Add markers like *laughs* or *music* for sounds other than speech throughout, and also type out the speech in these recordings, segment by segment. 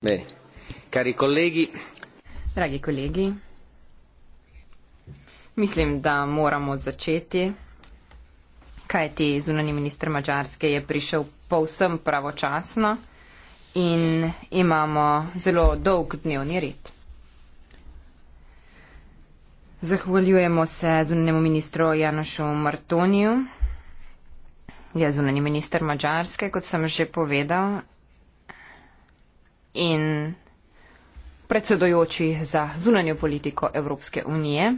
Bene. Cari colleghi. Draghi colleghi. Mislim, da moramo začeti. Kajti zunani minister Mačarske je prišel povsem pravočasno in imamo zelo dolg dnevni red. Zahvaljujemo se zunanemu ministru Janošu Martoniju. Je zunani minister Mačarske, kot sem že povedal, in predsedojoči za zunanjo politiko Evropske unije.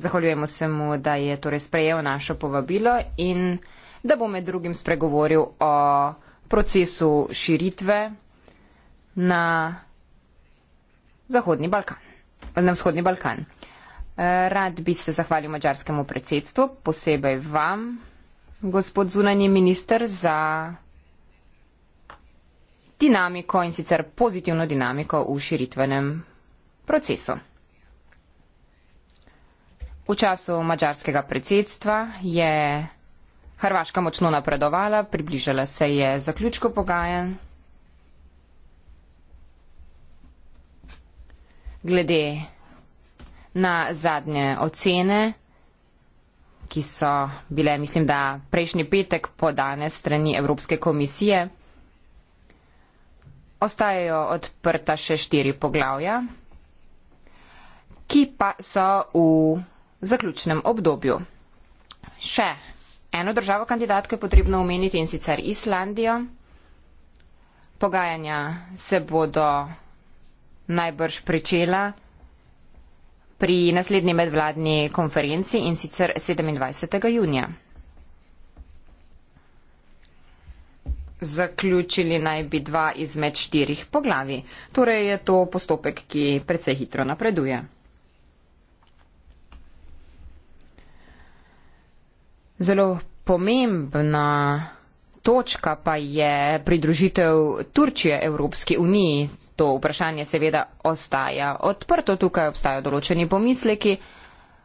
Zahvaljujemo se mu, da je torej sprejel naše povabilo in da bo med drugim spregovoril o procesu širitve na, Zahodni Balkan, na Vzhodni Balkan. Eh, rad bi se zahvalil mačarskemu predsedstvu, posebej vam, gospod zunanji minister, za dinamiko in sicer pozitivno dinamiko v širitvenem procesu. V času mađarskega predsedstva je Hrvaška močno napredovala, približala se je zaključku pogajanj. Glede na zadnje ocene, ki so bile, mislim, da prejšnji petek podane strani Evropske komisije, ostajajo odprta še štiri poglavja, ki pa so v zaključnem obdobju. Še eno državo kandidatko je potrebno omeniti in sicer Islandijo. Pogajanja se bodo najbrž pričela pri naslednji medvladni konferenci in sicer 27. junija. Zaključili naj bi dva izmed štirih poglavi, torej je to postopek, ki precej hitro napreduje. Zelo pomembna točka pa je pridružitev Turčije Evropski uniji. To vprašanje seveda ostaja odprto, tukaj obstajajo določeni pomisleki.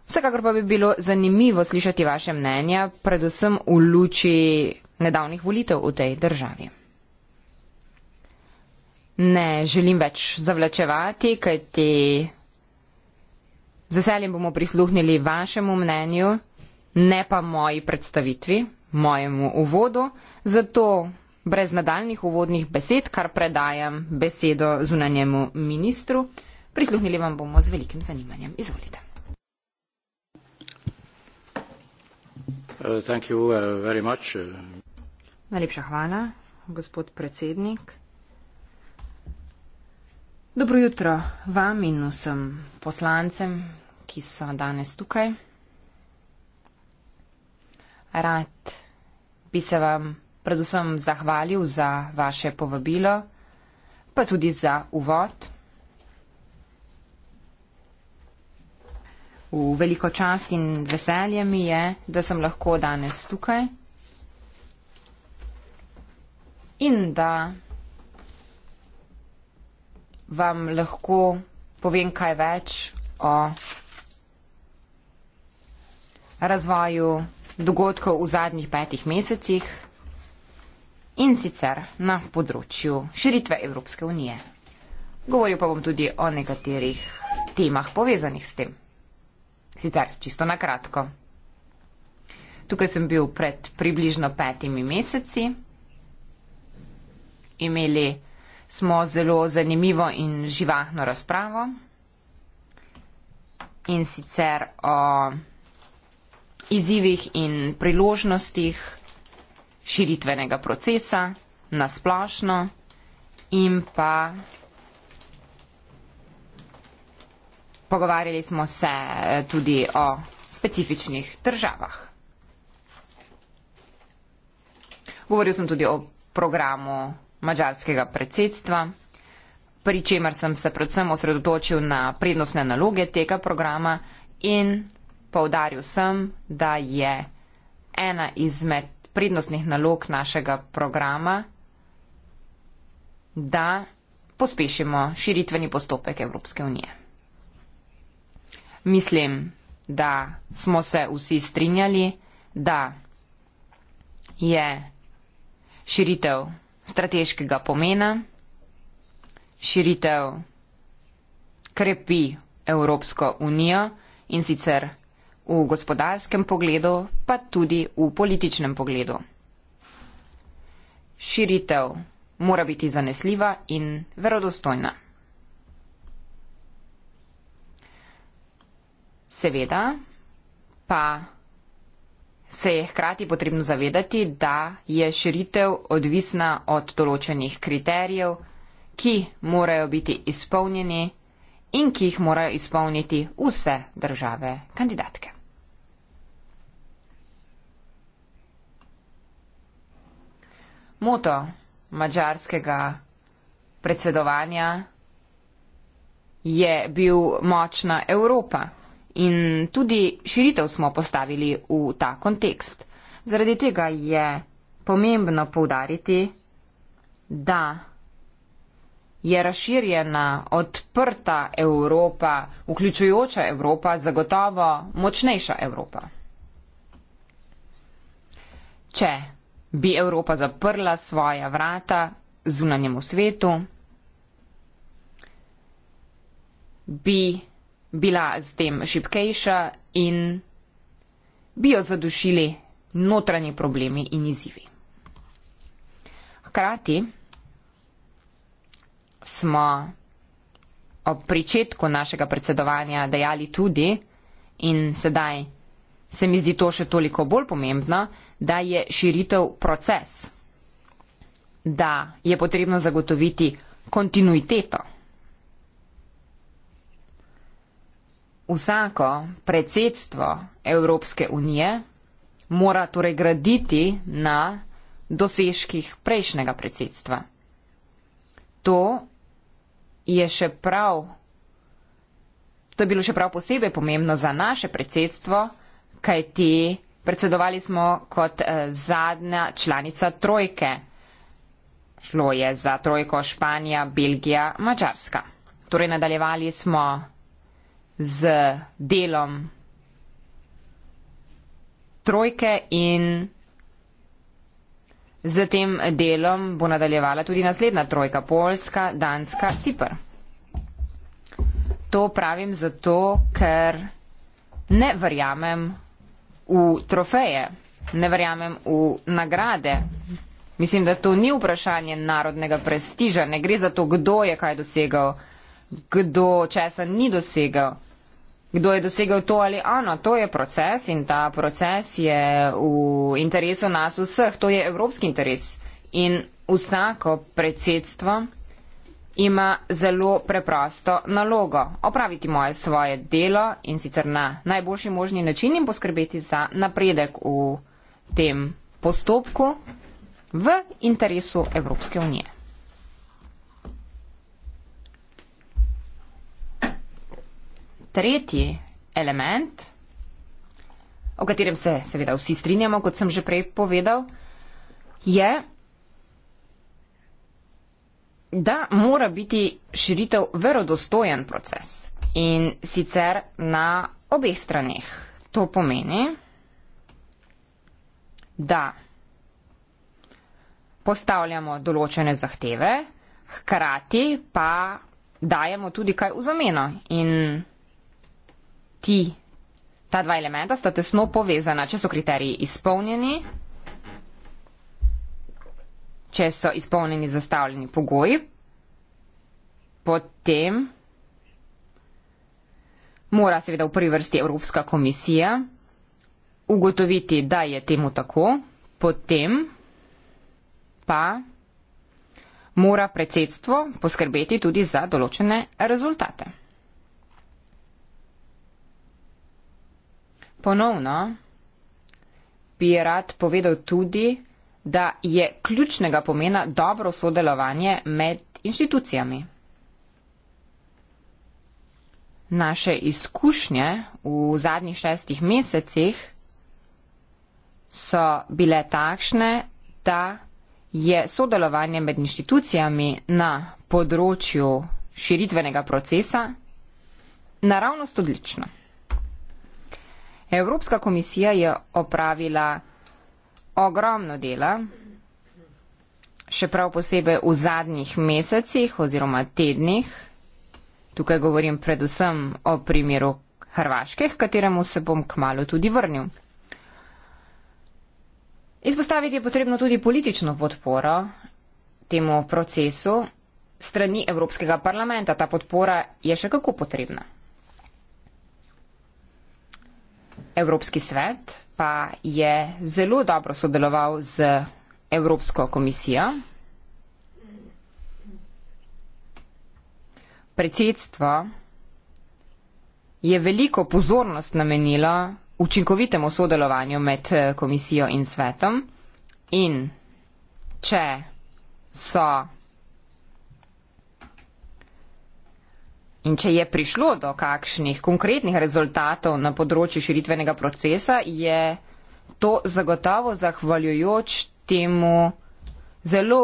Vsekakor pa bi bilo zanimivo slišati vaše mnenja, predvsem v luči nedavnih volitev v tej državi. Ne želim več zavlačevati, kajti z veseljem bomo prisluhnili vašemu mnenju, ne pa moji predstavitvi, mojemu uvodu, zato brez nadaljnih uvodnih besed, kar predajam besedo zunanjemu ministru, prisluhnili vam bomo z velikim zanimanjem. Izvolite. Uh, thank you uh, very much. Najlepša hvala, gospod predsednik. Dobro jutro vam in vsem poslancem, ki so danes tukaj. Rad bi se vam predvsem zahvalil za vaše povabilo, pa tudi za uvod. V veliko čast in veselje mi je, da sem lahko danes tukaj in da vam lahko povem kaj več o razvoju dogodkov v zadnjih petih mesecih in sicer na področju širitve Evropske unije. Govoril pa bom tudi o nekaterih temah povezanih s tem. Sicer čisto na kratko. Tukaj sem bil pred približno petimi meseci imeli smo zelo zanimivo in živahno razpravo in sicer o izzivih in priložnostih širitvenega procesa na splošno in pa pogovarjali smo se tudi o specifičnih državah. Govoril sem tudi o programu mađarskega predsedstva, pri čemer sem se predvsem osredotočil na prednostne naloge tega programa in povdaril sem, da je ena izmed prednostnih nalog našega programa, da pospešimo širitveni postopek Evropske unije. Mislim, da smo se vsi strinjali, da je širitev strateškega pomena, širitev krepi Evropsko unijo in sicer v gospodarskem pogledu, pa tudi v političnem pogledu. Širitev mora biti zanesljiva in verodostojna. Seveda pa se je hkrati potrebno zavedati, da je širitev odvisna od določenih kriterijev, ki morajo biti izpolnjeni in ki jih morajo izpolniti vse države kandidatke. Moto mađarskega predsedovanja je bil močna Evropa. In tudi širitev smo postavili v ta kontekst. Zaradi tega je pomembno povdariti, da je razširjena, odprta Evropa, vključujoča Evropa, zagotovo močnejša Evropa. Če bi Evropa zaprla svoja vrata zunanjemu svetu, bi bila s tem šipkejša in bi jo zadušili notranji problemi in izzivi. Hkrati smo ob pričetku našega predsedovanja dejali tudi, in sedaj se mi zdi to še toliko bolj pomembno, da je širitev proces, da je potrebno zagotoviti kontinuiteto. vsako predsedstvo Evropske unije mora torej graditi na dosežkih prejšnjega predsedstva. To je še prav, to je bilo še prav posebej pomembno za naše predsedstvo, kaj ti predsedovali smo kot eh, zadnja članica trojke. Šlo je za trojko Španija, Belgija, Mačarska. Torej nadaljevali smo z delom trojke in z tem delom bo nadaljevala tudi naslednja trojka, Polska, Danska, Cipr. To pravim zato, ker ne verjamem v trofeje, ne verjamem v nagrade. Mislim, da to ni vprašanje narodnega prestiža, ne gre za to, kdo je kaj dosegal kdo česa ni dosegel. Kdo je dosegel to ali ono, to je proces in ta proces je v interesu nas vseh, to je evropski interes. In vsako predsedstvo ima zelo preprosto nalogo opraviti moje svoje delo in sicer na najboljši možni način in poskrbeti za napredek v tem postopku v interesu Evropske unije. tretji element, o katerem se seveda vsi strinjamo, kot sem že prej povedal, je, da mora biti širitev verodostojen proces in sicer na obeh straneh. To pomeni, da postavljamo določene zahteve, hkrati pa dajemo tudi kaj v zameno in ti, ta dva elementa sta tesno povezana, če so kriteriji izpolnjeni, če so izpolnjeni zastavljeni pogoji, potem mora seveda v prvi vrsti Evropska komisija ugotoviti, da je temu tako, potem pa mora predsedstvo poskrbeti tudi za določene rezultate. Ponovno bi rad povedal tudi, da je ključnega pomena dobro sodelovanje med inštitucijami. Naše izkušnje v zadnjih šestih mesecih so bile takšne, da je sodelovanje med inštitucijami na področju širitvenega procesa naravnost odlično. Evropska komisija je opravila ogromno dela, še prav posebej v zadnjih mesecih oziroma tednih. Tukaj govorim predvsem o primeru Hrvaške, kateremu se bom kmalo tudi vrnil. Izpostaviti je potrebno tudi politično podporo temu procesu strani Evropskega parlamenta. Ta podpora je še kako potrebna. Evropski svet pa je zelo dobro sodeloval z Evropsko komisijo. Predsedstvo je veliko pozornost namenilo učinkovitemu sodelovanju med eh, komisijo in svetom in če so In če je prišlo do kakšnih konkretnih rezultatov na področju širitvenega procesa, je to zagotovo zahvaljujoč temu zelo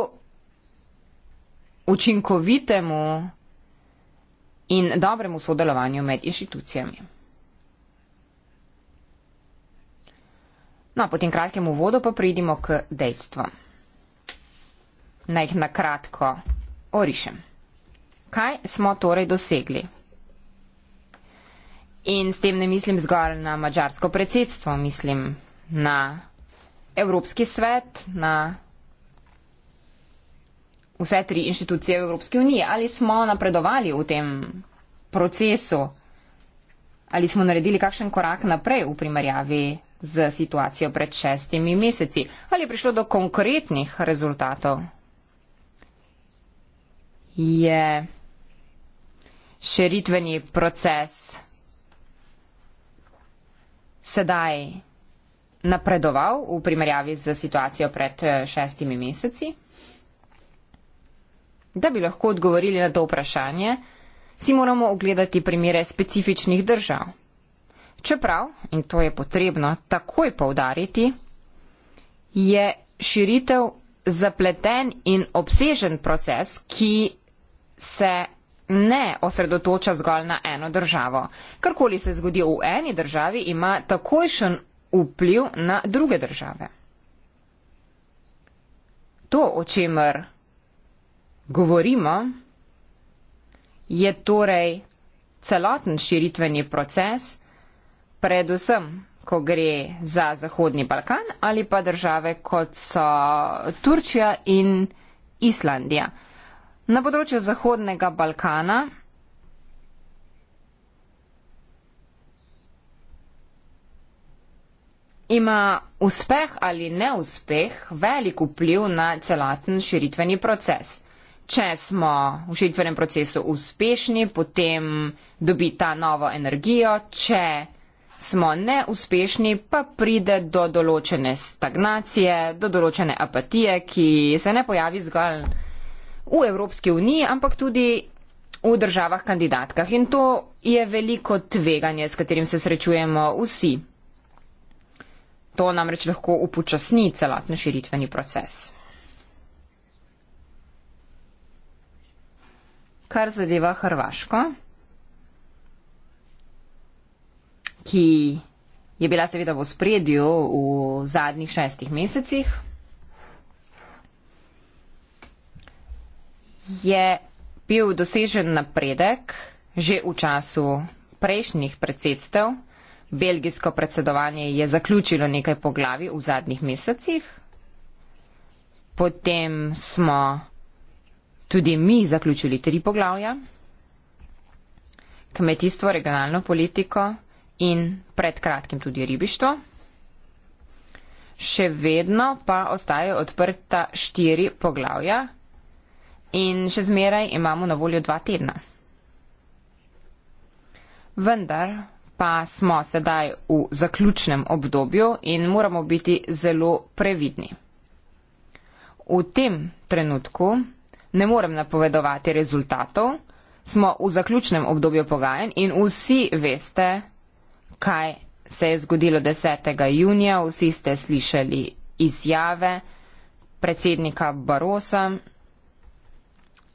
učinkovitemu in dobremu sodelovanju med inštitucijami. No, po tem kratkem uvodu pa pridimo k dejstvom. Naj jih na kratko orišem. Kaj smo torej dosegli? In s tem ne mislim zgolj na mačarsko predsedstvo, mislim na Evropski svet, na vse tri inštitucije v Evropski uniji. Ali smo napredovali v tem procesu? Ali smo naredili kakšen korak naprej v primerjavi z situacijo pred šestimi meseci? Ali je prišlo do konkretnih rezultatov? Je. Yeah širitveni proces sedaj napredoval v primerjavi z situacijo pred eh, šestimi meseci? Da bi lahko odgovorili na to vprašanje, si moramo ogledati primere specifičnih držav. Čeprav, in to je potrebno takoj povdariti, je širitev zapleten in obsežen proces, ki se ne osredotoča zgolj na eno državo. Karkoli se zgodi v eni državi, ima takojšen vpliv na druge države. To, o čemer govorimo, je torej celoten širitveni proces, predvsem, ko gre za Zahodni Balkan ali pa države kot so Turčija in Islandija na področju Zahodnega Balkana. Ima uspeh ali neuspeh velik vpliv na celoten širitveni proces. Če smo v širitvenem procesu uspešni, potem dobi ta novo energijo, če smo neuspešni, pa pride do določene stagnacije, do določene apatije, ki se ne pojavi zgolj v Evropski uniji, ampak tudi v državah kandidatkah. In to je veliko tveganje, s katerim se srečujemo vsi. To namreč lahko upočasni celotni širitveni proces. Kar zadeva Hrvaško, ki je bila seveda v spredju v zadnjih šestih mesecih. je bil dosežen napredek že v času prejšnjih predsedstev. Belgijsko predsedovanje je zaključilo nekaj poglavi v zadnjih mesecih. Potem smo tudi mi zaključili tri poglavja. Kmetijstvo, regionalno politiko in pred kratkim tudi ribištvo. Še vedno pa ostajajo odprta štiri poglavja, In še zmeraj imamo na voljo dva tedna. Vendar pa smo sedaj v zaključnem obdobju in moramo biti zelo previdni. V tem trenutku ne morem napovedovati rezultatov, smo v zaključnem obdobju pogajanj in vsi veste, kaj se je zgodilo 10. junija, vsi ste slišali izjave predsednika Barosa,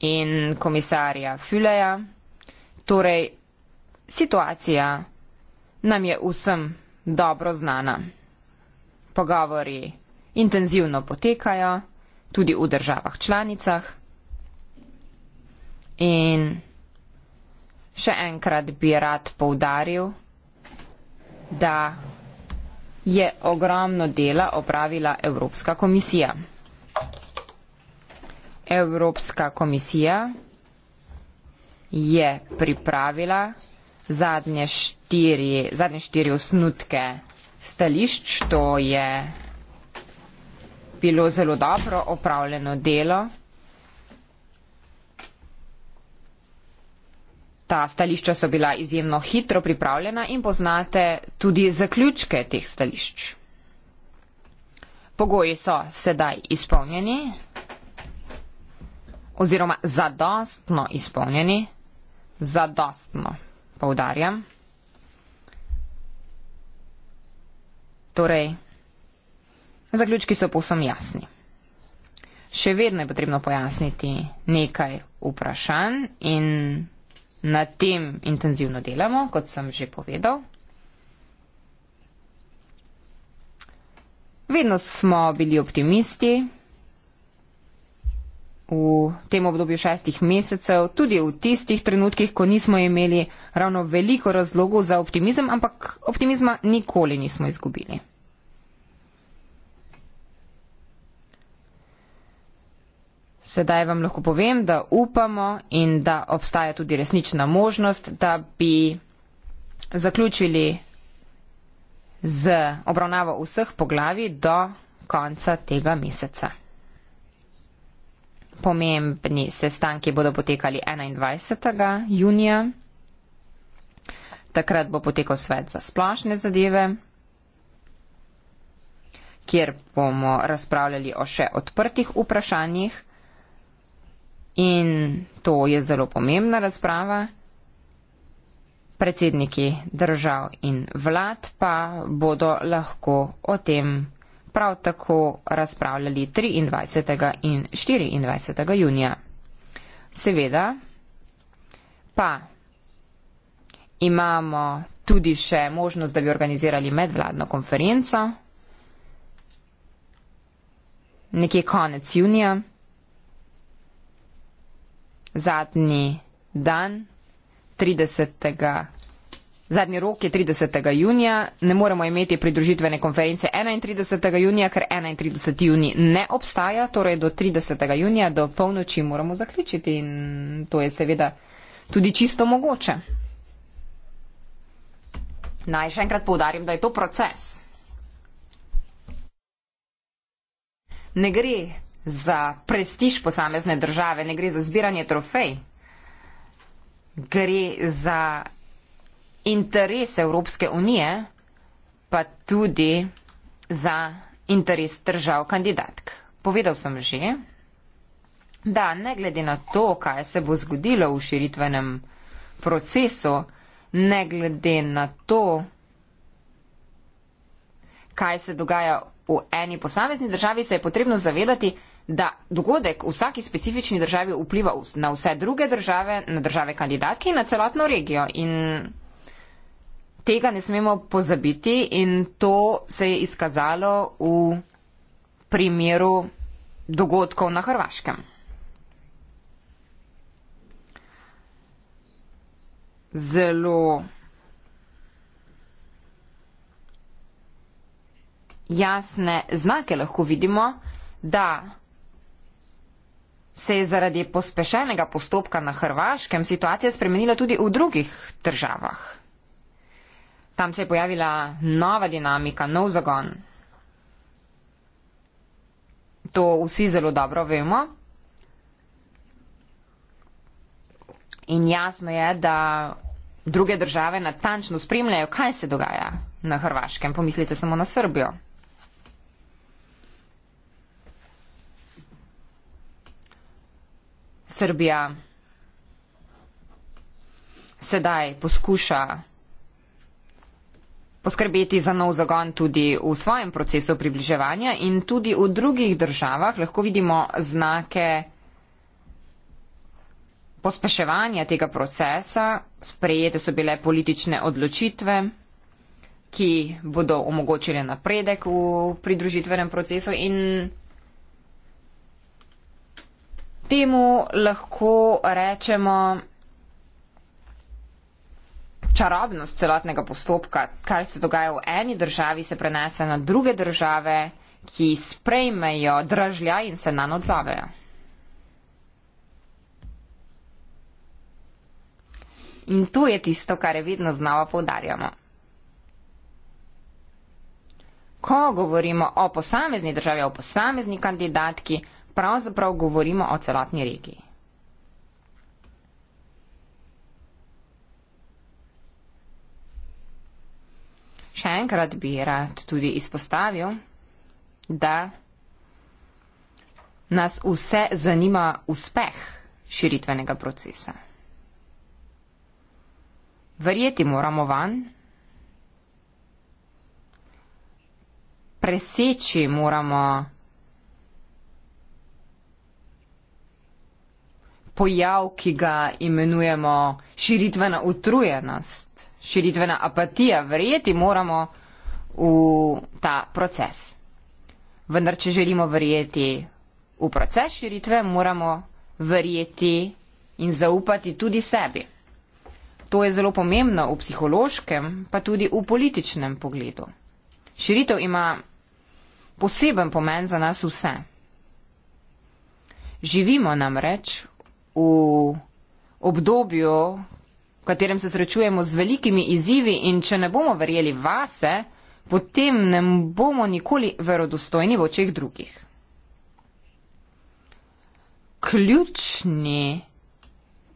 in komisarja Füleja. Torej, situacija nam je vsem dobro znana. Pogovori intenzivno potekajo, tudi v državah članicah. In še enkrat bi rad poudaril, da je ogromno dela opravila Evropska komisija. Evropska komisija je pripravila zadnje štiri, zadnje štiri osnutke stališč. To je bilo zelo dobro opravljeno delo. Ta stališča so bila izjemno hitro pripravljena in poznate tudi zaključke teh stališč. Pogoji so sedaj izpolnjeni oziroma zadostno izpolnjeni, zadostno poudarjam. Torej, zaključki so povsem jasni. Še vedno je potrebno pojasniti nekaj vprašanj in na tem intenzivno delamo, kot sem že povedal. Vedno smo bili optimisti v tem obdobju šestih mesecev, tudi v tistih trenutkih, ko nismo imeli ravno veliko razlogov za optimizem, ampak optimizma nikoli nismo izgubili. Sedaj vam lahko povem, da upamo in da obstaja tudi resnična možnost, da bi zaključili z obravnavo vseh poglavi do konca tega meseca pomembni sestanki bodo potekali 21. junija. Takrat bo potekal svet za splošne zadeve, kjer bomo razpravljali o še odprtih vprašanjih. In to je zelo pomembna razprava. Predsedniki držav in vlad pa bodo lahko o tem prav tako razpravljali 23. in 24. junija. Seveda pa imamo tudi še možnost, da bi organizirali medvladno konferenco nekje konec junija, zadnji dan 30. Zadnji rok je 30. junija, ne moremo imeti pridružitvene konference 31. junija, ker 31. juni ne obstaja, torej do 30. junija, do polnoči moramo zaključiti in to je seveda tudi čisto mogoče. Naj še enkrat povdarim, da je to proces. Ne gre za prestiž posamezne države, ne gre za zbiranje trofej. Gre za interes Evropske unije, pa tudi za interes držav kandidatk. Povedal sem že, da ne glede na to, kaj se bo zgodilo v širitvenem procesu, ne glede na to, kaj se dogaja v eni posamezni državi, se je potrebno zavedati, da dogodek v vsaki specifični državi vpliva na vse druge države, na države kandidatke in na celotno regijo. In tega ne smemo pozabiti in to se je izkazalo v primeru dogodkov na Hrvaškem. Zelo jasne znake lahko vidimo, da se je zaradi pospešenega postopka na Hrvaškem situacija spremenila tudi v drugih državah. Tam se je pojavila nova dinamika, nov zagon. To vsi zelo dobro vemo. In jasno je, da druge države natančno spremljajo, kaj se dogaja na Hrvaškem. Pomislite samo na Srbijo. Srbija sedaj poskuša poskrbeti za nov zagon tudi v svojem procesu približevanja in tudi v drugih državah lahko vidimo znake pospeševanja tega procesa, sprejete so bile politične odločitve, ki bodo omogočile napredek v pridružitvenem procesu in temu lahko rečemo, čarobnost celotnega postopka, kar se dogaja v eni državi, se prenese na druge države, ki sprejmejo dražlja in se nan odzovejo. In to je tisto, kar je vedno znova poudarjamo. Ko govorimo o posamezni državi, o posamezni kandidatki, pravzaprav govorimo o celotni regiji. Še enkrat bi rad tudi izpostavil, da nas vse zanima uspeh širitvenega procesa. Verjeti moramo van, preseči moramo pojav, ki ga imenujemo širitvena utrujenost širitvena apatija, verjeti moramo v ta proces. Vendar, če želimo verjeti v proces širitve, moramo verjeti in zaupati tudi sebi. To je zelo pomembno v psihološkem, pa tudi v političnem pogledu. Širitev ima poseben pomen za nas vse. Živimo namreč v obdobju, v katerem se srečujemo z velikimi izzivi in če ne bomo verjeli vase, potem ne bomo nikoli verodostojni v očeh drugih. Ključni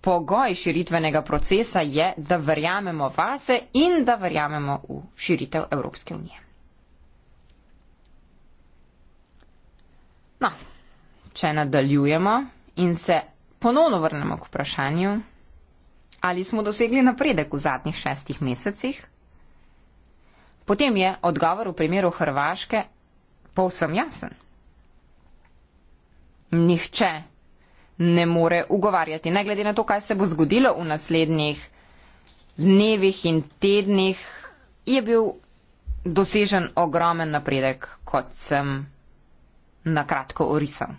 pogoj širitvenega procesa je, da verjamemo vase in da verjamemo v širitev Evropske unije. No, če nadaljujemo in se ponovno vrnemo k vprašanju ali smo dosegli napredek v zadnjih šestih mesecih? Potem je odgovor v primeru Hrvaške povsem jasen. Nihče ne more ugovarjati, ne glede na to, kaj se bo zgodilo v naslednjih dnevih in tednih, je bil dosežen ogromen napredek, kot sem na kratko orisal.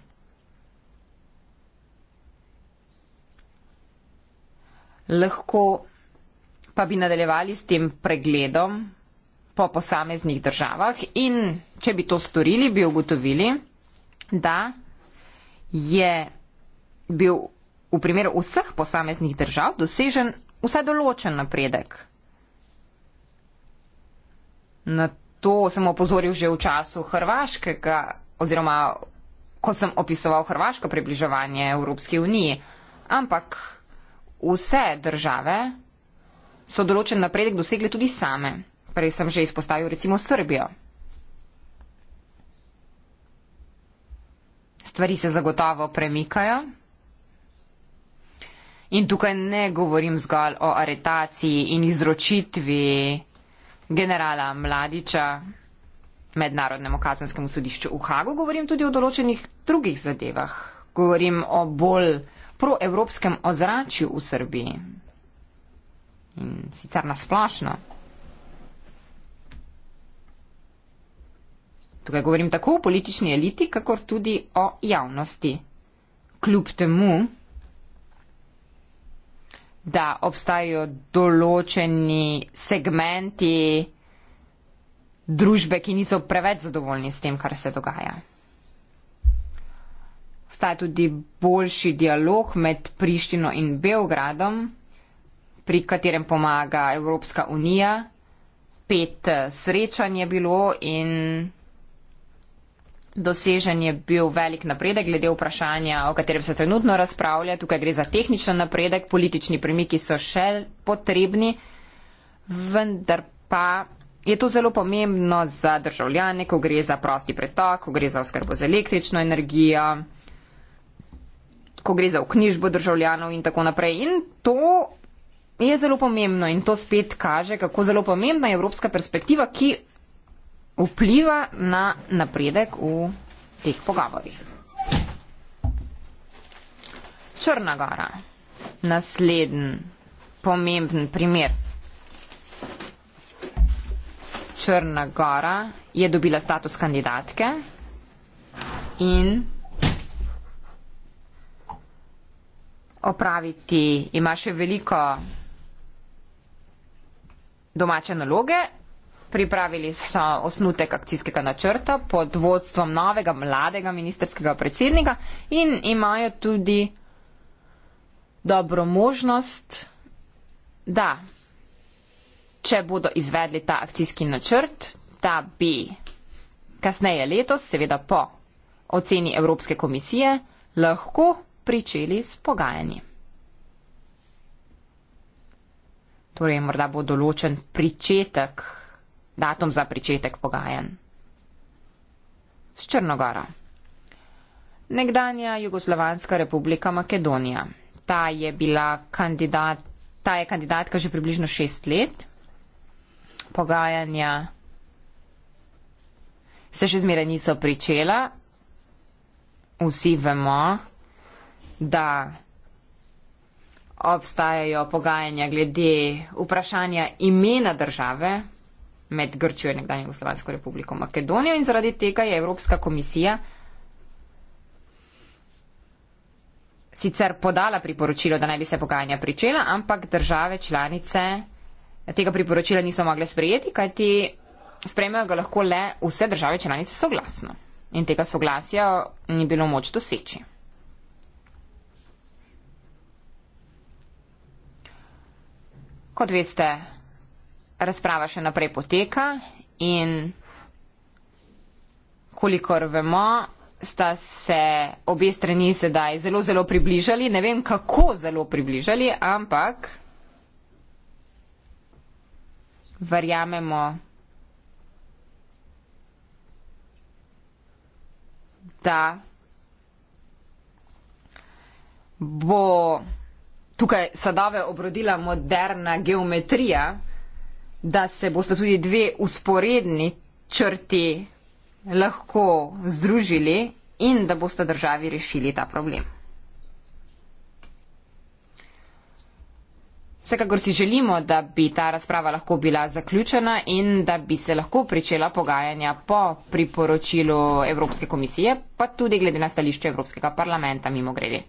lahko pa bi nadaljevali s tem pregledom po posameznih državah in če bi to storili, bi ugotovili, da je bil v primeru vseh posameznih držav dosežen vsaj določen napredek. Na to sem opozoril že v času Hrvaškega oziroma ko sem opisoval Hrvaško približevanje Evropske unije, ampak vse države so določen napredek dosegli tudi same. Prej sem že izpostavil recimo Srbijo. Stvari se zagotovo premikajo. In tukaj ne govorim zgolj o aretaciji in izročitvi generala Mladiča mednarodnemu kazenskemu sodišču v Hagu, govorim tudi o določenih drugih zadevah. Govorim o bolj proevropskem ozračju v Srbiji. In sicer nasplošno. Tukaj govorim tako o politični eliti, kakor tudi o javnosti. Kljub temu, da obstajajo določeni segmenti družbe, ki niso preveč zadovoljni s tem, kar se dogaja obstaja tudi boljši dialog med Prištino in Beogradom, pri katerem pomaga Evropska unija. Pet eh, srečanj je bilo in dosežen je bil velik napredek glede vprašanja, o katerem se trenutno razpravlja. Tukaj gre za tehnično napredek, politični premiki so še potrebni, vendar pa je to zelo pomembno za državljane, ko gre za prosti pretok, ko gre za oskrbo z električno energijo ko gre za uknjižbo državljanov in tako naprej. In to je zelo pomembno in to spet kaže, kako zelo pomembna je evropska perspektiva, ki vpliva na napredek v teh pogovorih. Črna gora. Naslednji pomemben primer. Črna gora je dobila status kandidatke in opraviti, ima še veliko domače naloge. Pripravili so osnutek akcijskega načrta pod vodstvom novega mladega ministerskega predsednika in imajo tudi dobro možnost, da če bodo izvedli ta akcijski načrt, da bi kasneje letos, seveda po oceni Evropske komisije, lahko pričeli s pogajanji. Torej, morda bo določen pričetek, datum za pričetek pogajanj s Črnogoro. Nekdanja Jugoslovanska republika Makedonija. Ta je bila kandidat, ta je kandidatka že približno šest let. Pogajanja se še zmeraj niso pričela. Vsi vemo, da obstajajo pogajanja glede vprašanja imena države med Grčijo in nekdanjo Jugoslovansko republiko Makedonijo in zaradi tega je Evropska komisija sicer podala priporočilo, da naj bi se pogajanja pričela, ampak države članice tega priporočila niso mogle sprejeti, kajti sprejmejo ga lahko le vse države članice soglasno. In tega soglasja ni bilo moč doseči. kot veste, razprava še naprej poteka in kolikor vemo, sta se obe strani sedaj zelo, zelo približali, ne vem kako zelo približali, ampak verjamemo, da bo tukaj sadove obrodila moderna geometrija, da se boste tudi dve usporedni črti lahko združili in da boste državi rešili ta problem. Vsekakor si želimo, da bi ta razprava lahko bila zaključena in da bi se lahko pričela pogajanja po priporočilu Evropske komisije, pa tudi glede na stališče Evropskega parlamenta mimo grede.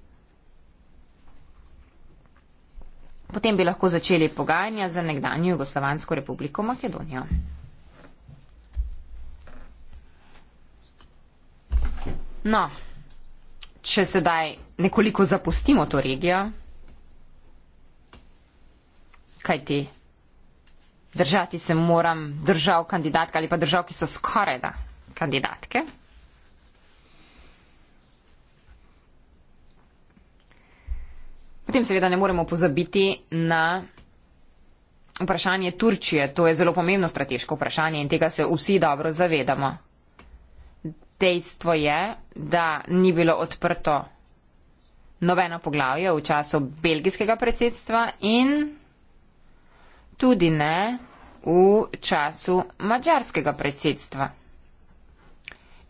Potem bi lahko začeli pogajanja za nekdanje Jugoslovansko republiko Makedonijo. No, če sedaj nekoliko zapustimo to regijo, kaj ti? Držati se moram držav kandidatka ali pa držav, ki so skoraj da kandidatke. Potem seveda ne moremo pozabiti na vprašanje Turčije. To je zelo pomembno strateško vprašanje in tega se vsi dobro zavedamo. Dejstvo je, da ni bilo odprto nobeno poglavje v času belgijskega predsedstva in tudi ne v času mađarskega predsedstva.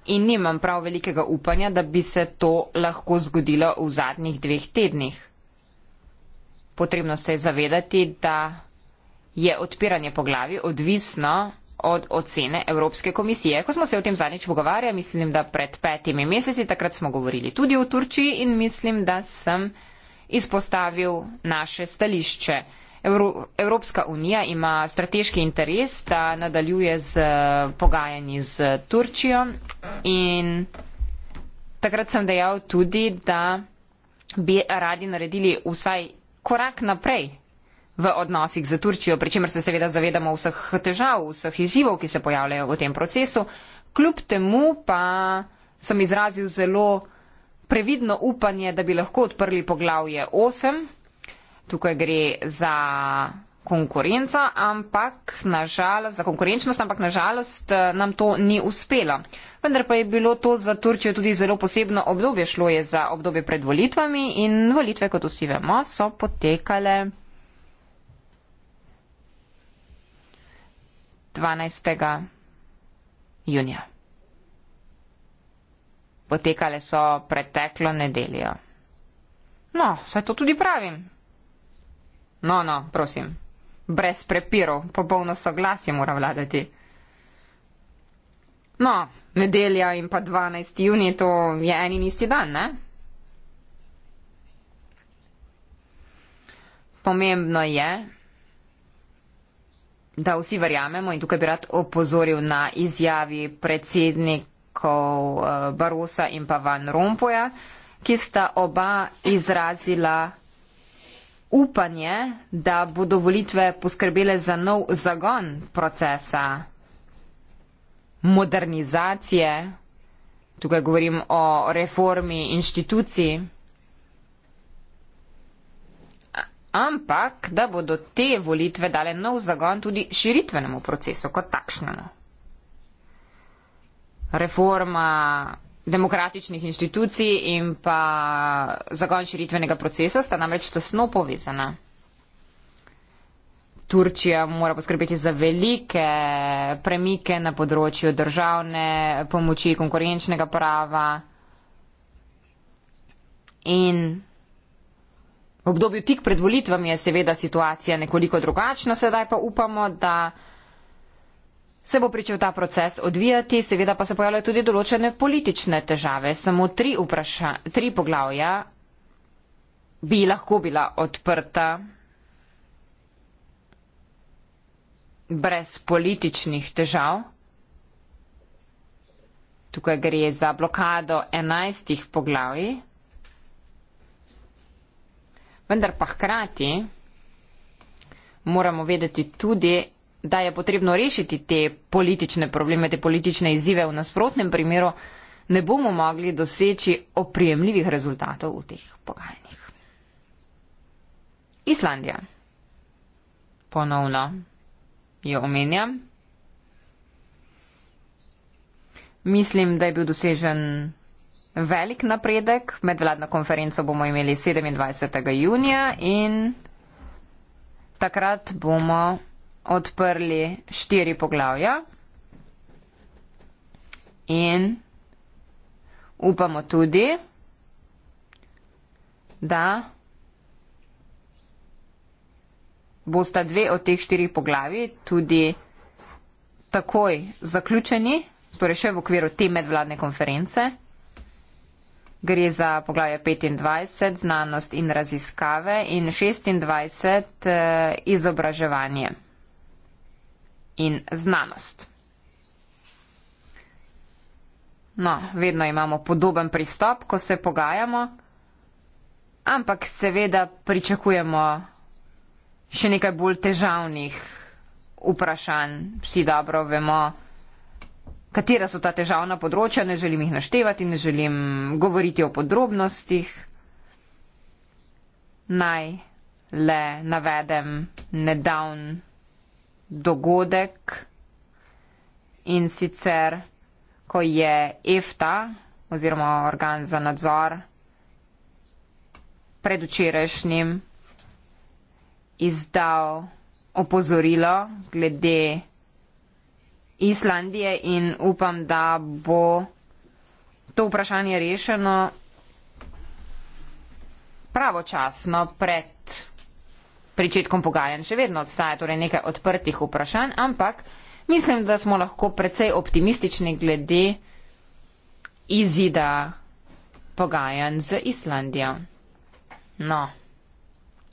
In nimam prav velikega upanja, da bi se to lahko zgodilo v zadnjih dveh tednih potrebno se je zavedati, da je odpiranje po glavi odvisno od ocene Evropske komisije. Ko smo se o tem zadnjič pogovarjali, mislim, da pred petimi meseci, takrat smo govorili tudi o Turčiji in mislim, da sem izpostavil naše stališče. Evropska unija ima strateški interes, da nadaljuje z eh, pogajanji z Turčijo in takrat sem dejal tudi, da bi radi naredili vsaj korak naprej v odnosih z Turčijo, pri čemer se seveda zavedamo vseh težav, vseh izzivov, ki se pojavljajo v tem procesu. Kljub temu pa sem izrazil zelo previdno upanje, da bi lahko odprli poglavje 8. Tukaj gre za konkurenco, ampak nažalost, za konkurenčnost, ampak nažalost eh, nam to ni uspelo vendar pa je bilo to za Turčijo tudi zelo posebno obdobje. Šlo je za obdobje pred volitvami in volitve, kot vsi vemo, so potekale 12. junija. Potekale so preteklo nedeljo. No, saj to tudi pravim. No, no, prosim. Brez prepirov, popolno soglasje mora vladati. No, nedelja in pa 12. juni, to je en in isti dan, ne? Pomembno je, da vsi verjamemo in tukaj bi rad opozoril na izjavi predsednikov eh, Barusa in pa Van Rompoja, ki sta oba izrazila upanje, da bodo volitve poskrbele za nov zagon procesa modernizacije, tukaj govorim o reformi inštitucij, ampak da bodo te volitve dale nov zagon tudi širitvenemu procesu kot takšnemu. Reforma demokratičnih inštitucij in pa zagon širitvenega procesa sta namreč tesno povezana. Turčija mora poskrbeti za velike premike na področju državne pomoči, konkurenčnega prava in v obdobju tik pred volitvami je seveda situacija nekoliko drugačna, sedaj pa upamo, da se bo pričel ta proces odvijati, seveda pa se pojavljajo tudi določene politične težave. Samo tri, vpraša, tri poglavja bi lahko bila odprta. brez političnih težav. Tukaj gre za blokado enajstih poglavij, vendar pa hkrati moramo vedeti tudi, da je potrebno rešiti te politične probleme, te politične izzive. V nasprotnem primeru ne bomo mogli doseči oprijemljivih rezultatov v teh pogajanjih. Islandija. Ponovno jo omenjam. Mislim, da je bil dosežen velik napredek. Medvladno konferenco bomo imeli 27. junija in takrat bomo odprli štiri poglavja in upamo tudi, da bosta dve od teh štirih poglavi tudi takoj zaključeni, torej še v okviru te medvladne konference. Gre za poglavje 25, znanost in raziskave, in 26, eh, izobraževanje in znanost. No, vedno imamo podoben pristop, ko se pogajamo, ampak seveda pričakujemo še nekaj bolj težavnih vprašanj. Vsi dobro vemo, katera so ta težavna področja, ne želim jih naštevati, ne želim govoriti o podrobnostih. Naj le navedem nedavn dogodek in sicer, ko je EFTA oziroma organ za nadzor predvčerajšnjim izdal opozorilo glede Islandije in upam, da bo to vprašanje rešeno pravočasno pred pričetkom pogajanj. Še vedno obstaja torej nekaj odprtih vprašanj, ampak mislim, da smo lahko precej optimistični glede izida pogajanj z Islandijo. No.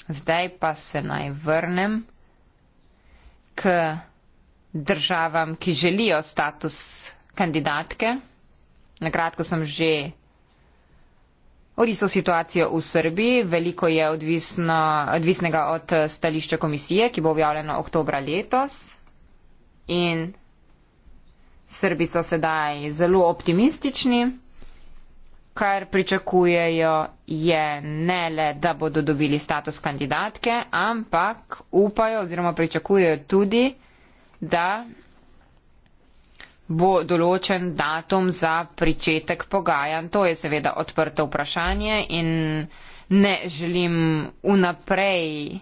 Zdaj pa se naj vrnem k državam, ki želijo status kandidatke. Na kratko sem že orisal situacijo v Srbiji. Veliko je odvisno, odvisnega od stališča komisije, ki bo objavljeno oktobra letos. In Srbi so sedaj zelo optimistični kar pričakujejo, je ne le, da bodo dobili status kandidatke, ampak upajo oziroma pričakujejo tudi, da bo določen datum za pričetek pogajanj. To je seveda odprto vprašanje in ne želim unaprej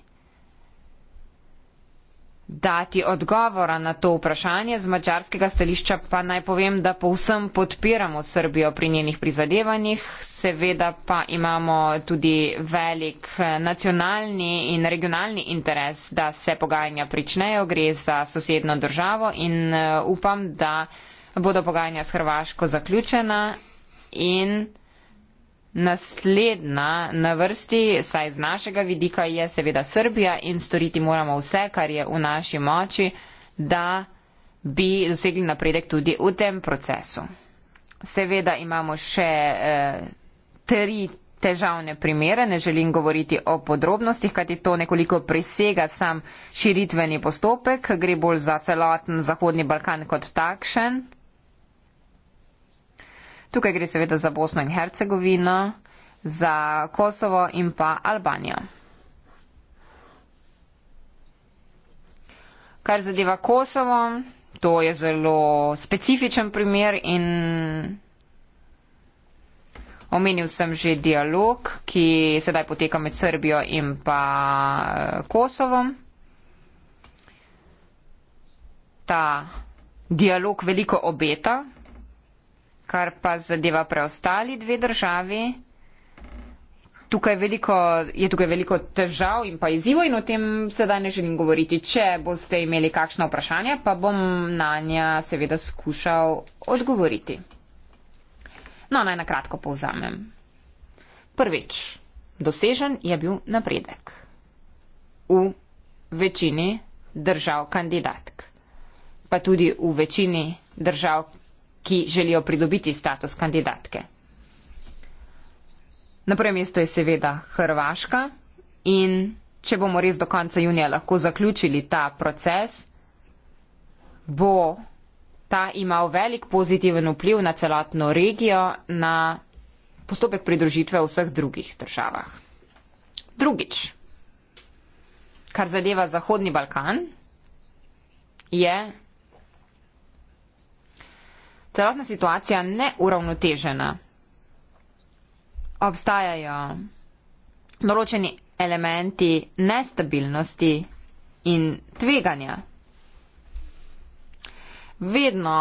dati odgovora na to vprašanje. Z mačarskega stališča pa naj povem, da povsem podpiramo Srbijo pri njenih prizadevanjih. Seveda pa imamo tudi velik eh, nacionalni in regionalni interes, da se pogajanja pričnejo. Gre za sosedno državo in eh, upam, da bodo pogajanja s Hrvaško zaključena in naslednja na vrsti, saj z našega vidika je seveda Srbija in storiti moramo vse, kar je v naši moči, da bi dosegli napredek tudi v tem procesu. Seveda imamo še eh, tri težavne primere, ne želim govoriti o podrobnostih, kajti to nekoliko presega sam širitveni postopek, gre bolj za celoten Zahodni Balkan kot takšen. Tukaj gre seveda za Bosno in Hercegovino, za Kosovo in pa Albanijo. Kar zadeva Kosovo, to je zelo specifičen primer in omenil sem že dialog, ki sedaj poteka med Srbijo in pa eh, Kosovom. Ta dialog veliko obeta, Kar pa zadeva preostali dve državi, tukaj veliko, je tukaj veliko težav in pa izzivov in o tem sedaj ne želim govoriti. Če boste imeli kakšno vprašanje, pa bom na nja seveda skušal odgovoriti. No, naj nakratko povzamem. Prvič, dosežen je bil napredek v večini držav kandidatk, pa tudi v večini držav ki želijo pridobiti status kandidatke. Na prvem mestu je seveda Hrvaška in če bomo res do konca junija lahko zaključili ta proces, bo ta imel velik pozitiven vpliv na celotno regijo, na postopek pridružitve v vseh drugih državah. Drugič, kar zadeva Zahodni Balkan, je celotna situacija neuravnotežena. Obstajajo določeni elementi nestabilnosti in tveganja. Vedno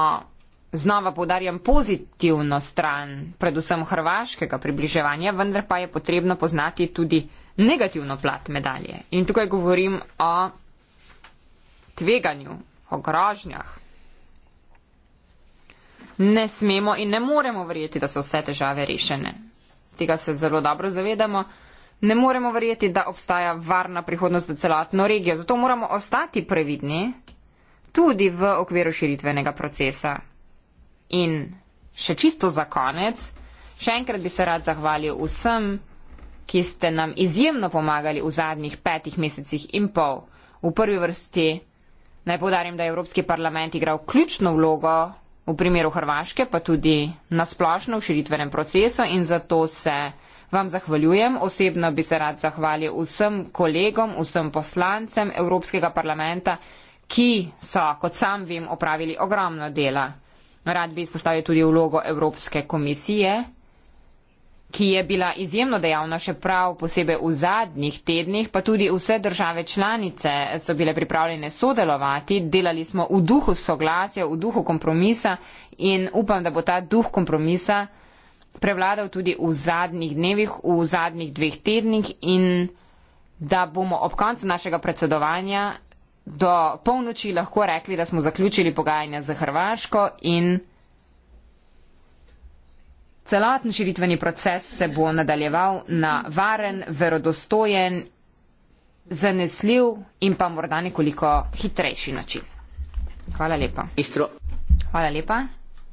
znova povdarjam pozitivno stran, predvsem hrvaškega približevanja, vendar pa je potrebno poznati tudi negativno plat medalje. In tukaj govorim o tveganju, o grožnjah ne smemo in ne moremo verjeti, da so vse težave rešene. Tega se zelo dobro zavedamo. Ne moremo verjeti, da obstaja varna prihodnost za celotno regijo, zato moramo ostati previdni tudi v okviru širitvenega procesa. In še čisto za konec, še enkrat bi se rad zahvalil vsem, ki ste nam izjemno pomagali v zadnjih petih mesecih in pol. V prvi vrsti naj podarim, da je Evropski parlament igral ključno vlogo v primeru Hrvaške, pa tudi nasplošno v širitvenem procesu in zato se vam zahvaljujem. Osebno bi se rad zahvalil vsem kolegom, vsem poslancem Evropskega parlamenta, ki so, kot sam vem, opravili ogromno dela. Rad bi izpostavil tudi vlogo Evropske komisije ki je bila izjemno dejavna še prav posebej v zadnjih tednih, pa tudi vse države članice so bile pripravljene sodelovati, delali smo v duhu soglasja, v duhu kompromisa in upam, da bo ta duh kompromisa prevladal tudi v zadnjih dnevih, v zadnjih dveh tednih in da bomo ob koncu našega predsedovanja do polnoči lahko rekli, da smo zaključili pogajanja za Hrvaško in. Celoten širitveni proces se bo nadaljeval na varen, verodostojen, zanesljiv in pa morda nekoliko hitrejši način. Hvala lepa. Ministro. Hvala lepa,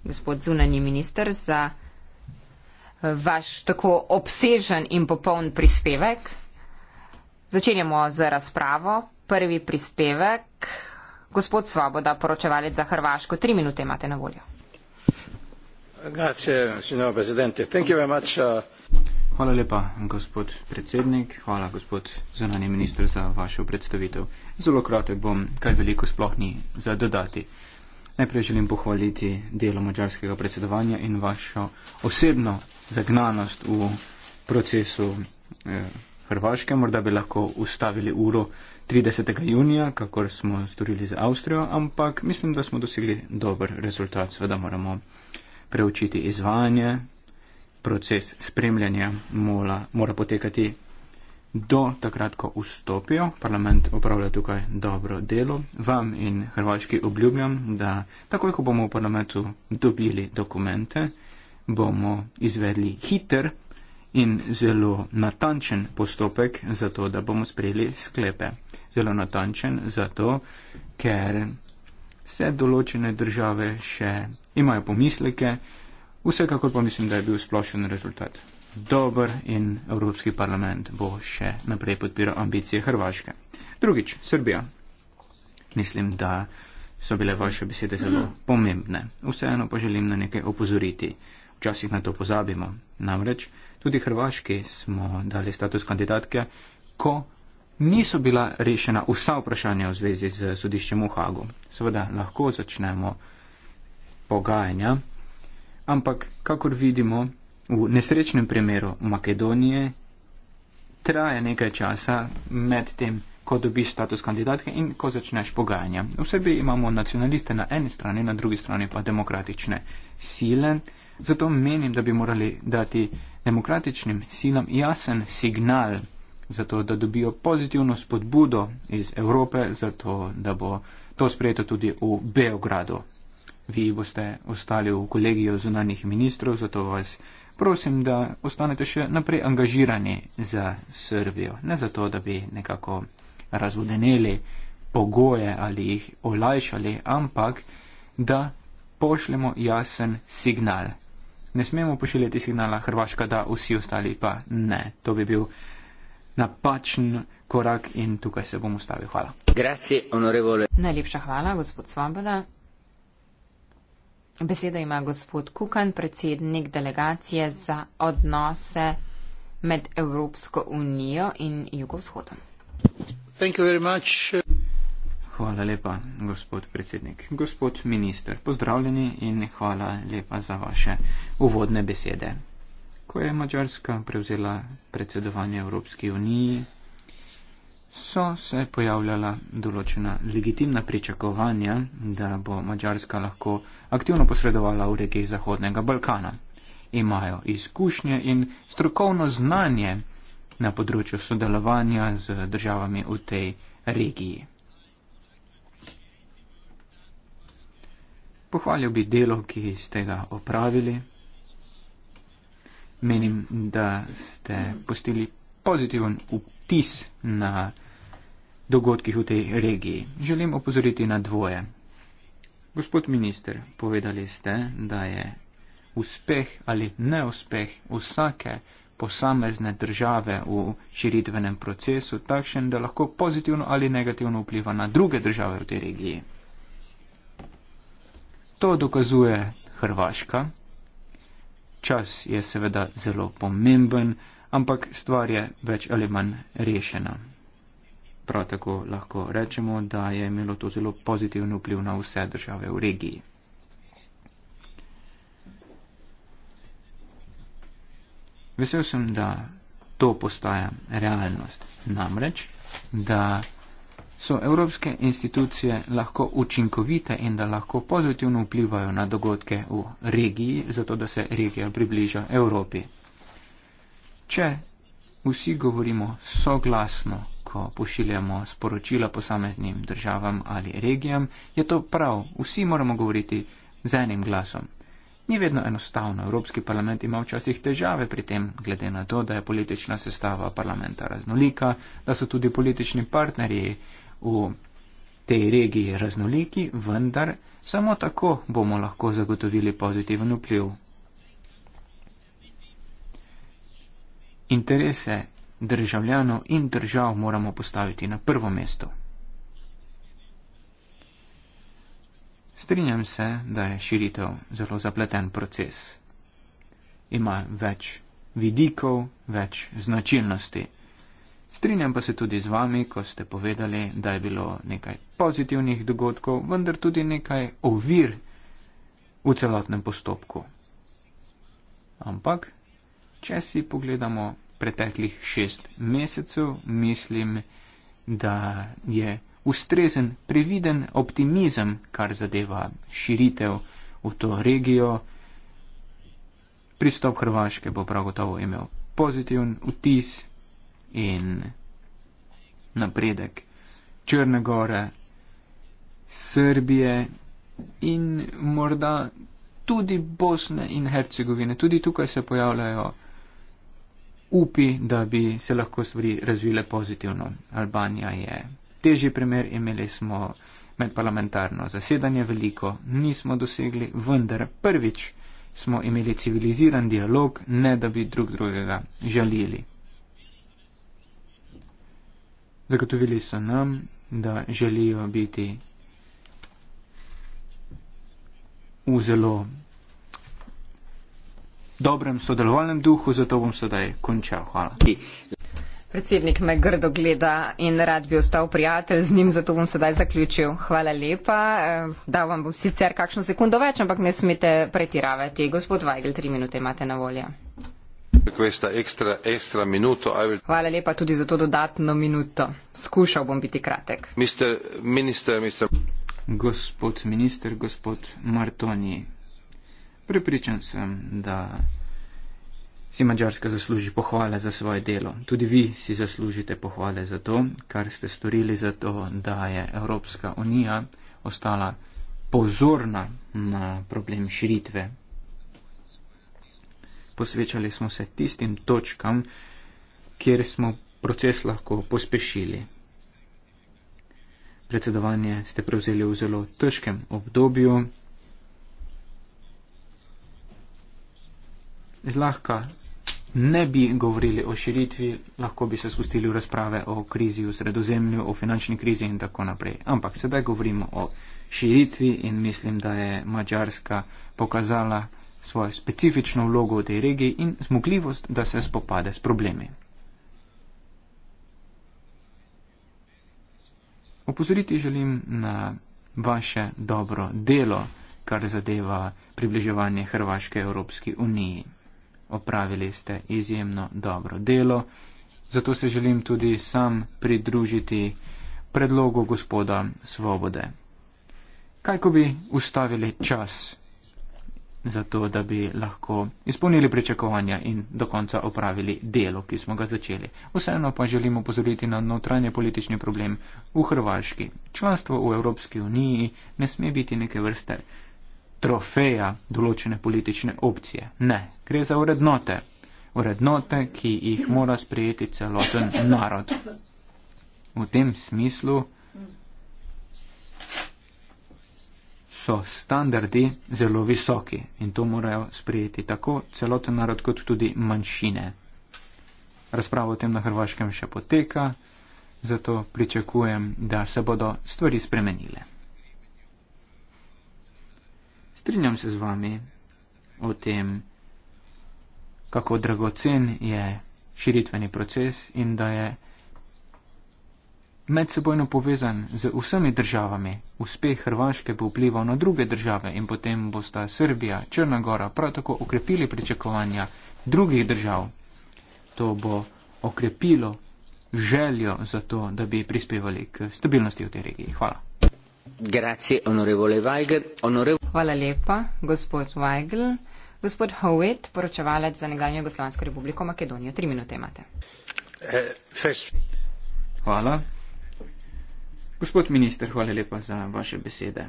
gospod zunanji minister, za eh, vaš tako obsežen in popoln prispevek. Začenjamo z razpravo. Prvi prispevek. Gospod Svoboda, poročevalec za Hrvaško, tri minute imate na voljo. Uh, Hvala lepa, gospod predsednik. Hvala, gospod zunani minister, za vašo predstavitev. Zelo kratek bom, kaj veliko sploh ni za dodati. Najprej želim pohvaliti delo mačarskega predsedovanja in vašo osebno zagnanost v procesu eh, Hrvaške. Morda bi lahko ustavili uro 30. junija, kakor smo storili za Avstrijo, ampak mislim, da smo dosegli dober rezultat. Sveda moramo preučiti izvajanje, proces spremljanja mola, mora potekati do takrat, ko vstopijo. Parlament upravlja tukaj dobro delo. Vam in Hrvaški obljubljam, da takoj, ko bomo v parlamentu dobili dokumente, bomo izvedli hiter in zelo natančen postopek za to, da bomo sprejeli sklepe. Zelo natančen zato, ker se določene države še imajo pomisleke, vsekakor pa mislim, da je bil splošen rezultat dober in Evropski parlament bo še naprej podpiral ambicije Hrvaške. Drugič, Srbija. Mislim, da so bile vaše besede zelo pomembne. Vseeno pa želim na nekaj opozoriti. Včasih na to pozabimo. Namreč, tudi Hrvaški smo dali status kandidatke, ko niso bila rešena vsa vprašanja v zvezi z sodiščem v Hagu. Seveda lahko začnemo pogajanja, ampak kakor vidimo v nesrečnem primeru Makedonije, traja nekaj časa med tem, ko dobiš status kandidatke in ko začneš pogajanja. V sebi imamo nacionaliste na eni strani, na drugi strani pa demokratične sile. Zato menim, da bi morali dati demokratičnim silam jasen signal zato da dobijo pozitivno spodbudo iz Evrope, zato da bo to sprejeto tudi v Beogradu. Vi boste ostali v kolegiju zunanih ministrov, zato vas prosim, da ostanete še naprej angažirani za Srbijo. Ne zato, da bi nekako razvodeneli pogoje ali jih olajšali, ampak da pošljemo jasen signal. Ne smemo pošiljati signala Hrvaška, da vsi ostali pa ne. To bi bil napačen korak in tukaj se bom ustavil. Hvala. Grazie, Najlepša hvala, gospod Svoboda. Besedo ima gospod Kukan, predsednik delegacije za odnose med Evropsko unijo in Jugovzhodom. Hvala lepa, gospod predsednik. Gospod minister, pozdravljeni in hvala lepa za vaše uvodne besede ko je Mačarska prevzela predsedovanje Evropski uniji, so se pojavljala določena legitimna pričakovanja, da bo Mačarska lahko aktivno posredovala v regiji Zahodnega Balkana. Imajo izkušnje in strokovno znanje na področju sodelovanja z državami v tej regiji. Pohvalil bi delo, ki ste ga opravili menim, da ste postili pozitiven vtis na dogodkih v tej regiji. Želim opozoriti na dvoje. Gospod minister, povedali ste, da je uspeh ali neuspeh vsake posamezne države v širitvenem procesu takšen, da lahko pozitivno ali negativno vpliva na druge države v tej regiji. To dokazuje Hrvaška, Čas je seveda zelo pomemben, ampak stvar je več ali manj rešena. Prav tako lahko rečemo, da je imelo to zelo pozitiven vpliv na vse države v regiji. Vesel sem, da to postaja realnost. Namreč, da so evropske institucije lahko učinkovite in da lahko pozitivno vplivajo na dogodke v regiji, zato da se regija približa Evropi. Če vsi govorimo soglasno, ko pošiljamo sporočila posameznim državam ali regijam, je to prav. Vsi moramo govoriti z enim glasom. Ni vedno enostavno. Evropski parlament ima včasih težave pri tem, glede na to, da je politična sestava parlamenta raznolika, da so tudi politični partnerji v tej regiji raznoliki, vendar samo tako bomo lahko zagotovili pozitiven vpliv. Interese državljanov in držav moramo postaviti na prvo mesto. Strinjam se, da je širitev zelo zapleten proces. Ima več vidikov, več značilnosti. Strinjam pa se tudi z vami, ko ste povedali, da je bilo nekaj pozitivnih dogodkov, vendar tudi nekaj ovir v celotnem postopku. Ampak, če si pogledamo preteklih šest mesecev, mislim, da je ustrezen, previden optimizem, kar zadeva širitev v to regijo. Pristop Hrvaške bo prav gotovo imel pozitiven vtis, in napredek Črne Gore, Srbije in morda tudi Bosne in Hercegovine. Tudi tukaj se pojavljajo upi, da bi se lahko stvari razvile pozitivno. Albanija je težji primer, imeli smo medparlamentarno zasedanje veliko, nismo dosegli, vendar prvič smo imeli civiliziran dialog, ne da bi drug drugega žalili. Zagotovili so nam, da želijo biti v zelo dobrem sodelovalnem duhu, zato bom sedaj končal. Hvala. Predsednik me grdo gleda in rad bi ostal prijatelj z njim, zato bom sedaj zaključil. Hvala lepa. Eh, dal vam bom sicer kakšno sekundo več, ampak ne smete pretiravati. Gospod Weigel, tri minute imate na voljo. Hvala lepa tudi za to dodatno minuto. Skušal bom biti kratek. Mister, minister, mister. Gospod minister, gospod Martoni, pripričan sem, da si Mačarska zasluži pohvale za svoje delo. Tudi vi si zaslužite pohvale za to, kar ste storili za to, da je Evropska unija ostala pozorna na problem širitve posvečali smo se tistim točkam, kjer smo proces lahko pospešili. Predsedovanje ste prevzeli v zelo težkem obdobju. Zlahka ne bi govorili o širitvi, lahko bi se spustili v razprave o krizi v sredozemlju, o finančni krizi in tako naprej. Ampak sedaj govorimo o širitvi in mislim, da je Mačarska pokazala, svojo specifično vlogo v tej regiji in zmogljivost, da se spopade s problemi. Opozoriti želim na vaše dobro delo, kar zadeva približevanje Hrvaške Evropski uniji. Opravili ste izjemno dobro delo, zato se želim tudi sam pridružiti predlogu gospoda Svobode. Kaj ko bi ustavili čas? zato da bi lahko izpolnili pričakovanja in do konca opravili delo, ki smo ga začeli. Vseeno pa želimo pozoriti na notranje politični problem v Hrvaški. Članstvo v Evropski uniji ne sme biti neke vrste trofeja določene politične opcije. Ne, gre za urednote. Urednote, ki jih mora sprejeti celoten narod. V tem smislu. so standardi zelo visoki in to morajo sprijeti tako celoten narod kot tudi manjšine. Razprava o tem na Hrvaškem še poteka, zato pričakujem, da se bodo stvari spremenile. Strinjam se z vami o tem, kako dragocen je širitveni proces in da je medsebojno povezan z vsemi državami. Uspeh Hrvaške bo vplival na druge države in potem bosta Srbija, Črnagora prav tako okrepili pričakovanja drugih držav. To bo okrepilo željo za to, da bi prispevali k stabilnosti v tej regiji. Hvala. Grazie, onorevole Weigl. Onorev... Hvala lepa, gospod Weigl. Gospod Howitt, poročevalec za nekdanje Jugoslavijsko republiko Makedonijo. Tri minute imate. Eh, Hvala. Gospod minister, hvala lepa za vaše besede.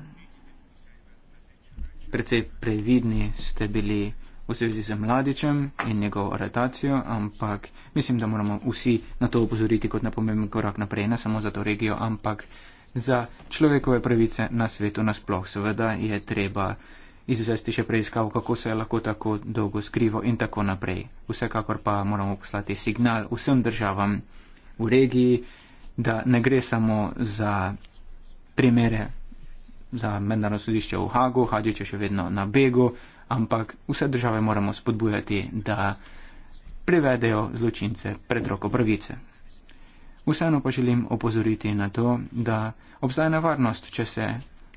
Predvsej previdni ste bili v zvezi z mladičem in njegovo aretacijo, ampak mislim, da moramo vsi na to upozoriti kot na pomemben korak naprej, ne samo za to regijo, ampak za človekove pravice na svetu nasploh. Seveda je treba izvesti še preiskav, kako se je lahko tako dolgo skrivo in tako naprej. Vsekakor pa moramo poslati signal vsem državam v regiji, da ne gre samo za primere za mednarodno sodišče v Hagu, Hadžič je še vedno na begu, ampak vse države moramo spodbujati, da privedejo zločince pred roko pravice. Vseeno pa želim opozoriti na to, da obstaja nevarnost, če se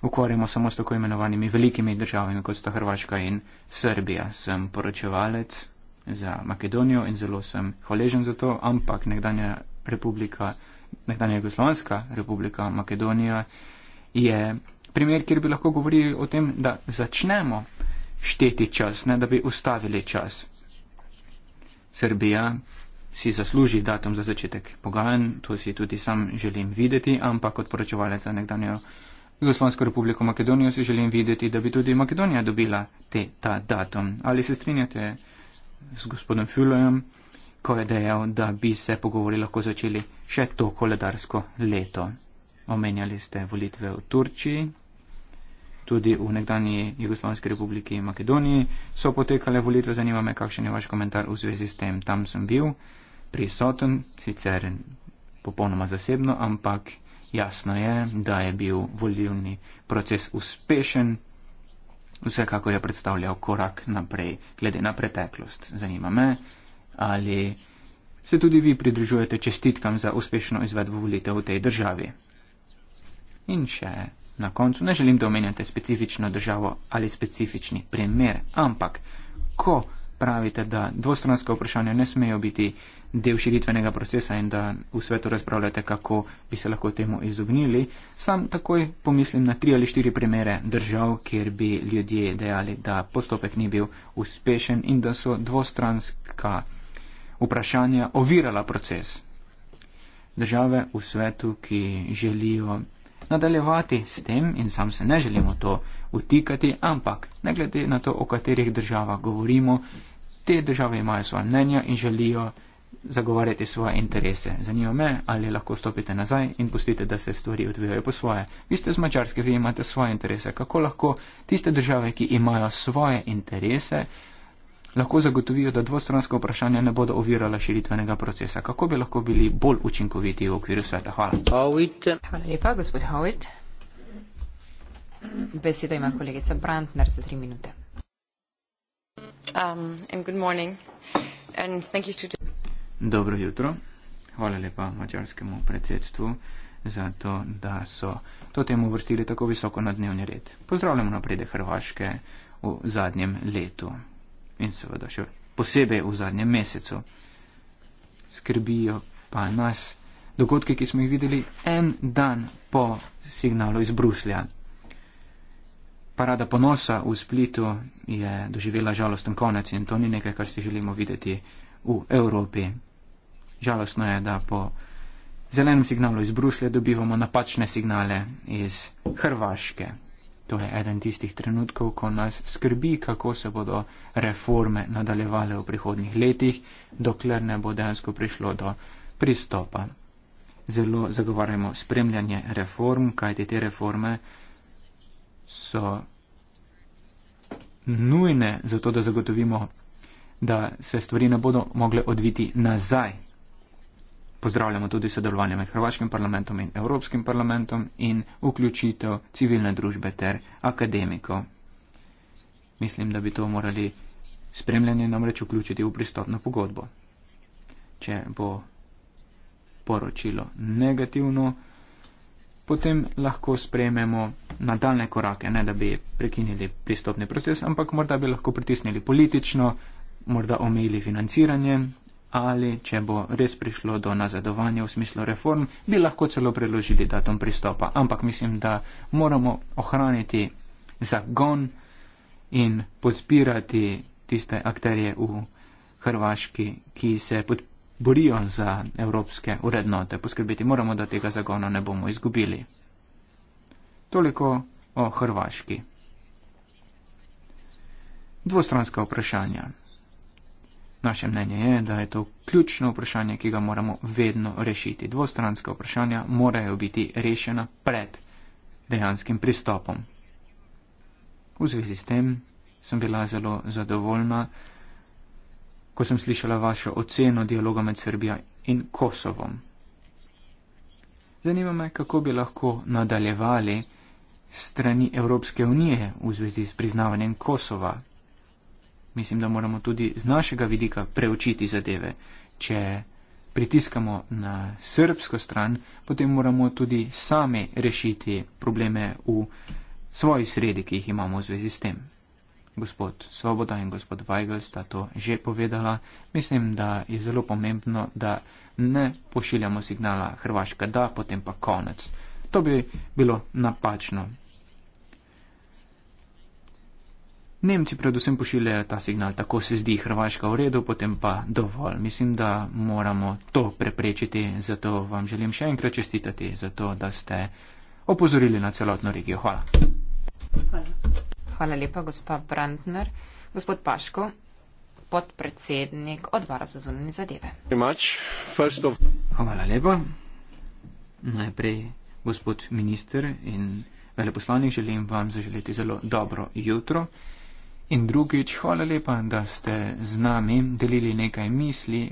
ukvarjamo samo s tako imenovanimi velikimi državami, kot sta Hrvaška in Srbija. Sem poročevalec za Makedonijo in zelo sem hvaležen za to, ampak nekdanja republika nekdanja Jugoslovanska republika Makedonija, je primer, kjer bi lahko govorili o tem, da začnemo šteti čas, ne da bi ustavili čas. Srbija si zasluži datum za začetek pogajanj, to si tudi sam želim videti, ampak kot poročevalec za nekdanjo Jugoslovansko republiko Makedonijo si želim videti, da bi tudi Makedonija dobila te, ta datum. Ali se strinjate z gospodom Fulojem? ko je dejal, da bi se pogovori lahko začeli še to koledarsko leto. Omenjali ste volitve v Turčiji, tudi v nekdani Jugoslavijski republiki Makedoniji so potekale volitve, zanima me, kakšen je vaš komentar v zvezi s tem. Tam sem bil prisoten, sicer popolnoma zasebno, ampak jasno je, da je bil volilni proces uspešen, vsekakor je predstavljal korak naprej glede na preteklost. Zanima me, ali se tudi vi pridružujete čestitkam za uspešno izvedbo volitev v tej državi. In še na koncu, ne želim, da omenjate specifično državo ali specifični primer, ampak ko pravite, da dvostranska vprašanja ne smejo biti del širitvenega procesa in da v svetu razpravljate, kako bi se lahko temu izognili, sam takoj pomislim na tri ali štiri primere držav, kjer bi ljudje dejali, da postopek ni bil uspešen in da so dvostranska vprašanja ovirala proces. Države v svetu, ki želijo nadaljevati s tem in sam se ne želimo to utikati, ampak ne glede na to, o katerih državah govorimo, te države imajo svoje mnenja in želijo zagovarjati svoje interese. Zanima me, ali lahko stopite nazaj in pustite, da se stvari odvijajo po svoje. Vi ste z Mačarske, vi imate svoje interese. Kako lahko tiste države, ki imajo svoje interese, lahko zagotovijo, da dvostranska vprašanja ne bodo ovirala širitvenega procesa. Kako bi lahko bili bolj učinkoviti v okviru sveta? Hvala. Hvala lepa, gospod Howitt. Besedo ima kolegica Brandner za tri minute. Um, Dobro jutro. Hvala lepa mačarskemu predsedstvu za to, da so to temo vrstili tako visoko na dnevni red. Pozdravljamo naprede Hrvaške v zadnjem letu in seveda še posebej v zadnjem mesecu. Skrbijo pa nas dogodke, ki smo jih videli en dan po signalu iz Bruslja. Parada ponosa v Splitu je doživela žalosten konec in to ni nekaj, kar si želimo videti v Evropi. Žalostno je, da po zelenem signalu iz Bruslja dobivamo napačne signale iz Hrvaške. To je eden tistih trenutkov, ko nas skrbi, kako se bodo reforme nadaljevale v prihodnih letih, dokler ne bo dejansko prišlo do pristopa. Zelo zagovarjamo spremljanje reform, kajti te reforme so nujne zato, da zagotovimo, da se stvari ne bodo mogle odviti nazaj Pozdravljamo tudi sodelovanje med Hrvaškim parlamentom in Evropskim parlamentom in vključitev civilne družbe ter akademikov. Mislim, da bi to morali spremljanje namreč vključiti v pristopno pogodbo. Če bo poročilo negativno, potem lahko sprememo nadaljne korake, ne da bi prekinili pristopni proces, ampak morda bi lahko pritisnili politično, morda omejili financiranje ali če bo res prišlo do nazadovanja v smislu reform, bi lahko celo preložili datum pristopa. Ampak mislim, da moramo ohraniti zagon in podpirati tiste akterje v Hrvaški, ki se borijo za evropske urednote. Poskrbeti moramo, da tega zagona ne bomo izgubili. Toliko o Hrvaški. Dvostranska vprašanja. Naše mnenje je, da je to ključno vprašanje, ki ga moramo vedno rešiti. Dvostranska vprašanja morajo biti rešena pred dejanskim pristopom. V zvezi s tem sem bila zelo zadovoljna, ko sem slišala vašo oceno dialoga med Srbijo in Kosovom. Zanima me, kako bi lahko nadaljevali strani Evropske unije v zvezi s priznavanjem Kosova mislim, da moramo tudi z našega vidika preučiti zadeve. Če pritiskamo na srpsko stran, potem moramo tudi sami rešiti probleme v svoji sredi, ki jih imamo v zvezi s tem. Gospod Svoboda in gospod Weigl sta to že povedala. Mislim, da je zelo pomembno, da ne pošiljamo signala Hrvaška da, potem pa konec. To bi bilo napačno. Nemci predvsem pošiljajo ta signal, tako se zdi Hrvaška v redu, potem pa dovolj. Mislim, da moramo to preprečiti, zato vam želim še enkrat čestitati za to, da ste opozorili na celotno regijo. Hvala. Hvala, Hvala lepa, gospa Brandner. Gospod Paško, podpredsednik odbora za zunanje zadeve. Of... Hvala lepa. Najprej, gospod minister in veleposlanik, želim vam zaželiti zelo dobro jutro. In drugič, hvala lepa, da ste z nami delili nekaj misli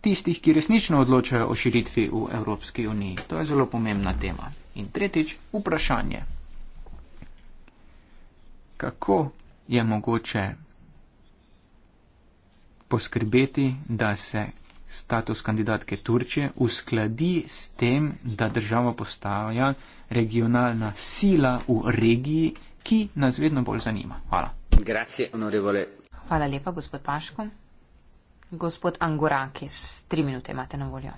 tistih, ki resnično odločajo o širitvi v Evropski uniji. To je zelo pomembna tema. In tretjič, vprašanje. Kako je mogoče poskrbeti, da se status kandidatke Turčije uskladi s tem, da država postaja regionalna sila v regiji, ki nas vedno bolj zanima? Hvala. Grazie, onorevole. Hvala lepa, gospod Paško. Gospod Angorakis, tri minute imate na voljo.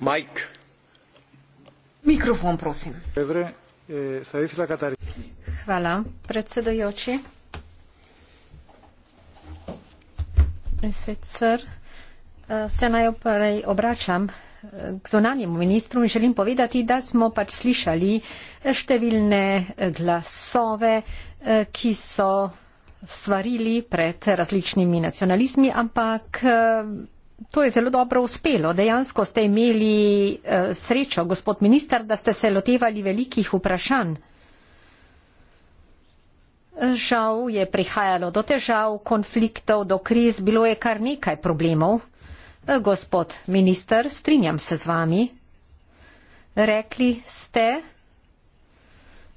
Mike. Mikrofon, prosim. Eh, Hvala, predsedojoči. Sicer eh, se najoprej obračam k zonanjemu ministru in želim povedati, da smo pač slišali eh, številne eh, glasove, eh, ki so svarili pred različnimi nacionalizmi, ampak to je zelo dobro uspelo. Dejansko ste imeli srečo, gospod minister, da ste se lotevali velikih vprašanj. Žal je prihajalo do težav, konfliktov, do kriz, bilo je kar nekaj problemov. Eh, gospod minister, strinjam se z vami. Rekli ste,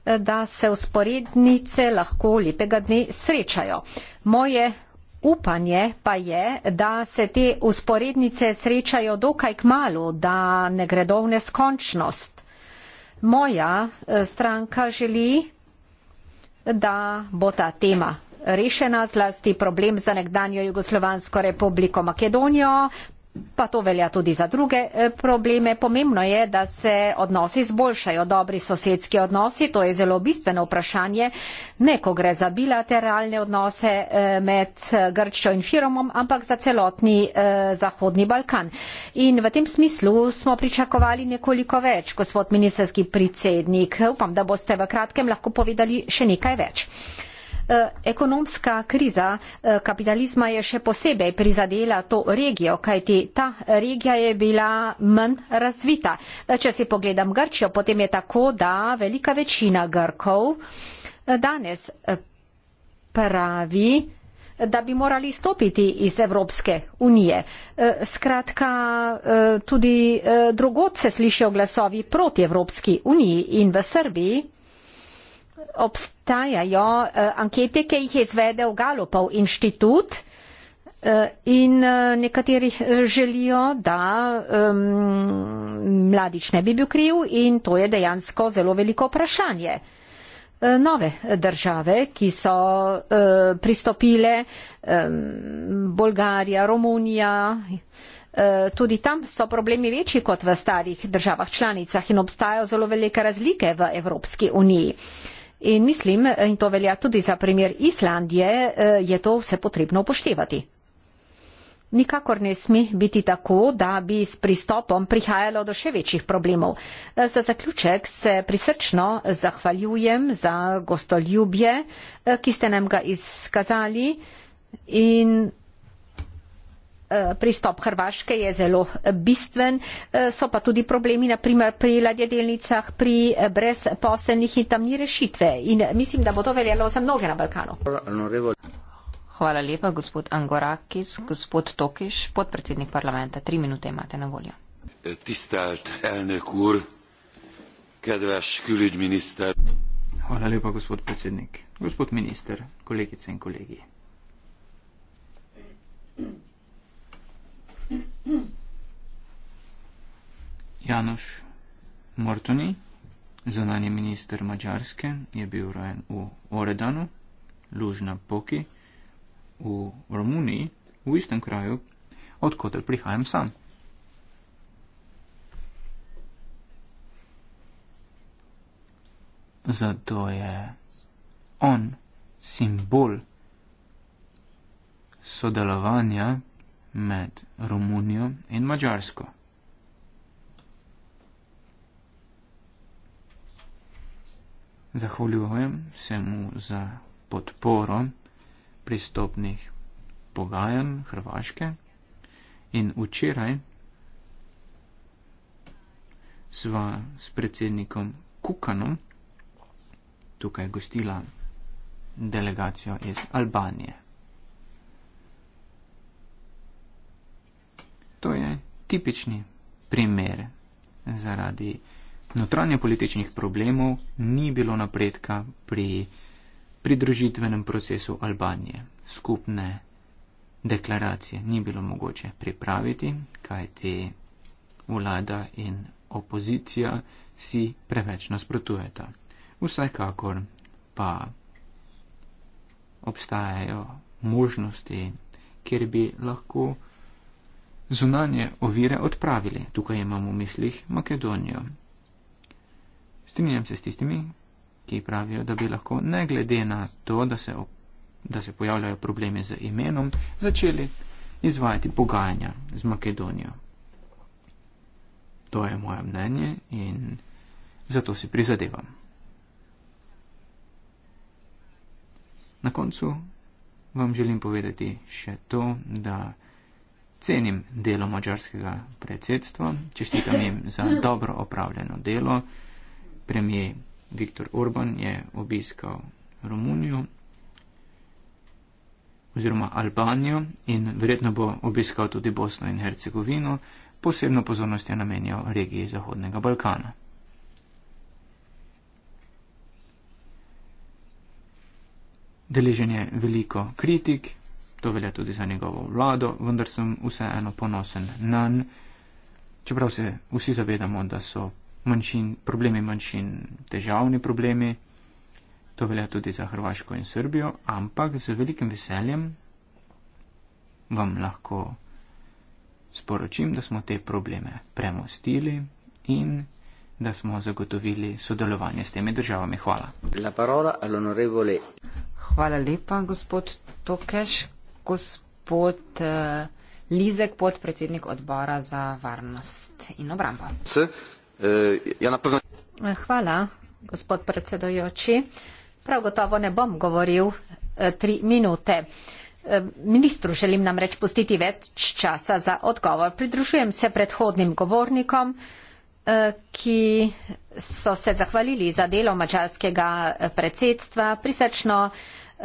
eh, da se usporednice lahko lepega dne srečajo. Moje upanje pa je, da se te usporednice srečajo dokaj k malu, da ne gredo v neskončnost. Moja eh, stranka želi, da bo ta tema rešena zlasti problem za nekdanjo Jugoslovansko republiko Makedonijo, Pa to velja tudi za druge eh, probleme. Pomembno je, da se odnosi zboljšajo, dobri sosedski odnosi. To je zelo bistveno vprašanje, ne ko gre za bilateralne odnose eh, med eh, Grčjo in Firomom, ampak za celotni Zahodni Balkan. In v tem smislu smo pričakovali nekoliko več, gospod ministerski predsednik. Upam, da boste v kratkem lahko povedali še nekaj več. Eh, ekonomska kriza eh, kapitalizma je še posebej prizadela to regijo, kajti ta regija je bila manj razvita. Eh, če si pogledam Grčijo, potem je tako, da velika večina Grkov danes pravi, da bi morali stopiti iz Evropske unije. Skratka, tudi drugot se slišijo glasovi proti Evropski uniji in v Srbiji obstajajo uh, ankete, ki jih je izvedel Galopov inštitut uh, in uh, nekateri želijo, da um, mladič ne bi bil kriv in to je dejansko zelo veliko vprašanje. Nove države, ki so uh, pristopile, um, Bolgarija, Romunija, uh, tudi tam so problemi večji kot v starih državah članicah in obstajajo zelo velike razlike v Evropski uniji. Uh, In mislim, in to velja tudi za primer Islandije, eh, je to vse potrebno upoštevati. Nikakor ne sme biti tako, da bi s pristopom prihajalo do še večjih problemov. Eh, za zaključek se prisrčno zahvaljujem za gostoljubje, eh, ki ste nam ga izkazali in Eh, pristop Hrvaške je zelo bistven, eh, so pa tudi problemi naprimer pri ladjedelnicah, pri eh, brezposelnih in tam ni rešitve in mislim, da bo to veljalo za mnoge na Balkanu. Hvala lepa, gospod Angorakis, gospod Tokiš, podpredsednik parlamenta. Tri minute imate na voljo. Tistelt elnök úr, kedves külügyminiszter. Hvala lepa, gospod predsednik. Gospod minister, kolegice in kolegi. Janoš Mortoni, zunanji minister Mačarske, je bil rojen v Oredanu, Lužna Poki, v Romuniji, v istem kraju, odkotr prihajam sam. Zato je on simbol sodelovanja med Romunijo in Mačarsko. Zahvaljujem se mu za podporo pristopnih pogajanj Hrvaške in včeraj sva s predsednikom Kukanom tukaj gostila delegacijo iz Albanije. To je tipični primer. Zaradi notranje političnih problemov ni bilo napredka pri pridružitvenem procesu Albanije. Skupne deklaracije ni bilo mogoče pripraviti, kajti vlada in opozicija si preveč nasprotujeta. Vsekakor pa obstajajo možnosti, kjer bi lahko zunanje ovire odpravili. Tukaj imamo v mislih Makedonijo. Strinjam se s tistimi, ki pravijo, da bi lahko, ne glede na to, da se, da se pojavljajo problemi z imenom, začeli izvajati pogajanja z Makedonijo. To je moje mnenje in zato si prizadevam. Na koncu vam želim povedati še to, da. Cenim delo mačarskega predsedstva, čestitam jim za dobro opravljeno delo. Premijer Viktor Orban je obiskal Romunijo oziroma Albanijo in verjetno bo obiskal tudi Bosno in Hercegovino. Posebno pozornost je namenjal regiji Zahodnega Balkana. Deležen je veliko kritik, To velja tudi za njegovo vlado, vendar sem vseeno ponosen na njen, čeprav se vsi zavedamo, da so manjšin, problemi manjšin težavni problemi. To velja tudi za Hrvaško in Srbijo, ampak z velikim veseljem vam lahko sporočim, da smo te probleme premostili in da smo zagotovili sodelovanje s temi državami. Hvala. Hvala lepa, gospod Tokeš gospod eh, Lizek, podpredsednik odbora za varnost in obramba. Eh, ja, eh, hvala, gospod predsedojoči. Prav gotovo ne bom govoril tri minute. Ministru želim nam reč pustiti več časa za odgovor. Pridružujem se predhodnim govornikom, ki so se zahvalili za delo mačarskega predsedstva. Prisečno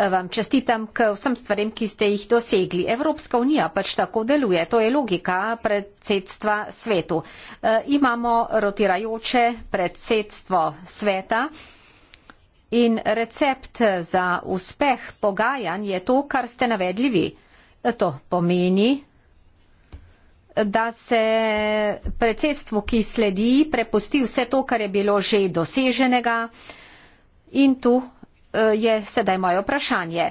vam čestitam k vsem stvarem, ki ste jih dosegli. Evropska unija pač tako deluje, to je logika predsedstva svetu. E, imamo rotirajoče predsedstvo sveta in recept za uspeh pogajanj je to, kar ste navedli vi. E, to pomeni, da se predsedstvu, ki sledi, prepusti vse to, kar je bilo že doseženega. In tu Eh, je sedaj moje vprašanje.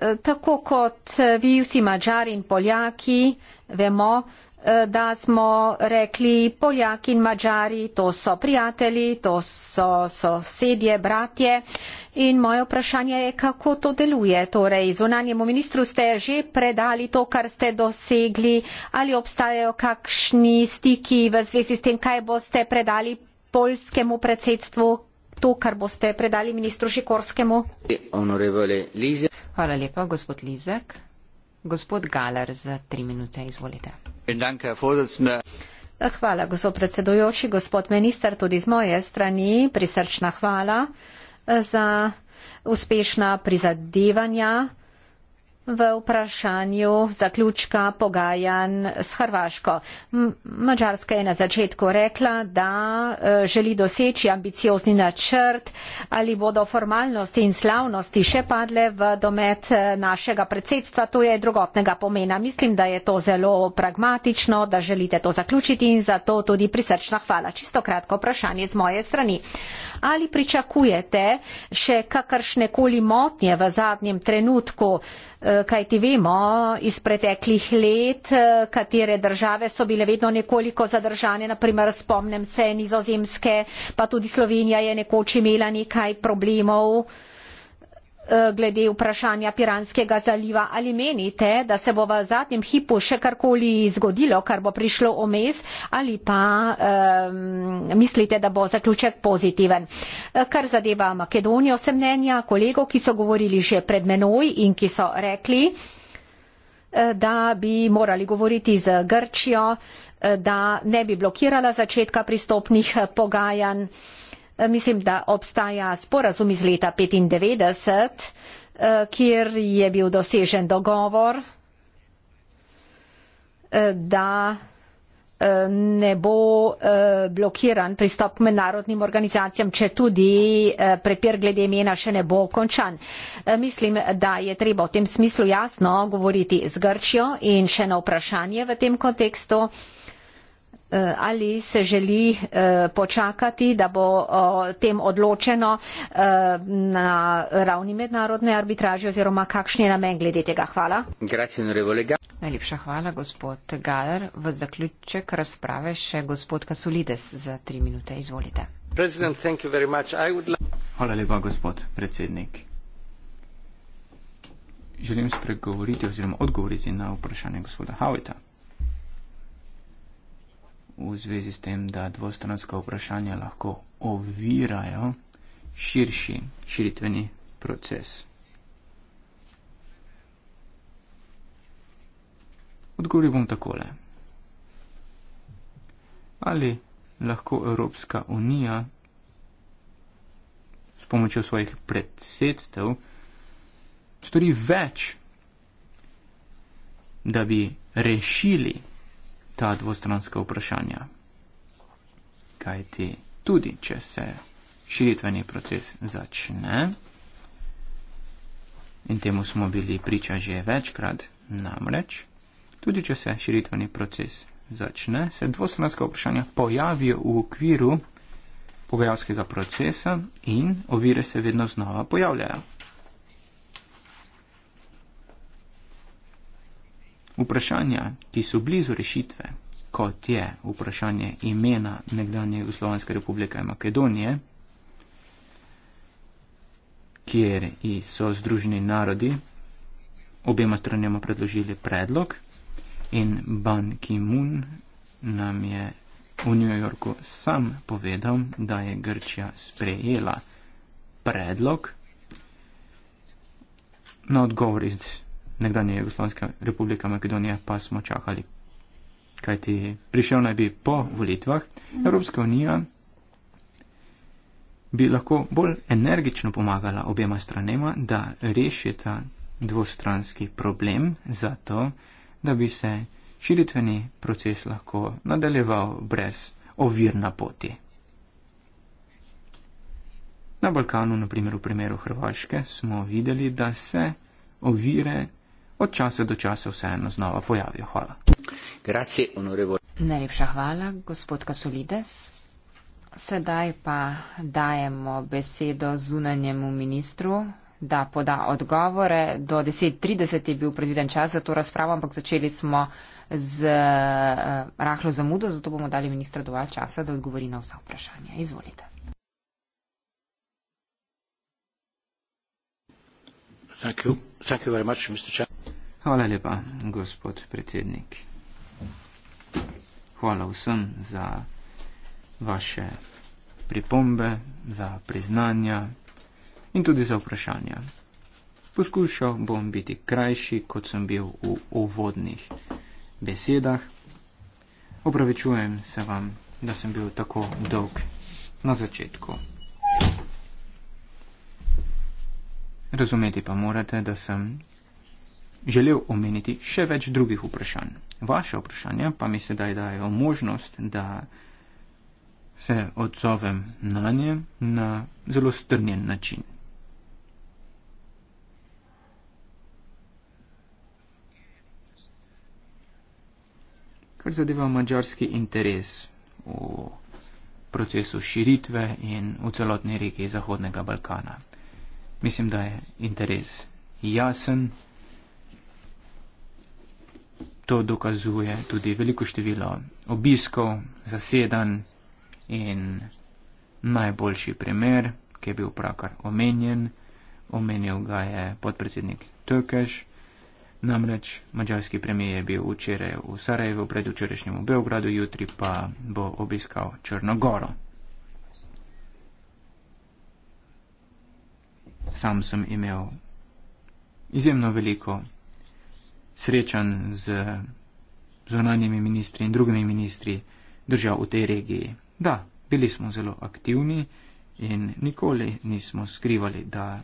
Eh, tako kot eh, vi vsi Mačari in Poljaki vemo, da smo rekli Poljaki in Mačari, to so prijatelji, to so sosedje, bratje. In moje vprašanje je, kako to deluje. Torej, zunanjemu ministru ste že predali to, kar ste dosegli, ali obstajajo kakšni stiki v zvezi s tem, kaj boste predali poljskemu predsedstvu, to, kar boste predali ministru Šikorskemu. Hvala lepa, gospod Lizek. Gospod Galar, za tri minute izvolite. Hvala, gospod predsedujoči, gospod minister, tudi z moje strani prisrčna hvala eh, za uspešna prizadevanja v vprašanju zaključka pogajanj s Hrvaško. Mačarska je na začetku rekla, da e, želi doseči ambiciozni načrt, ali bodo formalnosti in slavnosti še padle v domet e, našega predsedstva, to je drugotnega pomena. Mislim, da je to zelo pragmatično, da želite to zaključiti in zato tudi prisrčna hvala. Čisto kratko vprašanje z moje strani ali pričakujete še kakršne koli motnje v zadnjem trenutku, eh, kaj ti vemo iz preteklih let, eh, katere države so bile vedno nekoliko zadržane, naprimer spomnim se nizozemske, pa tudi Slovenija je nekoč imela nekaj problemov. Eh, glede vprašanja Piranskega zaliva. Ali menite, da se bo v zadnjem hipu še karkoli zgodilo, kar bo prišlo omes, ali pa um, mislite, da bo zaključek pozitiven? Eh, kar zadeva Makedonijo, sem mnenja kolegov, ki so govorili že pred menoj in ki so rekli, eh, da bi morali govoriti z Grčijo, da ne bi blokirala začetka pristopnih pogajanj. Eh, mislim, da obstaja sporazum iz leta 1995, eh, kjer je bil dosežen dogovor, eh, da ne bo blokiran pristop k mednarodnim organizacijam, če tudi prepir glede imena še ne bo končan. Mislim, da je treba v tem smislu jasno govoriti z Grčjo in še na vprašanje v tem kontekstu. Eh, ali se želi eh, počakati, da bo o tem odločeno eh, na ravni mednarodne arbitraže oziroma kakšen je namen glede tega. Hvala. Najlepša hvala, gospod Galer. V zaključek razprave še gospod Kasulides za tri minute. Izvolite. Hvala lepa, gospod predsednik. Želim spregovoriti oziroma odgovoriti na vprašanje gospoda Havita v zvezi s tem, da dvostranska vprašanja lahko ovirajo širši širitveni proces. Odgovoril bom takole. Ali lahko Evropska unija s pomočjo svojih predsedstev stori več, da bi rešili ta dvostranska vprašanja. Kaj ti tudi, če se širitveni proces začne, in temu smo bili priča že večkrat, namreč, tudi če se širitveni proces začne, se dvostranska vprašanja pojavijo v okviru pogajalskega procesa in ovire se vedno znova pojavljajo. Vprašanja, ki so blizu rešitve, kot je vprašanje imena nekdanje Jugoslovanske republike Makedonije, kjer so združeni narodi obema stranjama predložili predlog in Ban Ki-moon nam je v New Yorku sam povedal, da je Grčija sprejela predlog na odgovor iz nekdanje Jugoslavijska republika Makedonija pa smo čakali. Kajti prišel naj bi po volitvah, Evropska unija bi lahko bolj energično pomagala objema stranema, da rešita dvostranski problem za to, da bi se širitveni proces lahko nadaljeval brez ovir na poti. Na Balkanu, na primer v primeru Hrvaške, smo videli, da se ovire od časa do časa vseeno znova pojavijo. Hvala. Grazie, Najlepša hvala, gospod Kasolides. Sedaj pa dajemo besedo zunanjemu ministru, da poda odgovore. Do 10.30 je bil predviden čas za to razpravo, ampak začeli smo z eh, rahlo zamudo, zato bomo dali ministra dovolj časa, da odgovori na vsa vprašanja. Izvolite. Thank you. Hvala lepa, gospod predsednik. Hvala vsem za vaše pripombe, za priznanja in tudi za vprašanja. Poskušal bom biti krajši, kot sem bil v uvodnih besedah. Opravičujem se vam, da sem bil tako dolg na začetku. Razumeti pa morate, da sem želel omeniti še več drugih vprašanj. Vaše vprašanje pa mi sedaj dajo možnost, da se odzovem na nje na zelo strnjen način. Kar zadeva mađarski interes v procesu širitve in v celotni regiji Zahodnega Balkana. Mislim, da je interes jasen. To dokazuje tudi veliko število obiskov, zasedan in najboljši primer, ki je bil pravkar omenjen. Omenil ga je podpredsednik Tökeš. Namreč mađarski premijer je bil včeraj v Sarajevu, predvčerajšnjem v Beogradu, jutri pa bo obiskal Črnogoro. sam sem imel izjemno veliko srečan z zunanjimi ministri in drugimi ministri držav v tej regiji. Da, bili smo zelo aktivni in nikoli nismo skrivali, da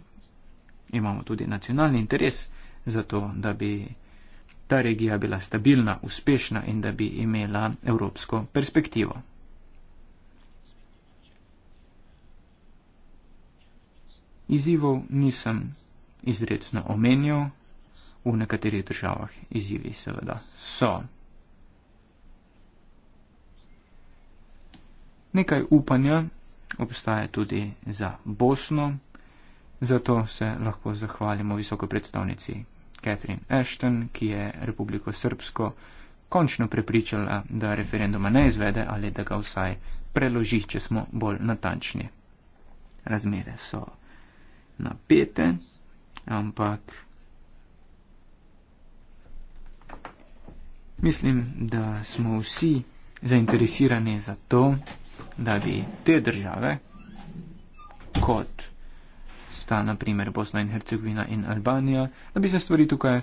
imamo tudi nacionalni interes za to, da bi ta regija bila stabilna, uspešna in da bi imela evropsko perspektivo. izzivov nisem izredno omenjal, v nekaterih državah izzivi seveda so. Nekaj upanja obstaja tudi za Bosno, zato se lahko zahvalimo visoko predstavnici Catherine Ashton, ki je Republiko Srbsko končno prepričala, da referenduma ne izvede ali da ga vsaj preloži, če smo bolj natančni. Razmere so napete, ampak mislim, da smo vsi zainteresirani za to, da bi te države, kot sta naprimer Bosna in Hercegovina in Albanija, da bi se stvari tukaj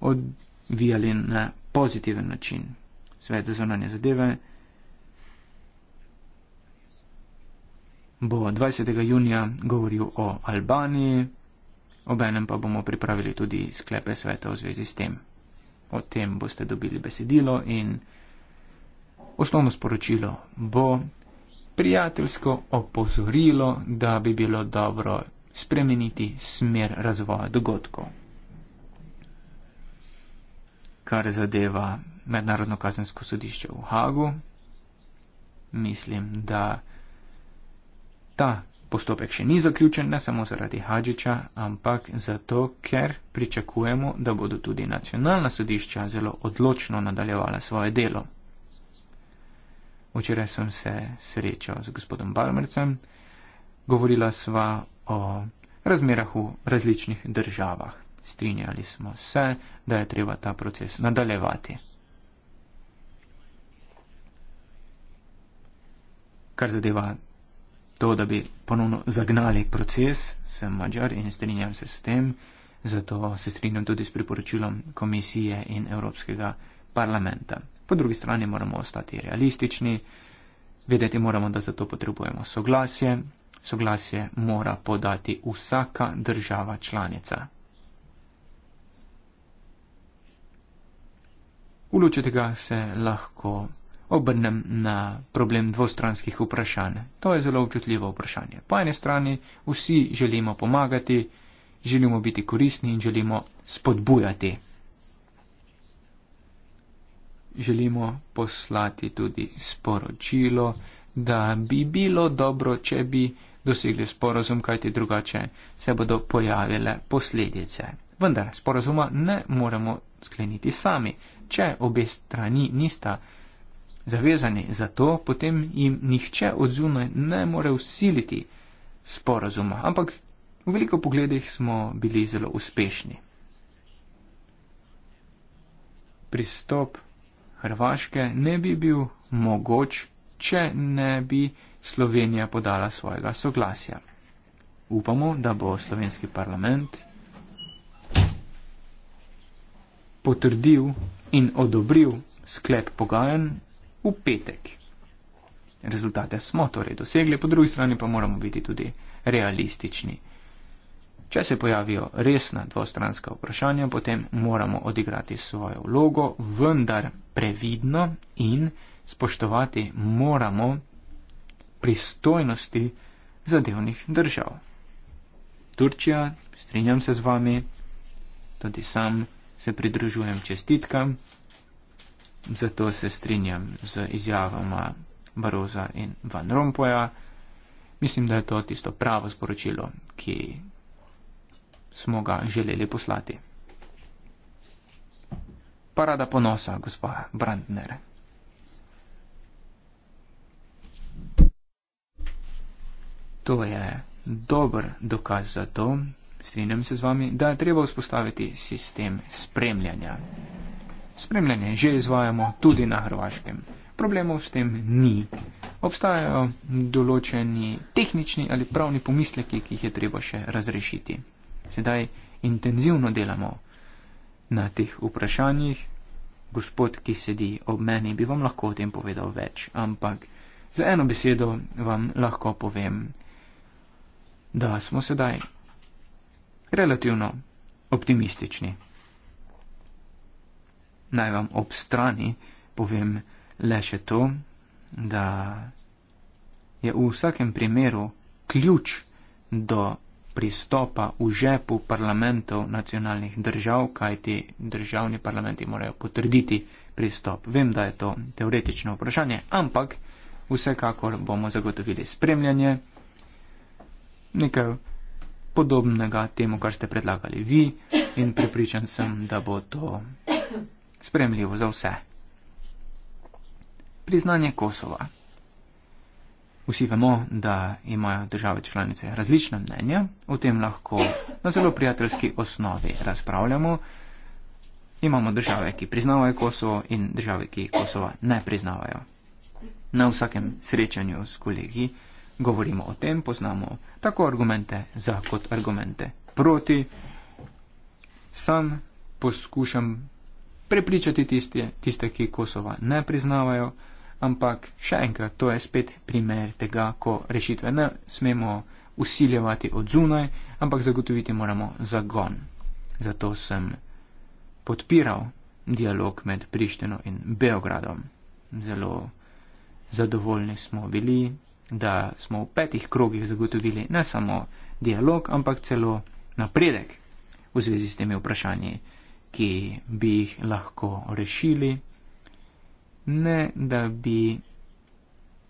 odvijali na pozitiven način. Svet za zonanje zadeve. bo 20. junija govoril o Albaniji, obenem pa bomo pripravili tudi sklepe sveta v zvezi s tem. O tem boste dobili besedilo in osnovno sporočilo bo prijateljsko opozorilo, da bi bilo dobro spremeniti smer razvoja dogodkov, kar zadeva Mednarodno kazensko sodišče v Hagu. Mislim, da Ta postopek še ni zaključen, ne samo zaradi Hadžiča, ampak zato, ker pričakujemo, da bodo tudi nacionalna sodišča zelo odločno nadaljevala svoje delo. Včeraj sem se srečal z gospodom Balmercem, govorila sva o razmerah v različnih državah. Strinjali smo se, da je treba ta proces nadaljevati. Kar zadeva to, da bi ponovno zagnali proces, sem mađar in strinjam se s tem, zato se strinjam tudi s priporočilom komisije in Evropskega parlamenta. Po drugi strani moramo ostati realistični, vedeti moramo, da za to potrebujemo soglasje, soglasje mora podati vsaka država članica. V luči tega se lahko obrnem na problem dvostranskih vprašanj. To je zelo občutljivo vprašanje. Po eni strani vsi želimo pomagati, želimo biti koristni in želimo spodbujati. Želimo poslati tudi sporočilo, da bi bilo dobro, če bi dosegli sporozum, kajti drugače se bodo pojavile posledice. Vendar sporozuma ne moremo skleniti sami, če obe strani nista zavezani za to, potem jim nihče od zunaj ne more usiliti sporazuma, ampak v veliko pogledih smo bili zelo uspešni. Pristop Hrvaške ne bi bil mogoč, če ne bi Slovenija podala svojega soglasja. Upamo, da bo slovenski parlament potrdil in odobril sklep pogajanj v petek. Rezultate smo torej dosegli, po drugi strani pa moramo biti tudi realistični. Če se pojavijo resna dvostranska vprašanja, potem moramo odigrati svojo vlogo, vendar previdno in spoštovati moramo pristojnosti zadevnih držav. Turčija, strinjam se z vami, tudi sam se pridružujem čestitkam Zato se strinjam z izjavoma Baroza in Van Rompoja. Mislim, da je to tisto pravo sporočilo, ki smo ga želeli poslati. Parada ponosa, gospa Brandner. To je dober dokaz za to, strinjam se z vami, da je treba vzpostaviti sistem spremljanja. Spremljanje že izvajamo tudi na Hrvaškem. Problemov s tem ni. Obstajajo določeni tehnični ali pravni pomisleki, ki jih je treba še razrešiti. Sedaj intenzivno delamo na teh vprašanjih. Gospod, ki sedi ob meni, bi vam lahko o tem povedal več, ampak za eno besedo vam lahko povem, da smo sedaj relativno optimistični naj vam ob strani povem le še to, da je v vsakem primeru ključ do pristopa v žepu parlamentov nacionalnih držav, kajti državni parlamenti morajo potrditi pristop. Vem, da je to teoretično vprašanje, ampak vsekakor bomo zagotovili spremljanje nekaj podobnega temu, kar ste predlagali vi in prepričan sem, da bo to spremljivo za vse. Priznanje Kosova. Vsi vemo, da imajo države članice različna mnenja, o tem lahko na zelo prijateljski osnovi razpravljamo. Imamo države, ki priznavajo Kosovo in države, ki Kosova ne priznavajo. Na vsakem srečanju s kolegi govorimo o tem, poznamo tako argumente za kot argumente proti. Sam poskušam prepričati tiste, tiste, ki Kosova ne priznavajo, ampak še enkrat, to je spet primer tega, ko rešitve ne smemo usiljevati od zunaj, ampak zagotoviti moramo zagon. Zato sem podpiral dialog med Prištino in Beogradom. Zelo zadovoljni smo bili, da smo v petih krogih zagotovili ne samo dialog, ampak celo napredek v zvezi s temi vprašanji ki bi jih lahko rešili, ne da bi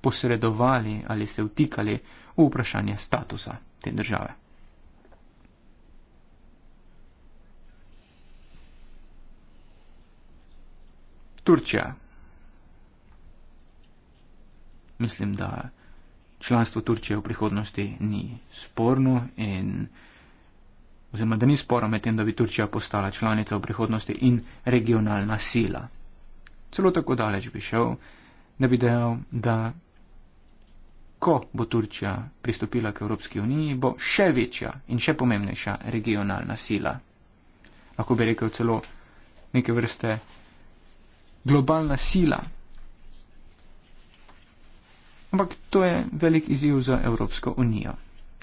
posredovali ali se vtikali v vprašanje statusa te države. Turčija. Mislim, da članstvo Turčije v prihodnosti ni sporno in oziroma da ni spora med tem, da bi Turčija postala članica v prihodnosti in regionalna sila. Celo tako daleč bi šel, da bi dejal, da ko bo Turčija pristopila k Evropski uniji, bo še večja in še pomembnejša regionalna sila. Lahko bi rekel celo neke vrste globalna sila. Ampak to je velik izziv za Evropsko unijo.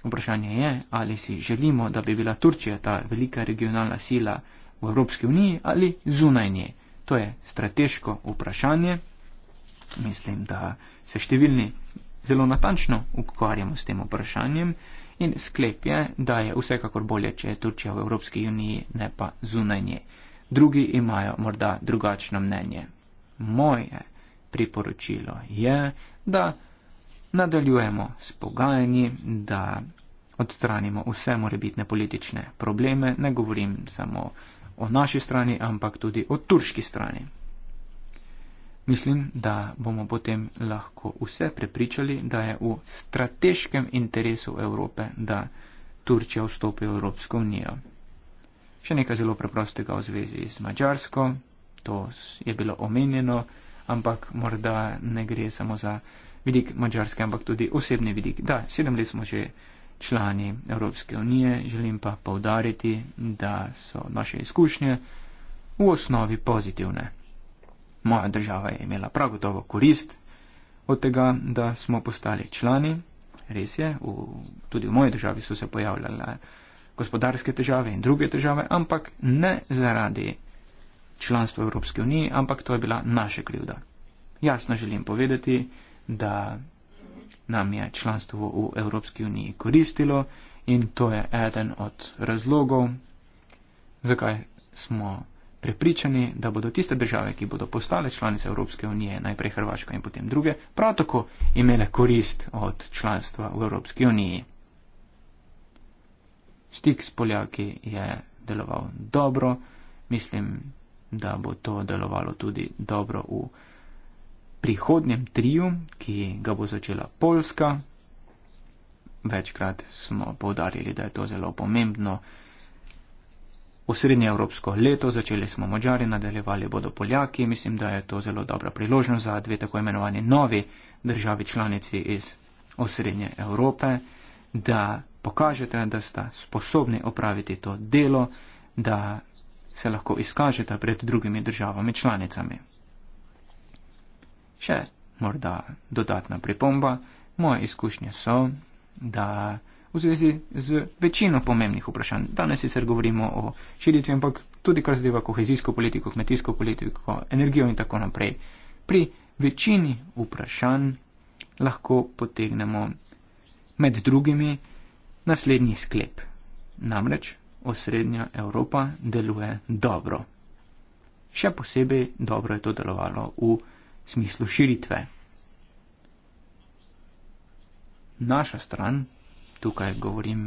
Vprašanje je, ali si želimo, da bi bila Turčija ta velika regionalna sila v Evropski uniji ali zunaj nje. To je strateško vprašanje. Mislim, da se številni zelo natančno ukvarjamo s tem vprašanjem in sklep je, da je vsekakor bolje, če je Turčija v Evropski uniji, ne pa zunaj nje. Drugi imajo morda drugačno mnenje. Moje priporočilo je, da nadaljujemo s pogajanji, da odstranimo vse morebitne politične probleme, ne govorim samo o naši strani, ampak tudi o turški strani. Mislim, da bomo potem lahko vse prepričali, da je v strateškem interesu Evrope, da Turčija vstopi v Evropsko unijo. Še nekaj zelo preprostega v zvezi z Mačarsko, to je bilo omenjeno, ampak morda ne gre samo za vidik mačarske, ampak tudi osebni vidik. Da, sedem let smo že člani Evropske unije, želim pa povdariti, da so naše izkušnje v osnovi pozitivne. Moja država je imela prav gotovo korist od tega, da smo postali člani. Res je, v, tudi v moji državi so se pojavljale gospodarske težave in druge težave, ampak ne zaradi članstva Evropske unije, ampak to je bila naša krivda. Jasno želim povedati, da nam je članstvo v Evropski uniji koristilo in to je eden od razlogov, zakaj smo prepričani, da bodo tiste države, ki bodo postale članice Evropske unije, najprej Hrvaška in potem druge, prav tako imele korist od članstva v Evropski uniji. Stik s Poljaki je deloval dobro, mislim, da bo to delovalo tudi dobro v Evropski uniji prihodnjem triju, ki ga bo začela Poljska. Večkrat smo povdarjali, da je to zelo pomembno. V srednje evropsko leto začeli smo Mačari, nadaljevali bodo Poljaki. Mislim, da je to zelo dobra priložnost za dve tako imenovani novi državi članici iz osrednje Evrope, da pokažete, da sta sposobni opraviti to delo, da se lahko izkažete pred drugimi državami članicami. Še morda dodatna pripomba. Moje izkušnje so, da v zvezi z večino pomembnih vprašanj, danes sicer govorimo o širitvi, ampak tudi kar zadeva kohezijsko politiko, kmetijsko politiko, energijo in tako naprej, pri večini vprašanj lahko potegnemo med drugimi naslednji sklep. Namreč osrednja Evropa deluje dobro. Še posebej dobro je to delovalo v Evropi smislu širitve. Naša stran, tukaj govorim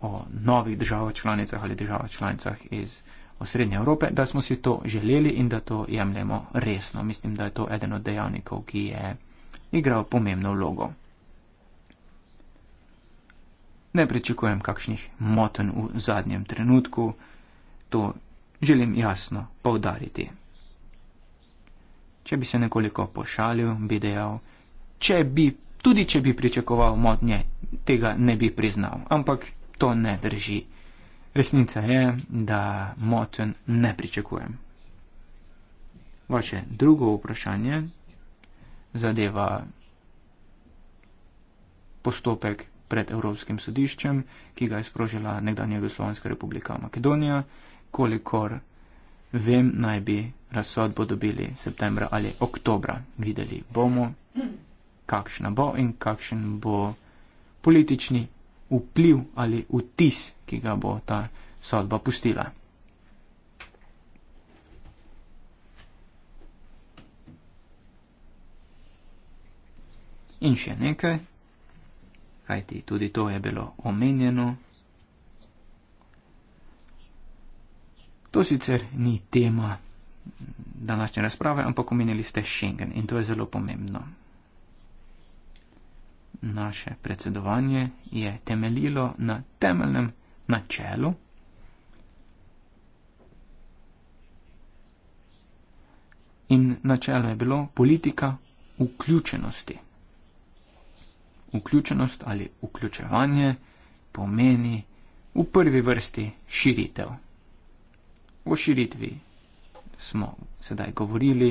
o novih državah članicah ali državah članicah iz osrednje Evrope, da smo si to želeli in da to jemljemo resno. Mislim, da je to eden od dejavnikov, ki je igral pomembno vlogo. Ne pričakujem kakšnih moten v zadnjem trenutku, to želim jasno poudariti. Če bi se nekoliko pošalil, bi dejal, če bi, tudi če bi pričakoval motnje, tega ne bi priznal, ampak to ne drži. Resnica je, da moten ne pričakujem. Vaše drugo vprašanje zadeva postopek pred Evropskim sodiščem, ki ga je sprožila nekdanja Jugoslovanska republika Makedonija, kolikor Vem, naj bi razsodbo dobili septembra ali oktobra. Videli bomo, kakšna bo in kakšen bo politični vpliv ali vtis, ki ga bo ta sodba pustila. In še nekaj, kajti tudi to je bilo omenjeno To sicer ni tema današnje razprave, ampak omenili ste Schengen in to je zelo pomembno. Naše predsedovanje je temeljilo na temeljnem načelu, In načelo je bilo politika vključenosti. Vključenost ali vključevanje pomeni v prvi vrsti širitev. O širitvi smo sedaj govorili,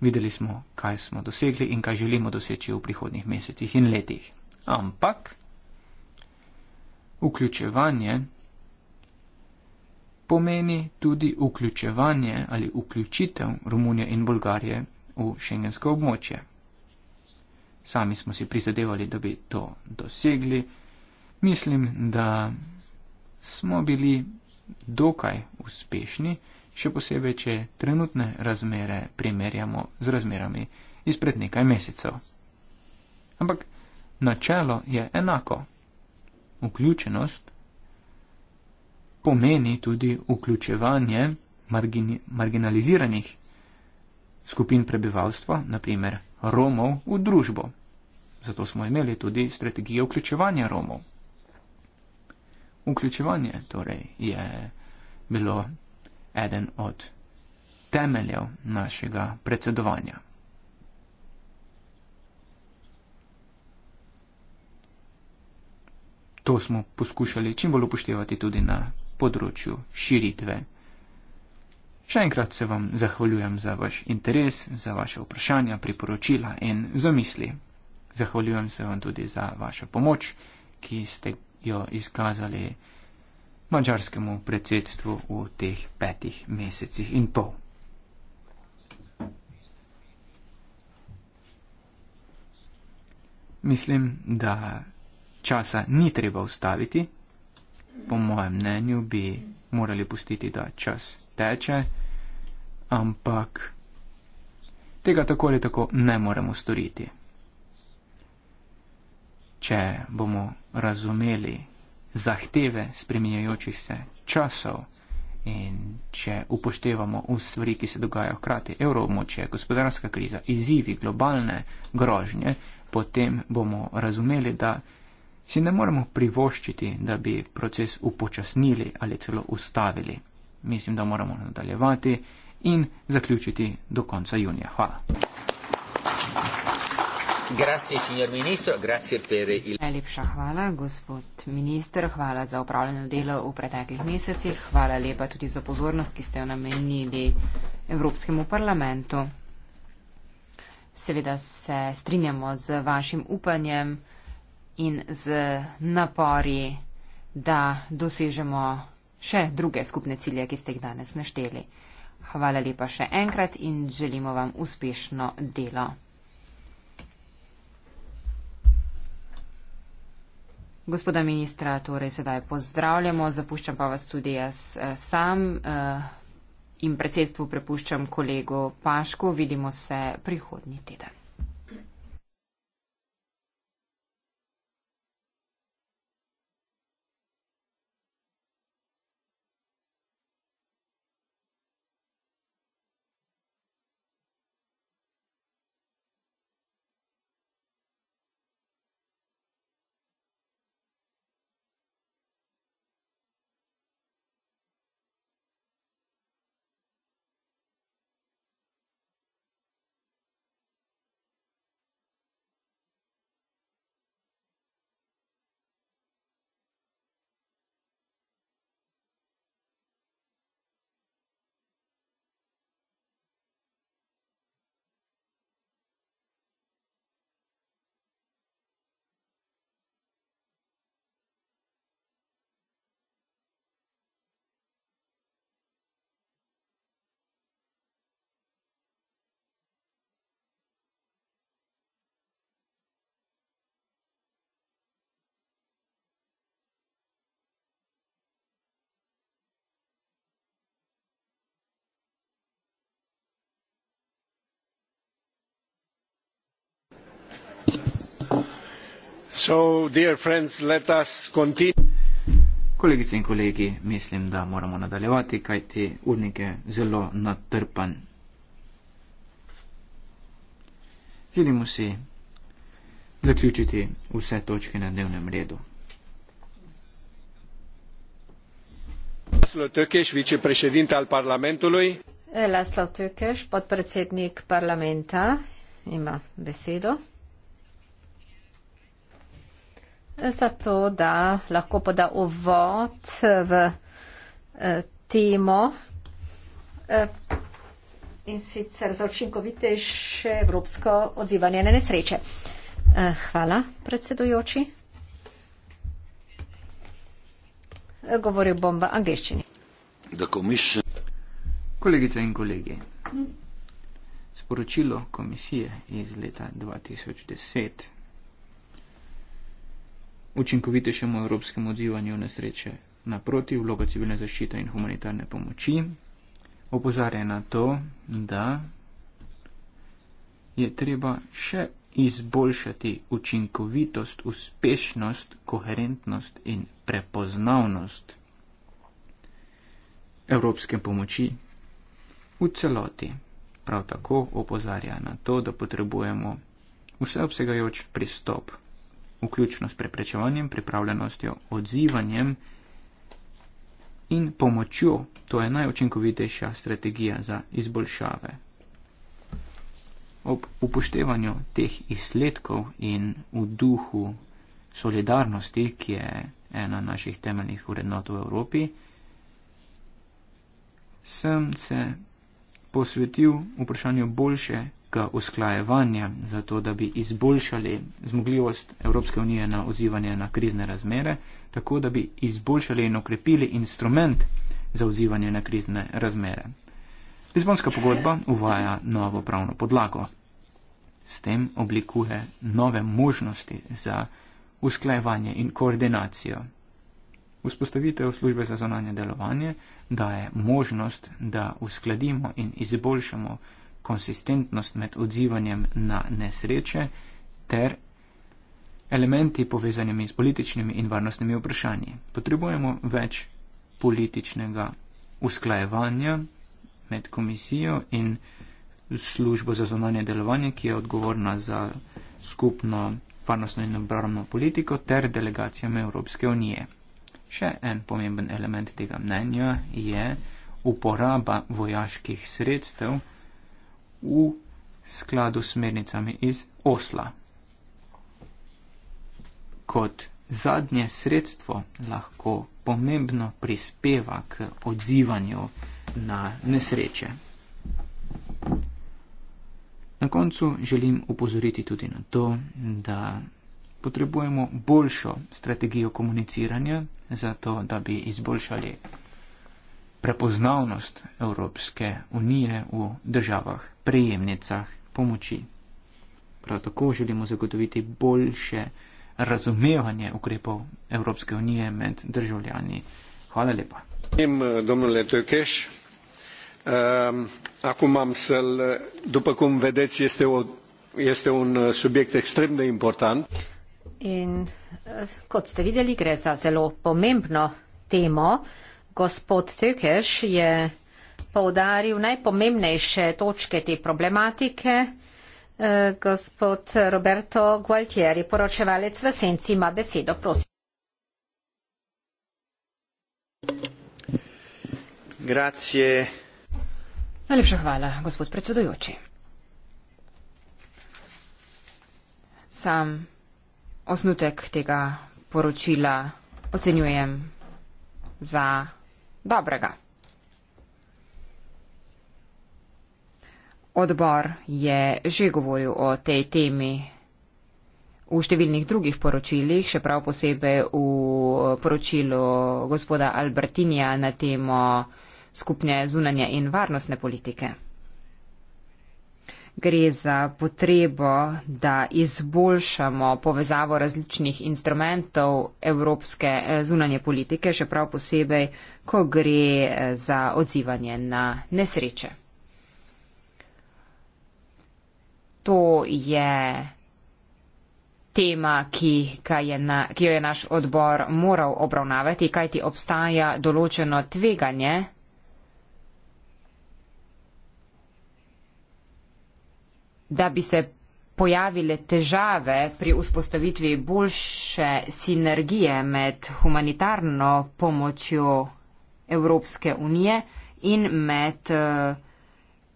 videli smo, kaj smo dosegli in kaj želimo doseči v prihodnih mesecih in letih. Ampak vključevanje pomeni tudi vključevanje ali vključitev Romunije in Bolgarije v šengensko območje. Sami smo si prizadevali, da bi to dosegli. Mislim, da smo bili dokaj uspešni, še posebej, če trenutne razmere primerjamo z razmerami izpred nekaj mesecev. Ampak načelo je enako. Vključenost pomeni tudi vključevanje margin marginaliziranih skupin prebivalstva, naprimer Romov, v družbo. Zato smo imeli tudi strategijo vključevanja Romov vključevanje torej je bilo eden od temeljev našega predsedovanja. To smo poskušali čim bolj upoštevati tudi na področju širitve. Še enkrat se vam zahvaljujem za vaš interes, za vaše vprašanja, priporočila in zamisli. Zahvaljujem se vam tudi za vašo pomoč, ki ste jo izkazali mačarskemu predsedstvu v teh petih mesecih in pol. Mislim, da časa ni treba ustaviti. Po mojem mnenju bi morali pustiti, da čas teče, ampak tega tako ali tako ne moremo storiti če bomo razumeli zahteve spreminjajočih se časov in če upoštevamo vse stvari, ki se dogajajo hkrati, evroobmočje, gospodarska kriza, izzivi, globalne grožnje, potem bomo razumeli, da si ne moremo privoščiti, da bi proces upočasnili ali celo ustavili. Mislim, da moramo nadaljevati in zaključiti do konca junija. Hvala. Grazie, signor ministro, grazie per il. Najlepša hvala, gospod minister, hvala za upravljeno delo v preteklih mesecih, hvala lepa tudi za pozornost, ki ste jo namenili Evropskemu parlamentu. Seveda se strinjamo z vašim upanjem in z napori, da dosežemo še druge skupne cilje, ki ste jih danes našteli. Hvala lepa še enkrat in želimo vam uspešno delo. Gospoda ministra, torej sedaj pozdravljamo, zapuščam pa vas tudi jaz eh, sam eh, in predsedstvu prepuščam kolegu Pašku. Vidimo se prihodnji teden. Kolegice in kolegi, mislim, da moramo nadaljevati, kajti urnik je zelo natrpan. Želimo si zaključiti vse točke na dnevnem redu. Laszlo Tökés, viceprezidente al parlamentului. Laszlo Tökés, podpredsednik parlamenta, ima besedo zato da lahko poda uvod v eh, temo eh, in sicer za učinkovitejše evropsko odzivanje na nesreče. Eh, hvala, predsedujoči. Govoril bom v angliščini. Kolegice in kolegi, sporočilo komisije iz leta 2010 učinkovitejšemu evropskemu odzivanju nesreče naproti, vloga civilne zaščite in humanitarne pomoči. Opozarja na to, da je treba še izboljšati učinkovitost, uspešnost, koherentnost in prepoznavnost evropske pomoči v celoti. Prav tako opozarja na to, da potrebujemo vseobsegajoč pristop vključno s preprečevanjem, pripravljenostjo, odzivanjem in pomočjo. To je najučinkovitejša strategija za izboljšave. Ob upoštevanju teh izsledkov in v duhu solidarnosti, ki je ena naših temeljnih vrednot v Evropi, sem se posvetil vprašanju boljše ga usklajevanja, zato da bi izboljšali zmogljivost Evropske unije na odzivanje na krizne razmere, tako da bi izboljšali in okrepili instrument za odzivanje na krizne razmere. Lizbonska pogodba uvaja novo pravno podlago. S tem oblikuje nove možnosti za usklajevanje in koordinacijo. Vzpostavitev službe za zonanje delovanje daje možnost, da uskladimo in izboljšamo konsistentnost med odzivanjem na nesreče ter elementi povezanimi s političnimi in varnostnimi vprašanji. Potrebujemo več političnega usklajevanja med komisijo in službo za zunanje delovanje, ki je odgovorna za skupno varnostno in obrambno politiko ter delegacijami Evropske unije. Še en pomemben element tega mnenja je uporaba vojaških sredstev, v skladu s smernicami iz Osla. Kot zadnje sredstvo lahko pomembno prispeva k odzivanju na nesreče. Na koncu želim upozoriti tudi na to, da potrebujemo boljšo strategijo komuniciranja, zato da bi izboljšali prepoznavnost Evropske unije v državah prejemnicah pomoči. Prav tako želimo zagotoviti boljše razumevanje ukrepov Evropske unije med državljani. Hvala lepa. Vem, domnule Tökeš, um, akum imam sel, dupa kum vedeti, jeste, o, jeste un subjekt ekstremno important. In eh, kot ste videli, gre za zelo pomembno temo. Gospod Tökes je poudaril najpomembnejše točke te problematike. E, gospod Roberto Gualtieri, poročevalec v Senci, ima besedo. Prosim. Grazie. Najlepša hvala, gospod predsedujoči. Sam osnutek tega poročila ocenjujem za dobrega. Odbor je že govoril o tej temi v številnih drugih poročilih, še prav posebej v poročilu gospoda Albertinija na temo skupne zunanje in varnostne politike gre za potrebo, da izboljšamo povezavo različnih instrumentov evropske eh, zunanje politike, še prav posebej, ko gre eh, za odzivanje na nesreče. To je tema, ki, je na, ki jo je naš odbor moral obravnavati, kajti obstaja določeno tveganje, da bi se pojavile težave pri vzpostavitvi boljše sinergije med humanitarno pomočjo Evropske unije in med eh,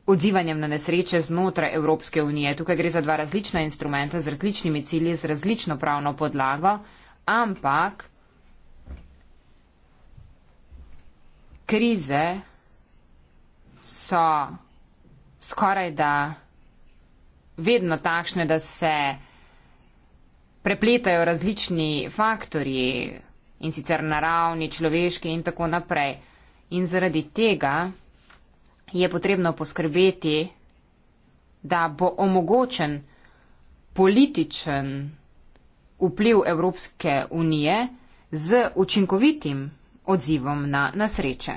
odzivanjem na nesreče znotraj Evropske unije. Tukaj gre za dva različna instrumenta z različnimi cilji, z različno pravno podlago, ampak krize so skoraj da vedno takšne, da se prepletajo različni faktorji in sicer naravni, človeški in tako naprej. In zaradi tega je potrebno poskrbeti, da bo omogočen političen vpliv Evropske unije z učinkovitim odzivom na nesreče.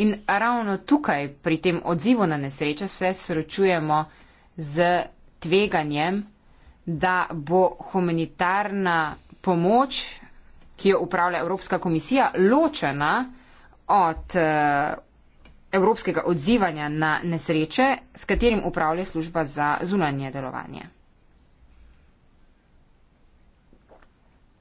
In ravno tukaj pri tem odzivu na nesreče se srečujemo z tveganjem, da bo humanitarna pomoč, ki jo upravlja Evropska komisija, ločena od eh, evropskega odzivanja na nesreče, s katerim upravlja služba za zunanje delovanje.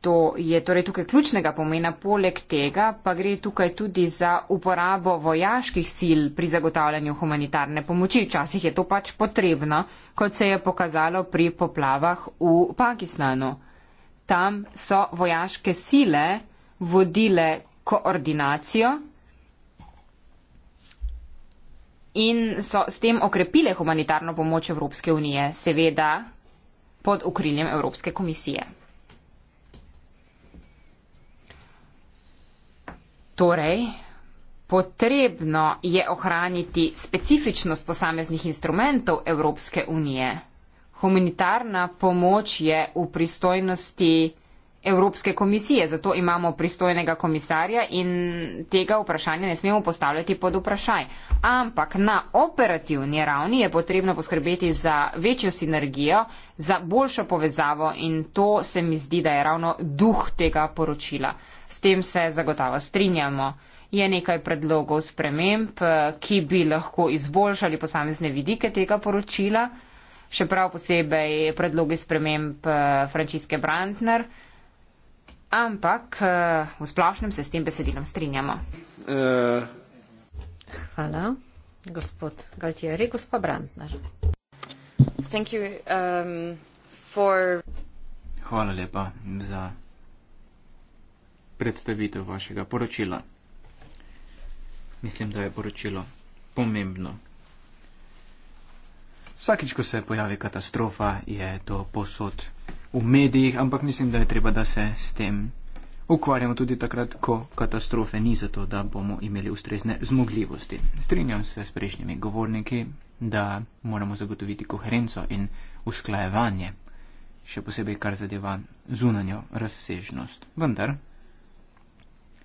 To je torej tukaj ključnega pomena, poleg tega pa gre tukaj tudi za uporabo vojaških sil pri zagotavljanju humanitarne pomoči. Včasih je to pač potrebno, kot se je pokazalo pri poplavah v Pakistanu. Tam so vojaške sile vodile koordinacijo in so s tem okrepile humanitarno pomoč Evropske unije, seveda pod okriljem Evropske komisije. Torej, potrebno je ohraniti specifičnost posameznih instrumentov Evropske unije. Humanitarna pomoč je v pristojnosti Evropske komisije, zato imamo pristojnega komisarja in tega vprašanja ne smemo postavljati pod vprašaj. Ampak na operativni ravni je potrebno poskrbeti za večjo sinergijo, za boljšo povezavo in to se mi zdi, da je ravno duh tega poročila. S tem se zagotovo strinjamo. Je nekaj predlogov sprememb, ki bi lahko izboljšali posamezne vidike tega poročila, še prav posebej predlogi sprememb eh, Franciske Brandner ampak eh, v splošnem se s tem besedilom strinjamo. Uh. Hvala. Gospod Galtieri, gospod Brandner. You, um, for... Hvala lepa za predstavitev vašega poročila. Mislim, da je poročilo pomembno. Vsakič, ko se pojavi katastrofa, je to posod v medijih, ampak mislim, da je treba, da se s tem ukvarjamo tudi takrat, ko katastrofe ni zato, da bomo imeli ustrezne zmogljivosti. Strinjam se s prejšnjimi govorniki, da moramo zagotoviti koherenco in usklajevanje, še posebej kar zadeva zunanjo razsežnost. Vendar.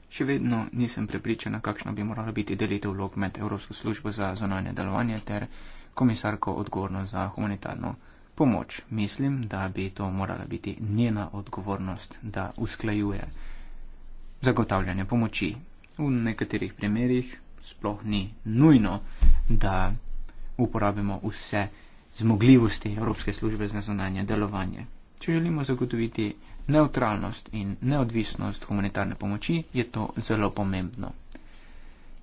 Še vedno nisem prepričana, kakšna bi morala biti delitev vlog med Evropsko službo za zonanje delovanje ter komisarko odgovorno za humanitarno pomoč. Mislim, da bi to morala biti njena odgovornost, da usklajuje zagotavljanje pomoči. V nekaterih primerjih sploh ni nujno, da uporabimo vse zmogljivosti Evropske službe za zunanje delovanje. Če želimo zagotoviti neutralnost in neodvisnost humanitarne pomoči, je to zelo pomembno.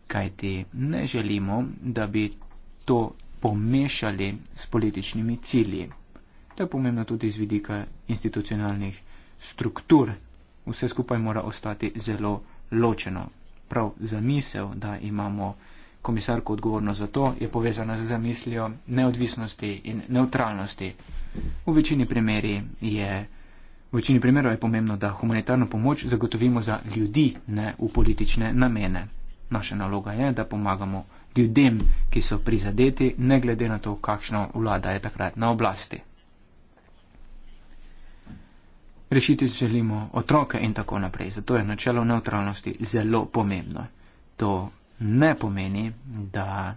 Kajti ne želimo, da bi to pomešali s političnimi cilji. To je pomembno tudi z vidika institucionalnih struktur. Vse skupaj mora ostati zelo ločeno. Prav zamisel, da imamo komisarko odgovorno za to, je povezana z zamislijo neodvisnosti in neutralnosti. V večini, je, v večini primerov je pomembno, da humanitarno pomoč zagotovimo za ljudi, ne v politične namene. Naša naloga je, da pomagamo ljudem, ki so prizadeti, ne glede na to, kakšna vlada je takrat na oblasti rešiti želimo otroke in tako naprej. Zato je načelo neutralnosti zelo pomembno. To ne pomeni, da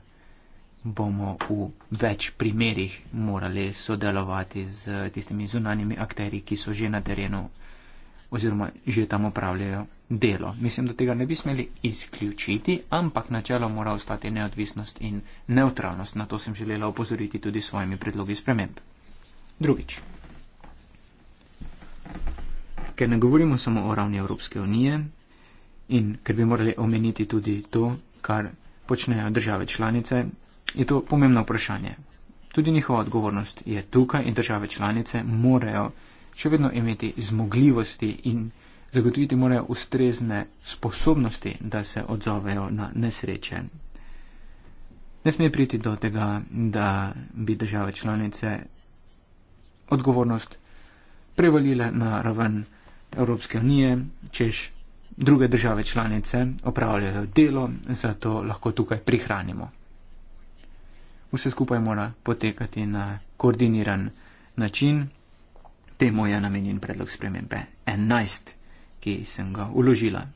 bomo v več primerjih morali sodelovati z tistimi zunanjimi akteri, ki so že na terenu oziroma že tam upravljajo delo. Mislim, da tega ne bi smeli izključiti, ampak načelo mora ostati neodvisnost in neutralnost. Na to sem želela opozoriti tudi s svojimi predlogi sprememb. Drugič. Ker ne govorimo samo o ravni Evropske unije in ker bi morali omeniti tudi to, kar počnejo države članice, je to pomembno vprašanje. Tudi njihova odgovornost je tukaj in države članice morajo še vedno imeti zmogljivosti in zagotoviti morajo ustrezne sposobnosti, da se odzovejo na nesreče. Ne sme priti do tega, da bi države članice odgovornost prevalile na raven Evropske unije, češ druge države članice opravljajo delo, zato lahko tukaj prihranimo. Vse skupaj mora potekati na koordiniran način. Temu je namenjen predlog spremembe 11, ki sem ga uložila.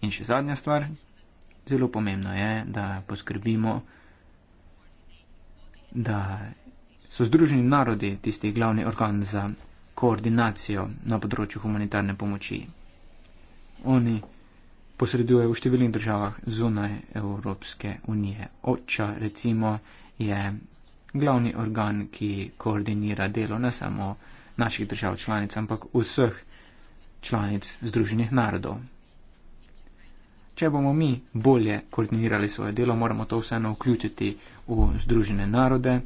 In še zadnja stvar. Zelo pomembno je, da poskrbimo, da so Združeni narodi tisti glavni organ za koordinacijo na področju humanitarne pomoči. Oni posredujejo v številnih državah zunaj Evropske unije. Oča, recimo, je glavni organ, ki koordinira delo ne samo naših držav članic, ampak vseh članic Združenih narodov. Če bomo mi bolje koordinirali svoje delo, moramo to vseeno vključiti v Združene narode,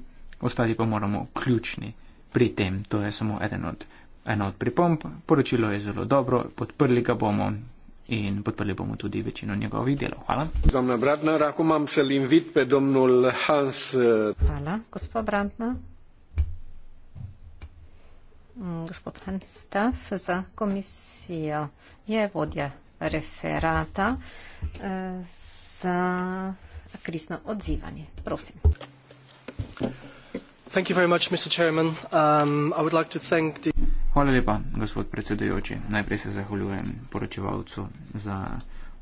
ostali pa moramo ključni pri tem. To je samo eden od, eno od pripomp. Poročilo je zelo dobro, podprli ga bomo in podprli bomo tudi večino njegovih delov. Hvala. Bratna, vidpe, Hans. Uh, Hvala, gospod Brantna. Mm, gospod Hanstaff za komisijo je vodja referata eh, za krizno odzivanje. Prosim. Okay. Um, Hvala lepa, gospod predsedujoči. Najprej se zahvaljujem poročevalcu za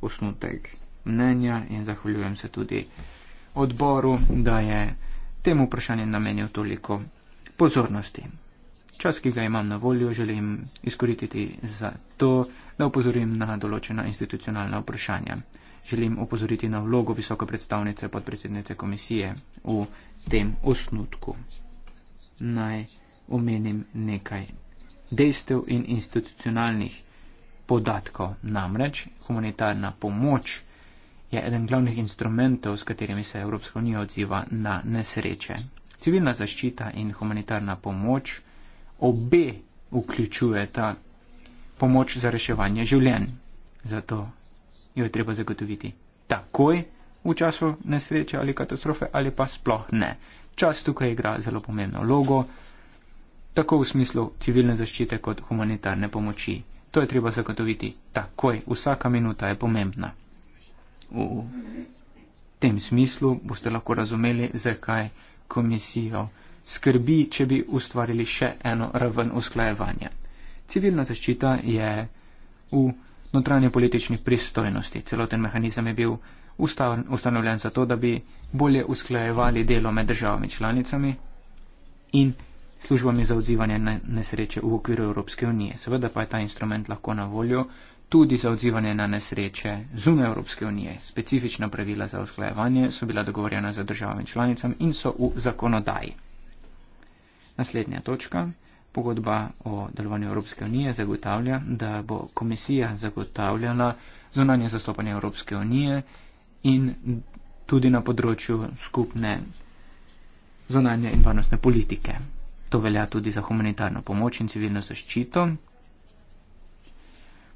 osnutek mnenja in zahvaljujem se tudi odboru, da je temu vprašanju namenil toliko pozornosti. Čas, ki ga imam na voljo, želim izkoristiti za to, da upozorim na določena institucionalna vprašanja. Želim upozoriti na vlogo visoke predstavnice podpredsednice komisije v tem osnutku. Naj omenim nekaj dejstev in institucionalnih podatkov. Namreč humanitarna pomoč je eden glavnih instrumentov, s katerimi se Evropska unija odziva na nesreče. Civilna zaščita in humanitarna pomoč obe vključujeta pomoč za reševanje življenj. Zato jo je treba zagotoviti takoj, v času nesreče ali katastrofe ali pa sploh ne. Čas tukaj igra zelo pomembno vlogo, tako v smislu civilne zaščite kot humanitarne pomoči. To je treba zagotoviti takoj, vsaka minuta je pomembna. V tem smislu boste lahko razumeli, zakaj komisijo skrbi, če bi ustvarili še eno raven usklajevanja. Civilna zaščita je v notranje politični pristojnosti. Celoten mehanizem je bil ustanovljen zato, da bi bolje usklajevali delo med državami članicami in službami za odzivanje na nesreče v okviru Evropske unije. Seveda pa je ta instrument lahko na voljo tudi za odzivanje na nesreče zunaj Evropske unije. Specifična pravila za usklajevanje so bila dogovorjena za državami članicami in so v zakonodaji. Naslednja točka. Pogodba o delovanju Evropske unije zagotavlja, da bo komisija zagotavljala zunanje zastopanje Evropske unije in tudi na področju skupne zonanje in varnostne politike. To velja tudi za humanitarno pomoč in civilno zaščito.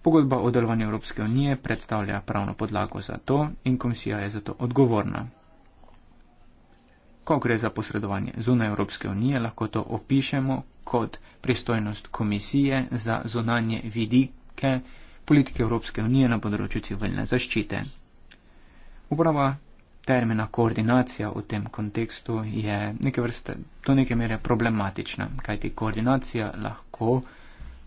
Pogodba o delovanju Evropske unije predstavlja pravno podlago za to in komisija je zato odgovorna. Ko gre za posredovanje zunaj Evropske unije, lahko to opišemo kot pristojnost komisije za zonanje vidike politike Evropske unije na področju civilne zaščite. Uporaba termina koordinacija v tem kontekstu je neke vrste, do neke mere problematična, kajti koordinacija lahko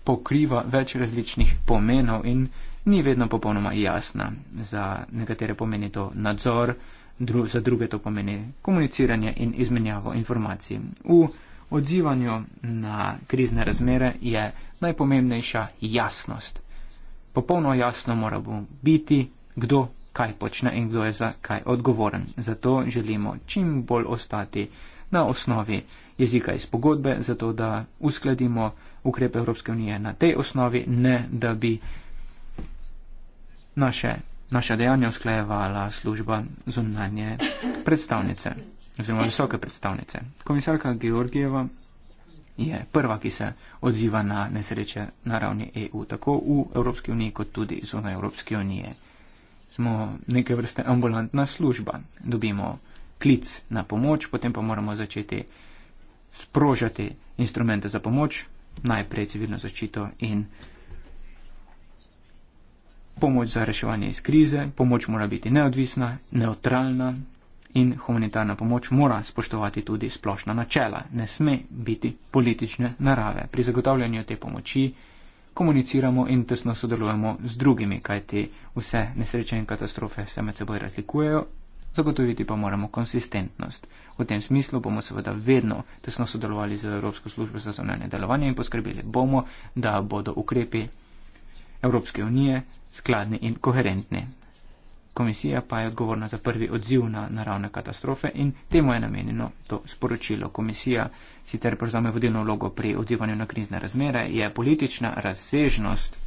pokriva več različnih pomenov in ni vedno popolnoma jasna. Za nekatere pomeni to nadzor, dru, za druge to pomeni komuniciranje in izmenjavo informacij. V odzivanju na krizne razmere je najpomembnejša jasnost. Popolno jasno mora biti, kdo kaj počne in kdo je za kaj odgovoren. Zato želimo čim bolj ostati na osnovi jezika iz pogodbe, zato da uskladimo ukrepe Evropske unije na tej osnovi, ne da bi naše, naša dejanja usklajevala služba zunanje predstavnice oziroma visoke predstavnice. Komisarka Georgijeva je prva, ki se odziva na nesreče na ravni EU, tako v Evropski uniji kot tudi zunaj Evropske unije smo neke vrste ambulantna služba. Dobimo klic na pomoč, potem pa moramo začeti sprožati instrumente za pomoč, najprej civilno zaščito in pomoč za reševanje iz krize. Pomoč mora biti neodvisna, neutralna in humanitarna pomoč mora spoštovati tudi splošna načela. Ne sme biti politične narave. Pri zagotavljanju te pomoči komuniciramo in tesno sodelujemo z drugimi, kajti vse nesreče in katastrofe se med seboj razlikujejo, zagotoviti pa moramo konsistentnost. V tem smislu bomo seveda vedno tesno sodelovali z Evropsko službo za zonanje delovanje in poskrbeli bomo, da bodo ukrepi Evropske unije skladni in koherentni. Komisija pa je odgovorna za prvi odziv na naravne katastrofe in temu je namenjeno to sporočilo. Komisija sicer prevzame vodilno vlogo pri odzivanju na krizne razmere, je politična razsežnost,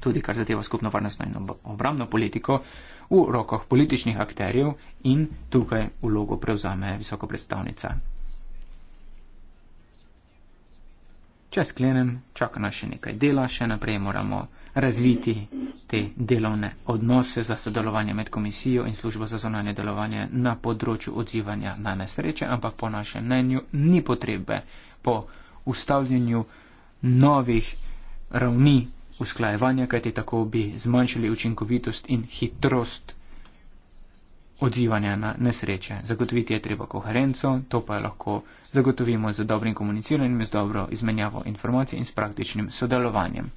tudi kar zadeva skupno varnostno in obramno politiko, v rokah političnih akterjev in tukaj vlogo prevzame visoko predstavnica. Če sklenem, čaka nas še nekaj dela, še naprej moramo razviti te delovne odnose za sodelovanje med komisijo in službo za zonanje delovanje na področju odzivanja na nesreče, ampak po našem mnenju ni potrebe po ustavljanju novih ravni usklajevanja, kajti tako bi zmanjšali učinkovitost in hitrost odzivanja na nesreče. Zagotoviti je treba koherenco, to pa lahko zagotovimo z dobrim komuniciranjem, z dobro izmenjavo informacij in s praktičnim sodelovanjem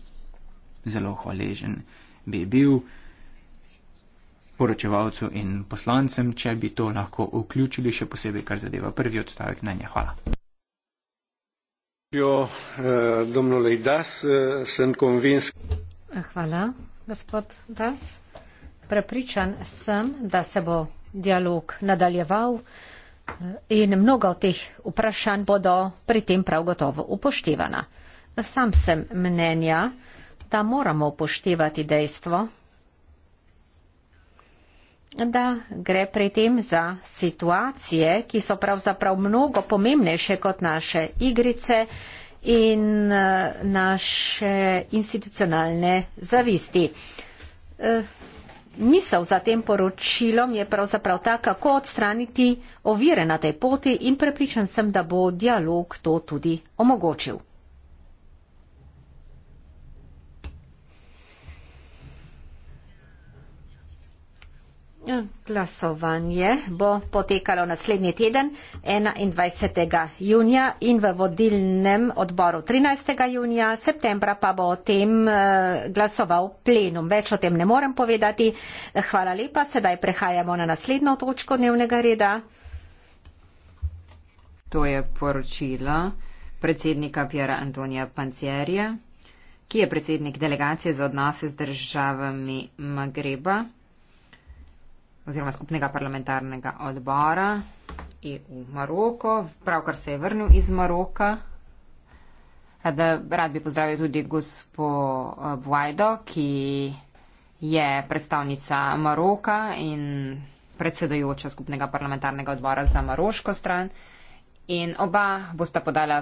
zelo hvaležen bi bil poročevalcu in poslancem, če bi to lahko vključili, še posebej, kar zadeva prvi odstavek na nje. Hvala. Eh, eh, eh, hvala, gospod Das. Prepričan sem, da se bo dialog nadaljeval in mnogo teh vprašanj bodo pri tem prav gotovo upoštevana. Sam sem mnenja, da moramo upoštevati dejstvo, da gre pri tem za situacije, ki so pravzaprav mnogo pomembnejše kot naše igrice in eh, naše institucionalne zavisti. Eh, misel za tem poročilom je pravzaprav ta, kako odstraniti ovire na tej poti in prepričan sem, da bo dialog to tudi omogočil. Glasovanje bo potekalo naslednji teden, 21. junija in v vodilnem odboru 13. junija, septembra pa bo o tem eh, glasoval plenum. Več o tem ne morem povedati. Hvala lepa, sedaj prehajamo na naslednjo točko dnevnega reda. To je poročilo predsednika Pjera Antonija Pancierja, ki je predsednik delegacije za odnose z državami Magreba oziroma skupnega parlamentarnega odbora EU Maroko, pravkar se je vrnil iz Maroka. Rada, rad bi pozdravil tudi gospo eh, Bwajdo, ki je predstavnica Maroka in predsedojoča skupnega parlamentarnega odbora za Maroško stran. In oba bosta podala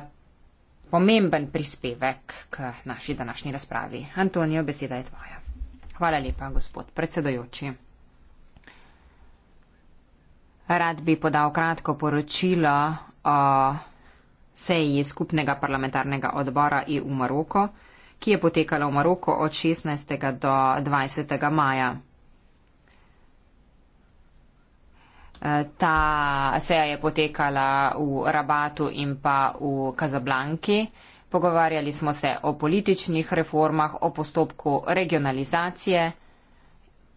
pomemben prispevek k naši današnji razpravi. Antonijo, beseda je tvoja. Hvala lepa, gospod predsedojoči. Rad bi podal kratko poročilo o seji skupnega parlamentarnega odbora EU Maroko, ki je potekala v Maroko od 16. do 20. maja. E, ta seja je potekala v Rabatu in pa v Kazablanki. Pogovarjali smo se o političnih reformah, o postopku regionalizacije,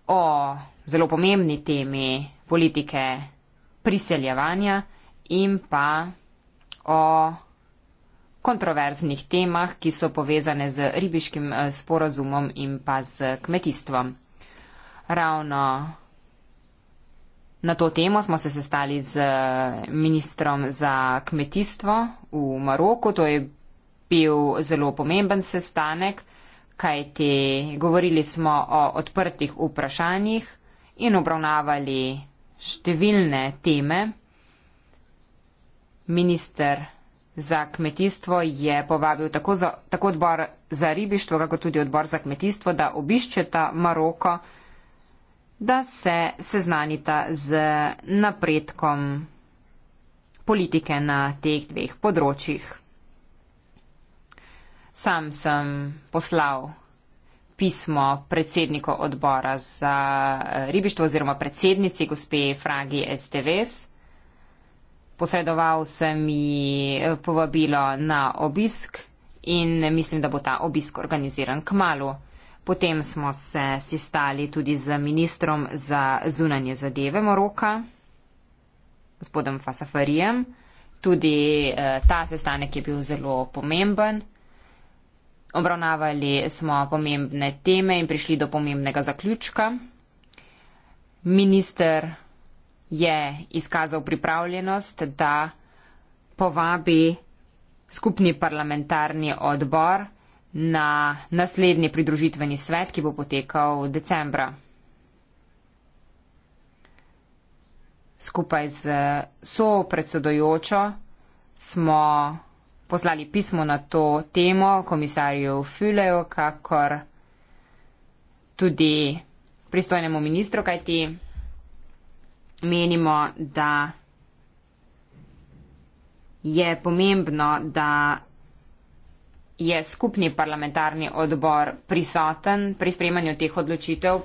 o zelo pomembni temi politike priseljevanja in pa o kontroverznih temah, ki so povezane z ribiškim eh, sporozumom in pa z kmetijstvom. Ravno na to temo smo se sestali z eh, ministrom za kmetijstvo v Maroku. To je bil zelo pomemben sestanek, kajti govorili smo o odprtih vprašanjih in obravnavali številne teme. Minister za kmetijstvo je povabil tako, za, tako odbor za ribištvo, kako tudi odbor za kmetijstvo, da obiščeta Maroko, da se seznanita z napredkom politike na teh dveh področjih. Sam sem poslal pismo predsedniku odbora za eh, ribištvo oziroma predsednici gospe Fragi STVS. Posredoval sem ji eh, povabilo na obisk in mislim, da bo ta obisk organiziran k malu. Potem smo se sestali tudi z ministrom za zunanje zadeve Moroka, gospodom Fasafarijem. Tudi eh, ta sestanek je bil zelo pomemben. Obravnavali smo pomembne teme in prišli do pomembnega zaključka. Minister je izkazal pripravljenost, da povabi skupni parlamentarni odbor na naslednji pridružitveni svet, ki bo potekal v decembra. Skupaj z so predsedojočo smo poslali pismo na to temo komisarju Füleju, kakor tudi pristojnemu ministru, kajti menimo, da je pomembno, da je skupni parlamentarni odbor prisoten pri sprejemanju teh odločitev,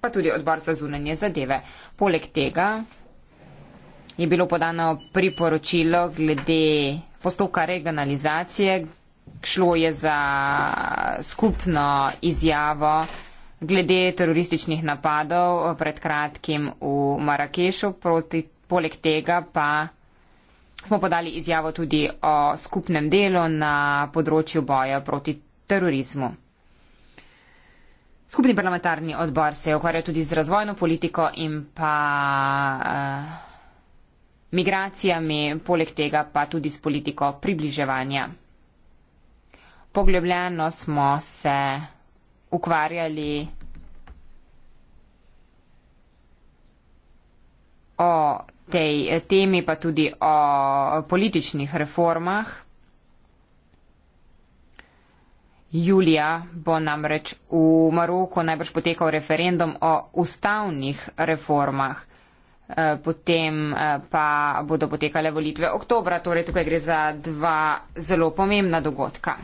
pa tudi odbor za zunanje zadeve. Poleg tega je bilo podano priporočilo glede postopka regionalizacije. Šlo je za skupno izjavo glede terorističnih napadov pred kratkim v Marakešu. Proti, poleg tega pa smo podali izjavo tudi o skupnem delu na področju boja proti terorizmu. Skupni parlamentarni odbor se je ukvarjal tudi z razvojno politiko in pa. Uh, migracijami, poleg tega pa tudi s politiko približevanja. Poglobljeno smo se ukvarjali o tej temi, pa tudi o političnih reformah. Julija bo namreč v Maroku najbrž potekal referendum o ustavnih reformah. Eh, potem eh, pa bodo potekale volitve oktobra, torej tukaj gre za dva zelo pomembna dogodka.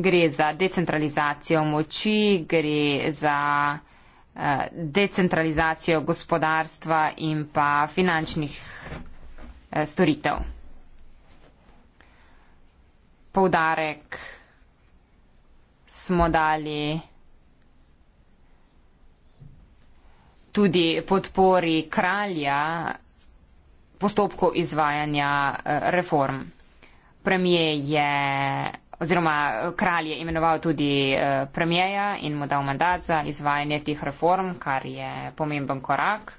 Gre za decentralizacijo moči, gre za eh, decentralizacijo gospodarstva in pa finančnih storitev. Poudarek smo dali tudi podpori kralja postopkov izvajanja eh, reform. Premije je, oziroma eh, kralj je imenoval tudi eh, premijeja in mu dal mandat za izvajanje tih reform, kar je pomemben korak.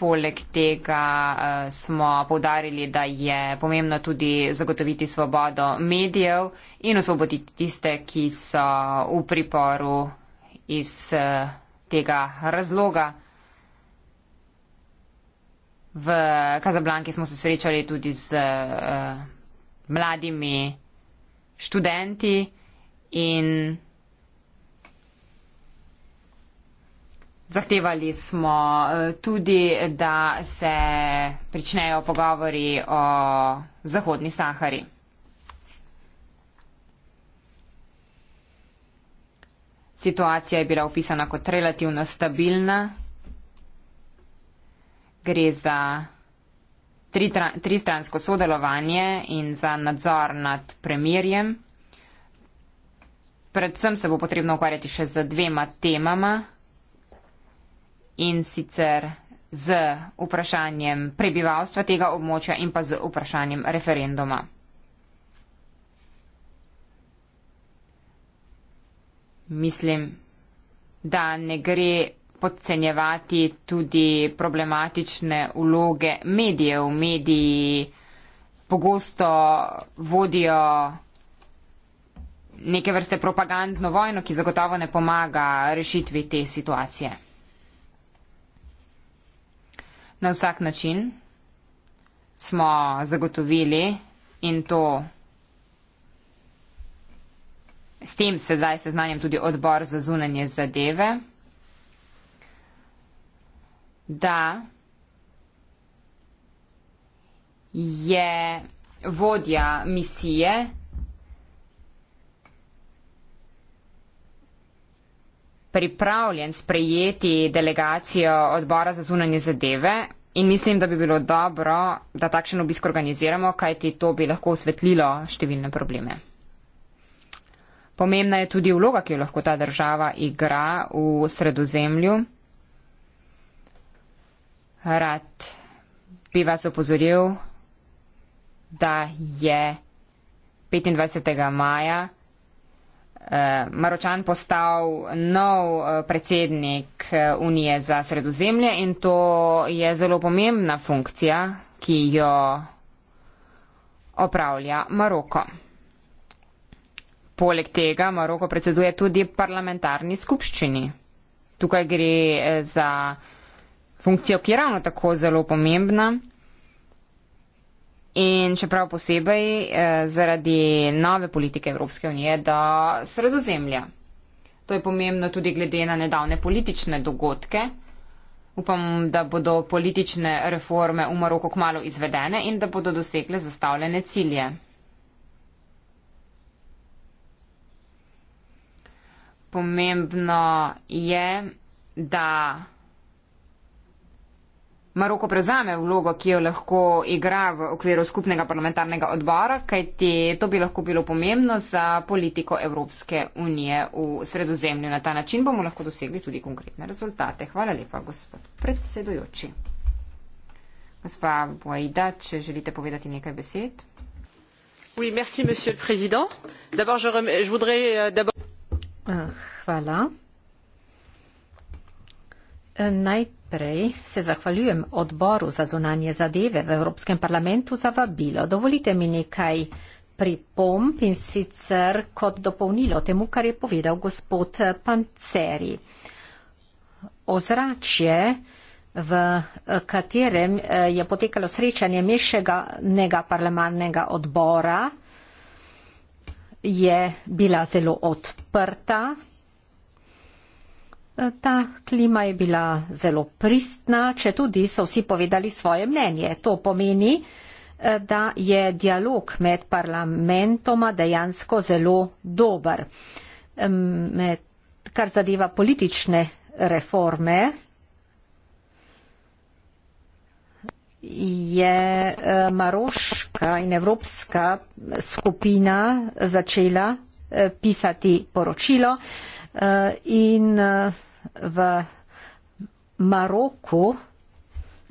Poleg tega uh, smo povdarili, da je pomembno tudi zagotoviti svobodo medijev in osvoboditi tiste, ki so v priporu iz uh, tega razloga. V Kazablanki smo se srečali tudi z uh, mladimi študenti in. Zahtevali smo eh, tudi, da se pričnejo pogovori o Zahodni Sahari. Situacija je bila opisana kot relativno stabilna. Gre za tristransko sodelovanje in za nadzor nad premirjem. Predvsem se bo potrebno ukvarjati še z dvema temama in sicer z vprašanjem prebivalstva tega območja in pa z vprašanjem referenduma. Mislim, da ne gre podcenjevati tudi problematične vloge medijev. Mediji pogosto vodijo neke vrste propagandno vojno, ki zagotovo ne pomaga rešitvi te situacije. Na vsak način smo zagotovili in to. S tem se zdaj seznanjam tudi odbor za zunanje zadeve, da je vodja misije pripravljen sprejeti delegacijo odbora za zunanje zadeve in mislim, da bi bilo dobro, da takšen obisk organiziramo, kajti to bi lahko osvetlilo številne probleme. Pomembna je tudi vloga, ki jo lahko ta država igra v sredozemlju. Rad bi vas opozoril, da je 25. maja Eh, Maročan postal nov eh, predsednik eh, Unije za sredozemlje in to je zelo pomembna funkcija, ki jo opravlja Maroko. Poleg tega Maroko predseduje tudi parlamentarni skupščini. Tukaj gre za funkcijo, ki je ravno tako zelo pomembna. In še prav posebej eh, zaradi nove politike Evropske unije do sredozemlja. To je pomembno tudi glede na nedavne politične dogodke. Upam, da bodo politične reforme v Maroku kmalo izvedene in da bodo dosegle zastavljene cilje. Pomembno je, da Maroko prevzame vlogo, ki jo lahko igra v okviru skupnega parlamentarnega odbora, kajti to bi lahko bilo pomembno za politiko Evropske unije v sredozemlju. Na ta način bomo lahko dosegli tudi konkretne rezultate. Hvala lepa, gospod predsedujoči. Gospa Bojda, če želite povedati nekaj besed. Oui, merci, Hvala. Euh, euh, euh, Najprej Najprej se zahvaljujem odboru za zunanje zadeve v Evropskem parlamentu za vabilo. Dovolite mi nekaj pripomp in sicer kot dopolnilo temu, kar je povedal gospod Panceri. Ozračje, v katerem eh, je potekalo srečanje mešega parlamentnega odbora, je bila zelo odprta, Ta klima je bila zelo pristna, če tudi so vsi povedali svoje mnenje. To pomeni, eh, da je dialog med parlamentoma dejansko zelo dober. Med, kar zadeva politične reforme, je eh, Maroška in Evropska skupina začela eh, pisati poročilo. Eh, in eh, v Maroku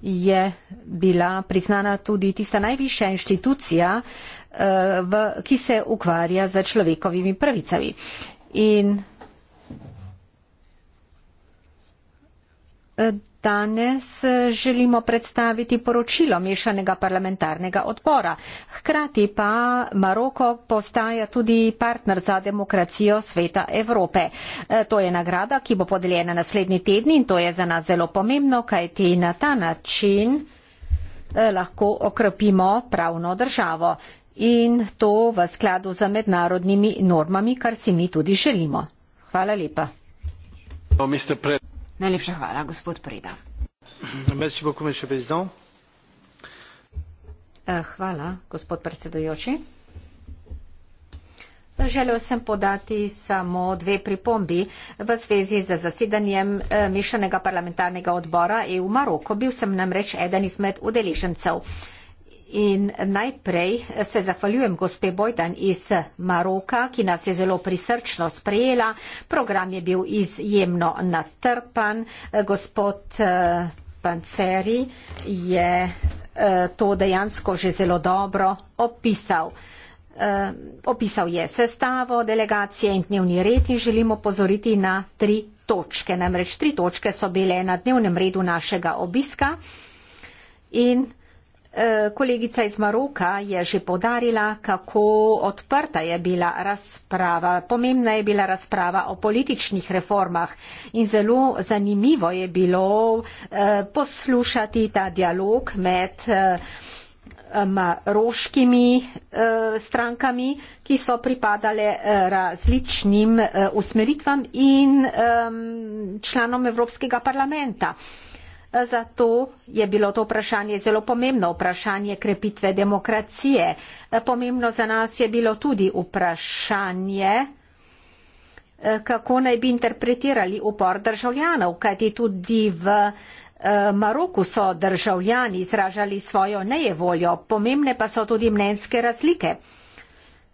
je bila priznana tudi tista najvišja inštitucija, eh, v, ki se ukvarja z človekovimi pravicami. In Danes eh, želimo predstaviti poročilo mešanega parlamentarnega odbora. Hkrati pa Maroko postaja tudi partner za demokracijo sveta Evrope. Eh, to je nagrada, ki bo podeljena naslednji tedni in to je za nas zelo pomembno, kajti na ta način eh, lahko okrepimo pravno državo in to v skladu z mednarodnimi normami, kar si mi tudi želimo. Hvala lepa. No, Najlepša hvala, gospod Preda. Merci beaucoup, monsieur président. Eh, hvala, gospod predsedujoči. Želel sem podati samo dve pripombi v zvezi z zasedanjem eh, mišljenega parlamentarnega odbora EU Maroko. Bil sem namreč eden izmed udeležencev. In najprej se zahvaljujem gospe Bojdan iz Maroka, ki nas je zelo prisrčno sprejela. Program je bil izjemno natrpan. Gospod eh, Panceri je eh, to dejansko že zelo dobro opisal. Eh, opisal je sestavo delegacije in dnevni red in želimo pozoriti na tri točke. Namreč tri točke so bile na dnevnem redu našega obiska. In E, kolegica iz Maroka je že podarila, kako odprta je bila razprava. Pomembna je bila razprava o političnih reformah in zelo zanimivo je bilo e, poslušati ta dialog med e, maroškimi strankami, ki so pripadale različnim usmeritvam in članom Evropskega parlamenta. Zato je bilo to vprašanje zelo pomembno, vprašanje krepitve demokracije. Pomembno za nas je bilo tudi vprašanje, eh, kako naj bi interpretirali upor državljanov, kajti tudi v eh, Maroku so državljani izražali svojo nejevoljo, pomembne pa so tudi mnenjske razlike.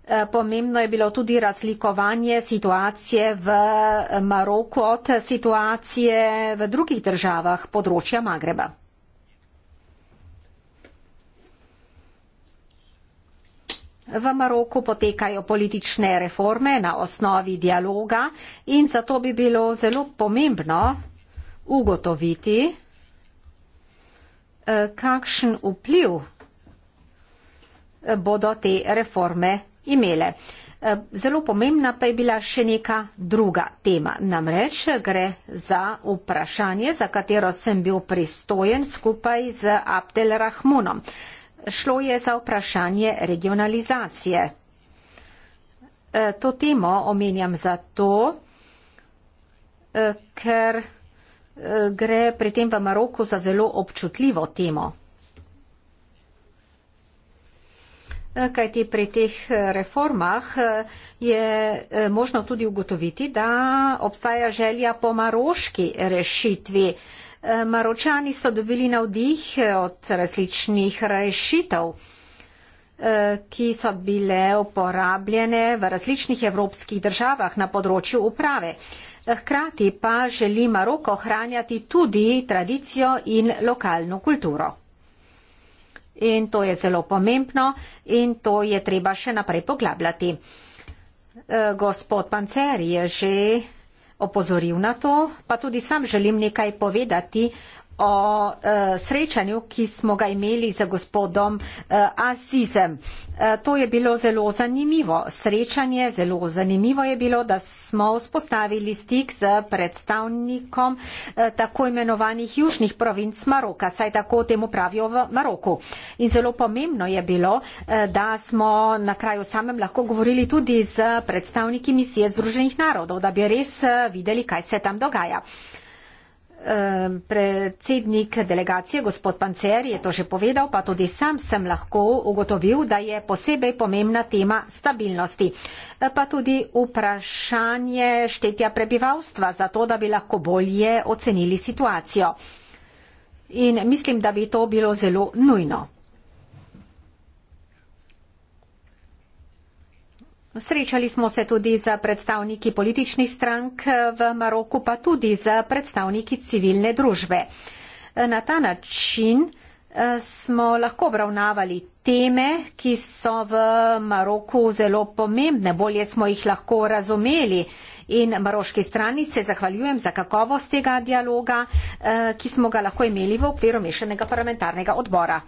Eh, pomembno je bilo tudi razlikovanje situacije v eh, Maroku od situacije v drugih državah področja Magreba. V Maroku potekajo politične reforme na osnovi dialoga in zato bi bilo zelo pomembno ugotoviti, eh, kakšen vpliv bodo te reforme imele. E, zelo pomembna pa je bila še neka druga tema. Namreč gre za vprašanje, za katero sem bil pristojen skupaj z Abdel Rahmunom. Šlo je za vprašanje regionalizacije. E, to temo omenjam zato, e, ker gre pri tem v Maroku za zelo občutljivo temo. kajti pri teh eh, reformah eh, je eh, možno tudi ugotoviti, da obstaja želja po maroški rešitvi. Maročani so dobili navdih od različnih rešitev, ki so bile uporabljene v različnih evropskih državah na področju uprave. Hkrati pa želi Maroko ohranjati tudi tradicijo in lokalno kulturo in to je zelo pomembno in to je treba še naprej poglabljati. Eh, gospod Pancer je že opozoril na to, pa tudi sam želim nekaj povedati o uh, srečanju, ki smo ga imeli z gospodom uh, Azizem. Uh, to je bilo zelo zanimivo. Srečanje, zelo zanimivo je bilo, da smo vzpostavili stik z predstavnikom uh, tako imenovanih južnih provinc Maroka, saj tako temu pravijo v Maroku. In zelo pomembno je bilo, uh, da smo na kraju samem lahko govorili tudi z predstavniki misije Združenih narodov, da bi res uh, videli, kaj se tam dogaja. Uh, predsednik delegacije, gospod Pancer, je to že povedal, pa tudi sam sem lahko ugotovil, da je posebej pomembna tema stabilnosti. E, pa tudi vprašanje štetja prebivalstva, zato da bi lahko bolje ocenili situacijo. In mislim, da bi to bilo zelo nujno. Srečali smo se tudi z predstavniki političnih strank eh, v Maroku, pa tudi z predstavniki civilne družbe. Eh, na ta način eh, smo lahko obravnavali teme, ki so v Maroku zelo pomembne, bolje smo jih lahko razumeli. In maroški strani se zahvaljujem za kakovost tega dialoga, ki smo ga lahko imeli v okviru mešanega parlamentarnega odbora.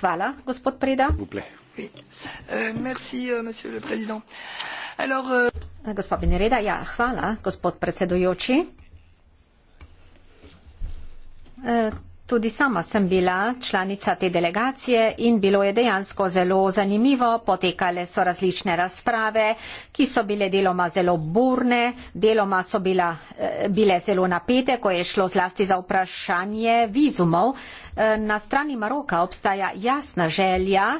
Hvala, gospod Preda. Uple. *laughs* Euh, euh, euh, gospa Benereda, ja, hvala, gospod predsedujoči. Tudi sama sem bila članica te delegacije in bilo je dejansko zelo zanimivo, potekale so različne razprave, ki so bile deloma zelo burne, deloma so bila, eh, bile zelo napete, ko je šlo zlasti za vprašanje vizumov. Eh, na strani Maroka obstaja jasna želja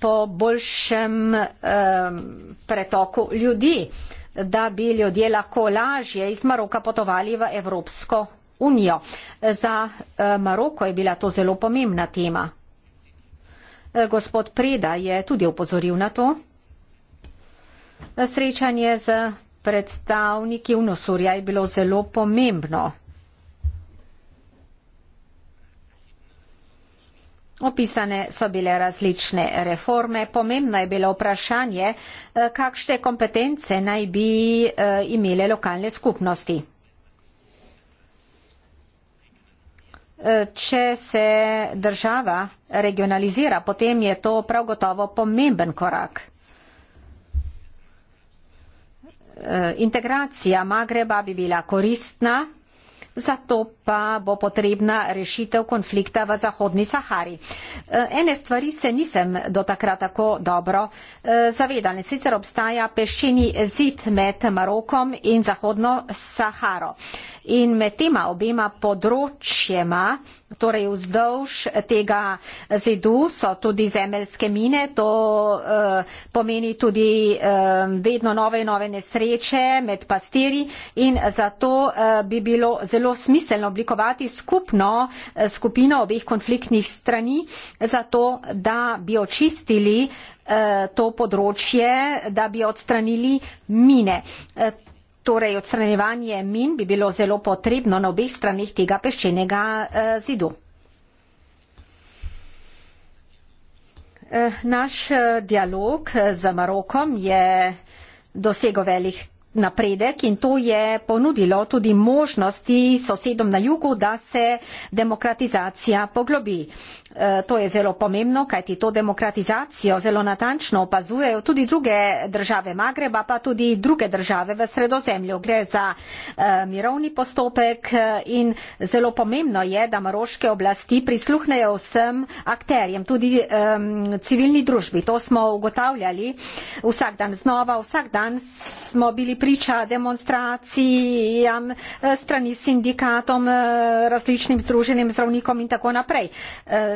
po boljšem um, pretoku ljudi, da bi ljudje lahko lažje iz Maroka potovali v Evropsko unijo. Za eh, Maroko je bila to zelo pomembna tema. Eh, gospod Preda je tudi upozoril na to. Srečanje z predstavniki UNOSURJA je bilo zelo pomembno. Opisane so bile različne reforme, pomembno je bilo vprašanje, eh, kakšne kompetence naj bi eh, imele lokalne skupnosti. Eh, če se država regionalizira, potem je to prav gotovo pomemben korak. Integracija Magreba bi bila koristna, zato pa bo potrebna rešitev konflikta v Zahodni Sahari. Eh, ene stvari se nisem do takrat tako dobro eh, zavedala. Sicer obstaja peščeni zid med Marokom in Zahodno Saharo. In med tema obema področjema, torej vzdolž tega zidu, so tudi zemeljske mine, to uh, pomeni tudi um, vedno nove in nove nesreče med pastiri in zato uh, bi bilo zelo smiselno oblikovati skupno eh, skupino obeh konfliktnih strani, zato da bi očistili eh, to področje, da bi odstranili mine. Eh, torej, odstranjevanje min bi bilo zelo potrebno na obeh stranih tega peščenega zidu. Naš dialog z Marokom je dosegel velik napredek in to je ponudilo tudi možnosti sosedom na jugu, da se demokratizacija poglobi. Eh, to je zelo pomembno, kajti to demokratizacijo zelo natančno opazujejo tudi druge države Magreba, pa tudi druge države v sredozemlju. Gre za eh, mirovni postopek eh, in zelo pomembno je, da maroške oblasti prisluhnejo vsem akterjem, tudi um, civilni družbi. To smo ugotavljali vsak dan znova, vsak dan smo bili priča demonstracijam, strani sindikatom, različnim združenim zdravnikom in tako naprej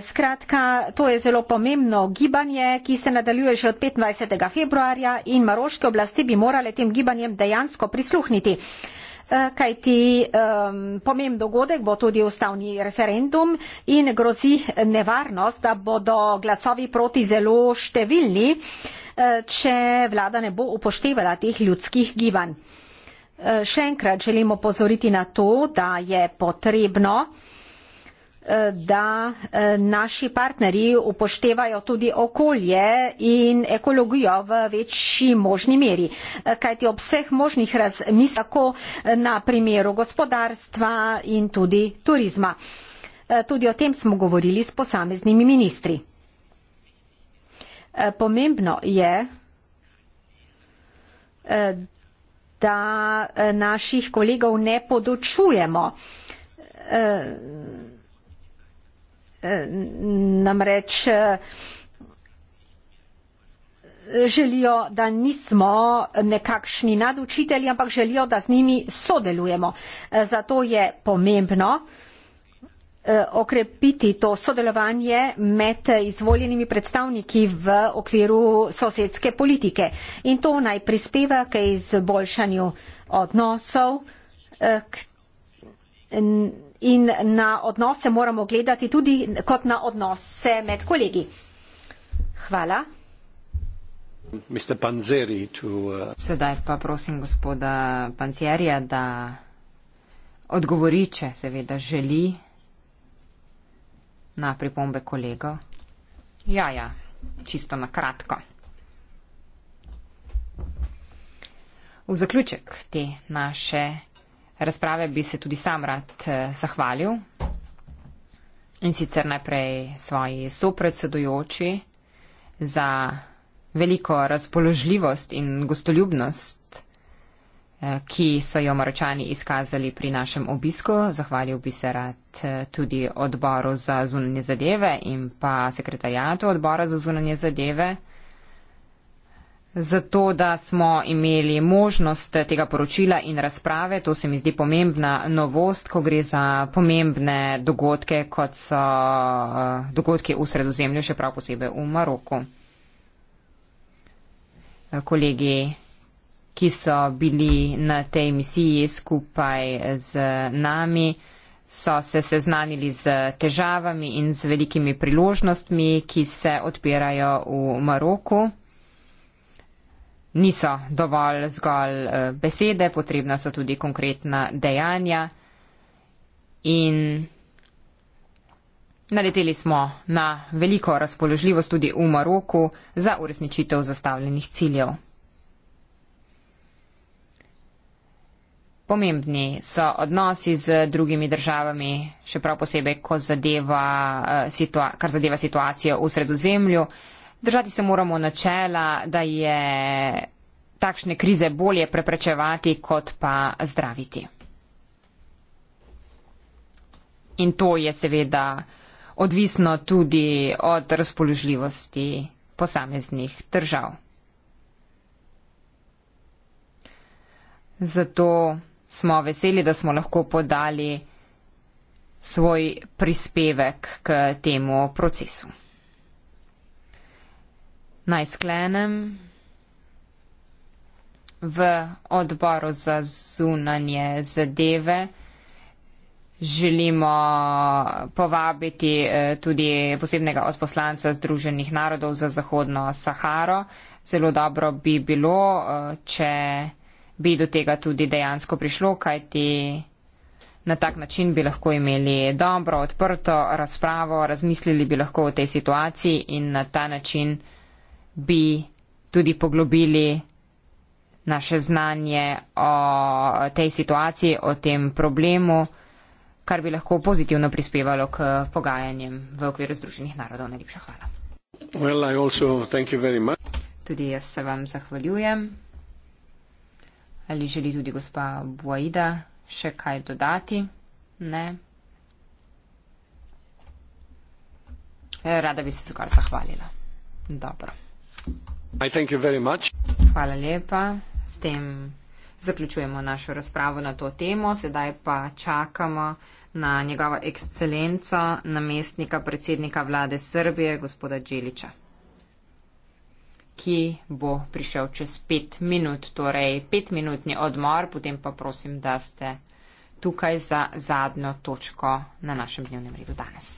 skratka, to je zelo pomembno gibanje, ki se nadaljuje že od 25. februarja in maroške oblasti bi morale tem gibanjem dejansko prisluhniti. Eh, Kaj ti um, ehm, pomemben dogodek bo tudi ustavni referendum in grozi nevarnost, da bodo glasovi proti zelo številni, eh, če vlada ne bo upoštevala teh ljudskih gibanj. Eh, še enkrat želimo pozoriti na to, da je potrebno da eh, naši partnerji upoštevajo tudi okolje in ekologijo v večji možni meri. Eh, kajti ob vseh možnih razmislih, tako eh, na primeru gospodarstva in tudi turizma. Tudi o tem smo govorili s posameznimi ministri. Pomembno je, da naših kolegov ne podočujemo namreč eh, želijo, da nismo nekakšni nadučitelji, ampak želijo, da z njimi sodelujemo. Eh, zato je pomembno eh, okrepiti to sodelovanje med izvoljenimi predstavniki v okviru sosedske politike. In to naj prispeva k izboljšanju odnosov, k in na odnose moramo gledati tudi kot na odnose med kolegi. Hvala. To, uh... Sedaj pa prosim gospoda Pancerija, da odgovori, če seveda želi na pripombe kolegov. Ja, ja, čisto na kratko. V zaključek te naše razprave bi se tudi sam rad eh, zahvalil in sicer najprej svoji sopredsedujoči za veliko razpoložljivost in gostoljubnost, eh, ki so jo maročani izkazali pri našem obisku. Zahvalil bi se rad eh, tudi odboru za zunanje zadeve in pa sekretarjatu odbora za zunanje zadeve. Zato, da smo imeli možnost tega poročila in razprave, to se mi zdi pomembna novost, ko gre za pomembne dogodke, kot so eh, dogodke v sredozemlju, še prav posebej v Maroku. Eh, kolegi, ki so bili na tej misiji skupaj z nami, so se seznanili z težavami in z velikimi priložnostmi, ki se odpirajo v Maroku niso dovolj zgolj eh, besede, potrebna so tudi konkretna dejanja. In naleteli smo na veliko razpoložljivost tudi v Maroku za uresničitev zastavljenih ciljev. Pomembni so odnosi z drugimi državami, še prav posebej, zadeva, eh, kar zadeva situacijo v sredozemlju. Držati se moramo načela, da je takšne krize bolje preprečevati, kot pa zdraviti. In to je seveda odvisno tudi od razpoložljivosti posameznih držav. Zato smo veseli, da smo lahko podali svoj prispevek k temu procesu naj sklenem v odboru za zunanje zadeve. Želimo povabiti eh, tudi posebnega odposlanca Združenih narodov za Zahodno Saharo. Zelo dobro bi bilo, eh, če bi do tega tudi dejansko prišlo, kajti na tak način bi lahko imeli dobro odprto razpravo, razmislili bi lahko o tej situaciji in na ta način bi tudi poglobili naše znanje o tej situaciji, o tem problemu, kar bi lahko pozitivno prispevalo k pogajanjem v okviru Združenih narodov. Najlepša hvala. Well, tudi jaz se vam zahvaljujem. Ali želi tudi gospa Buaida še kaj dodati? Ne. Rada bi se zgolj zahvalila. Dobro. Hvala lepa. S tem zaključujemo našo razpravo na to temo. Sedaj pa čakamo na njegovo ekscelenco, namestnika predsednika vlade Srbije, gospoda Đeliča, ki bo prišel čez pet minut, torej petminutni odmor, potem pa prosim, da ste tukaj za zadnjo točko na našem dnevnem redu danes.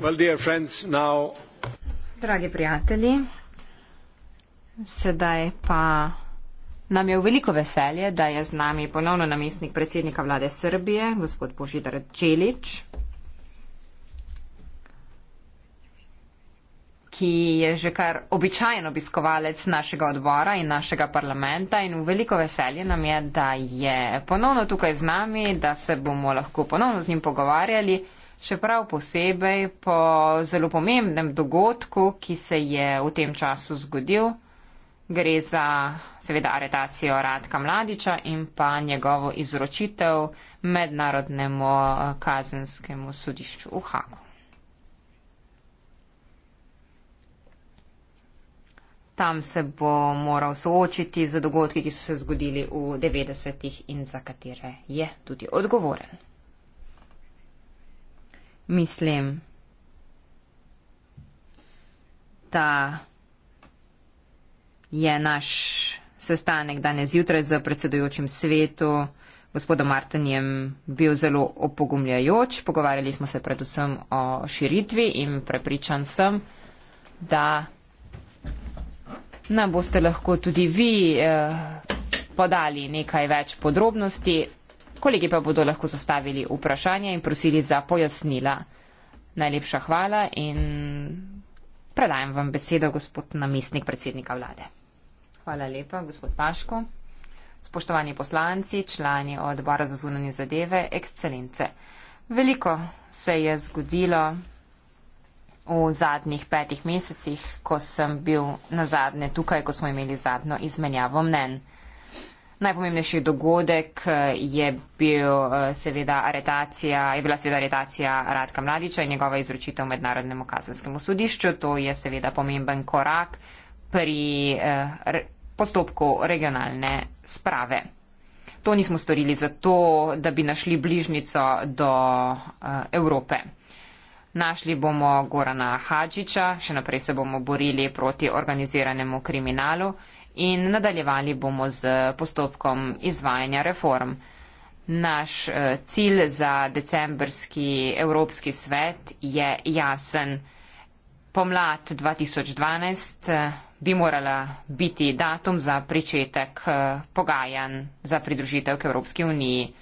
Well, friends, now... Dragi prijatelji, sedaj pa nam je v veliko veselje, da je z nami ponovno namestnik predsednika vlade Srbije, gospod Božidar Čelič, ki je že kar običajen obiskovalec našega odbora in našega parlamenta in v veliko veselje nam je, da je ponovno tukaj z nami, da se bomo lahko ponovno z njim pogovarjali še prav posebej po zelo pomembnem dogodku, ki se je v tem času zgodil. Gre za seveda aretacijo Radka Mladiča in pa njegovo izročitev mednarodnemu eh, kazenskemu sodišču v Haku. Tam se bo moral soočiti z dogodki, ki so se zgodili v 90-ih in za katere je tudi odgovoren mislim, da je naš sestanek danes zjutraj z predsedujočim svetu gospodom Martinjem bil zelo opogumljajoč. Pogovarjali smo se predvsem o širitvi in prepričan sem, da nam boste lahko tudi vi eh, podali nekaj več podrobnosti. Kolegi pa bodo lahko zastavili vprašanje in prosili za pojasnila. Najlepša hvala in predajam vam besedo, gospod namestnik predsednika vlade. Hvala lepa, gospod Paško. Spoštovani poslanci, člani odbora za zunanje zadeve, ekscelence. Veliko se je zgodilo v zadnjih petih mesecih, ko sem bil na zadnje tukaj, ko smo imeli zadnjo izmenjavo mnen. Najpomembnejši dogodek eh, je, bil, eh, seveda, je bila seveda aretacija Radka Mladiča in njegova izročitev mednarodnemu kazenskemu sodišču. To je seveda pomemben korak pri eh, postopku regionalne sprave. To nismo storili zato, da bi našli bližnico do Evrope. Našli bomo Gorana Hadžiča, še naprej se bomo borili proti organiziranemu kriminalu in nadaljevali bomo z postopkom izvajanja reform. Naš eh, cilj za decembrski Evropski svet je jasen. Pomlad 2012 eh, bi morala biti datum za pričetek eh, pogajanj za pridružitev k Evropski uniji.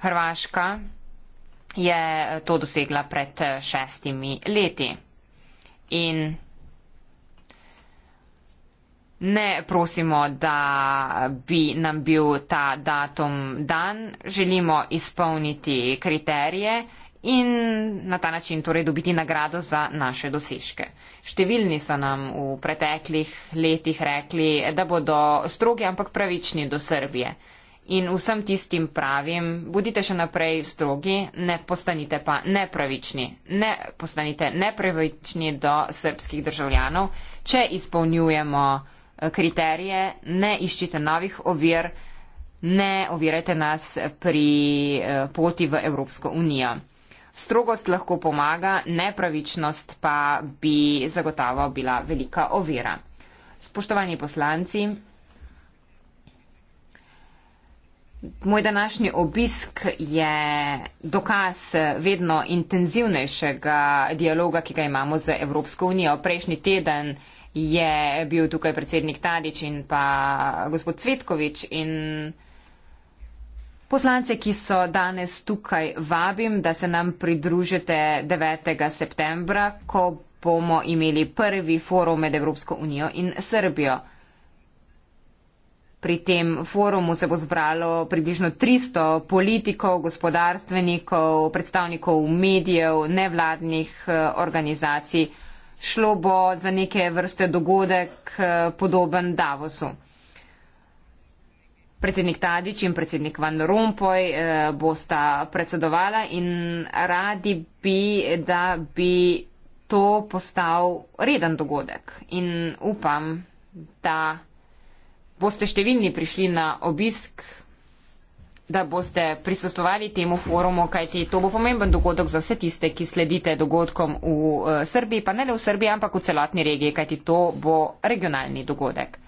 Hrvaška je to dosegla pred šestimi leti. In ne prosimo, da bi nam bil ta datum dan, želimo izpolniti kriterije in na ta način torej dobiti nagrado za naše dosežke. Številni so nam v preteklih letih rekli, da bodo strogi, ampak pravični do Srbije. In vsem tistim pravim, bodite še naprej strogi, ne postanite pa nepravični. Ne postanite nepravični do srpskih državljanov, če izpolnjujemo kriterije, ne iščite novih ovir, ne ovirajte nas pri eh, poti v Evropsko unijo. Strogost lahko pomaga, nepravičnost pa bi zagotovo bila velika ovira. Spoštovani poslanci, moj današnji obisk je dokaz vedno intenzivnejšega dialoga, ki ga imamo z Evropsko unijo. Prejšnji teden je bil tukaj predsednik Tadič in pa gospod Cvetkovič in poslance, ki so danes tukaj, vabim, da se nam pridružite 9. septembra, ko bomo imeli prvi forum med Evropsko unijo in Srbijo. Pri tem forumu se bo zbralo približno 300 politikov, gospodarstvenikov, predstavnikov medijev, nevladnih eh, organizacij, šlo bo za neke vrste dogodek eh, podoben Davosu. Predsednik Tadič in predsednik Van Rompuy eh, bosta predsedovala in radi bi, da bi to postal reden dogodek. In upam, da boste številni prišli na obisk da boste prisostovali temu forumu, kajti to bo pomemben dogodek za vse tiste, ki sledite dogodkom v eh, Srbiji, pa ne le v Srbiji, ampak v celotni regiji, kajti to bo regionalni dogodek.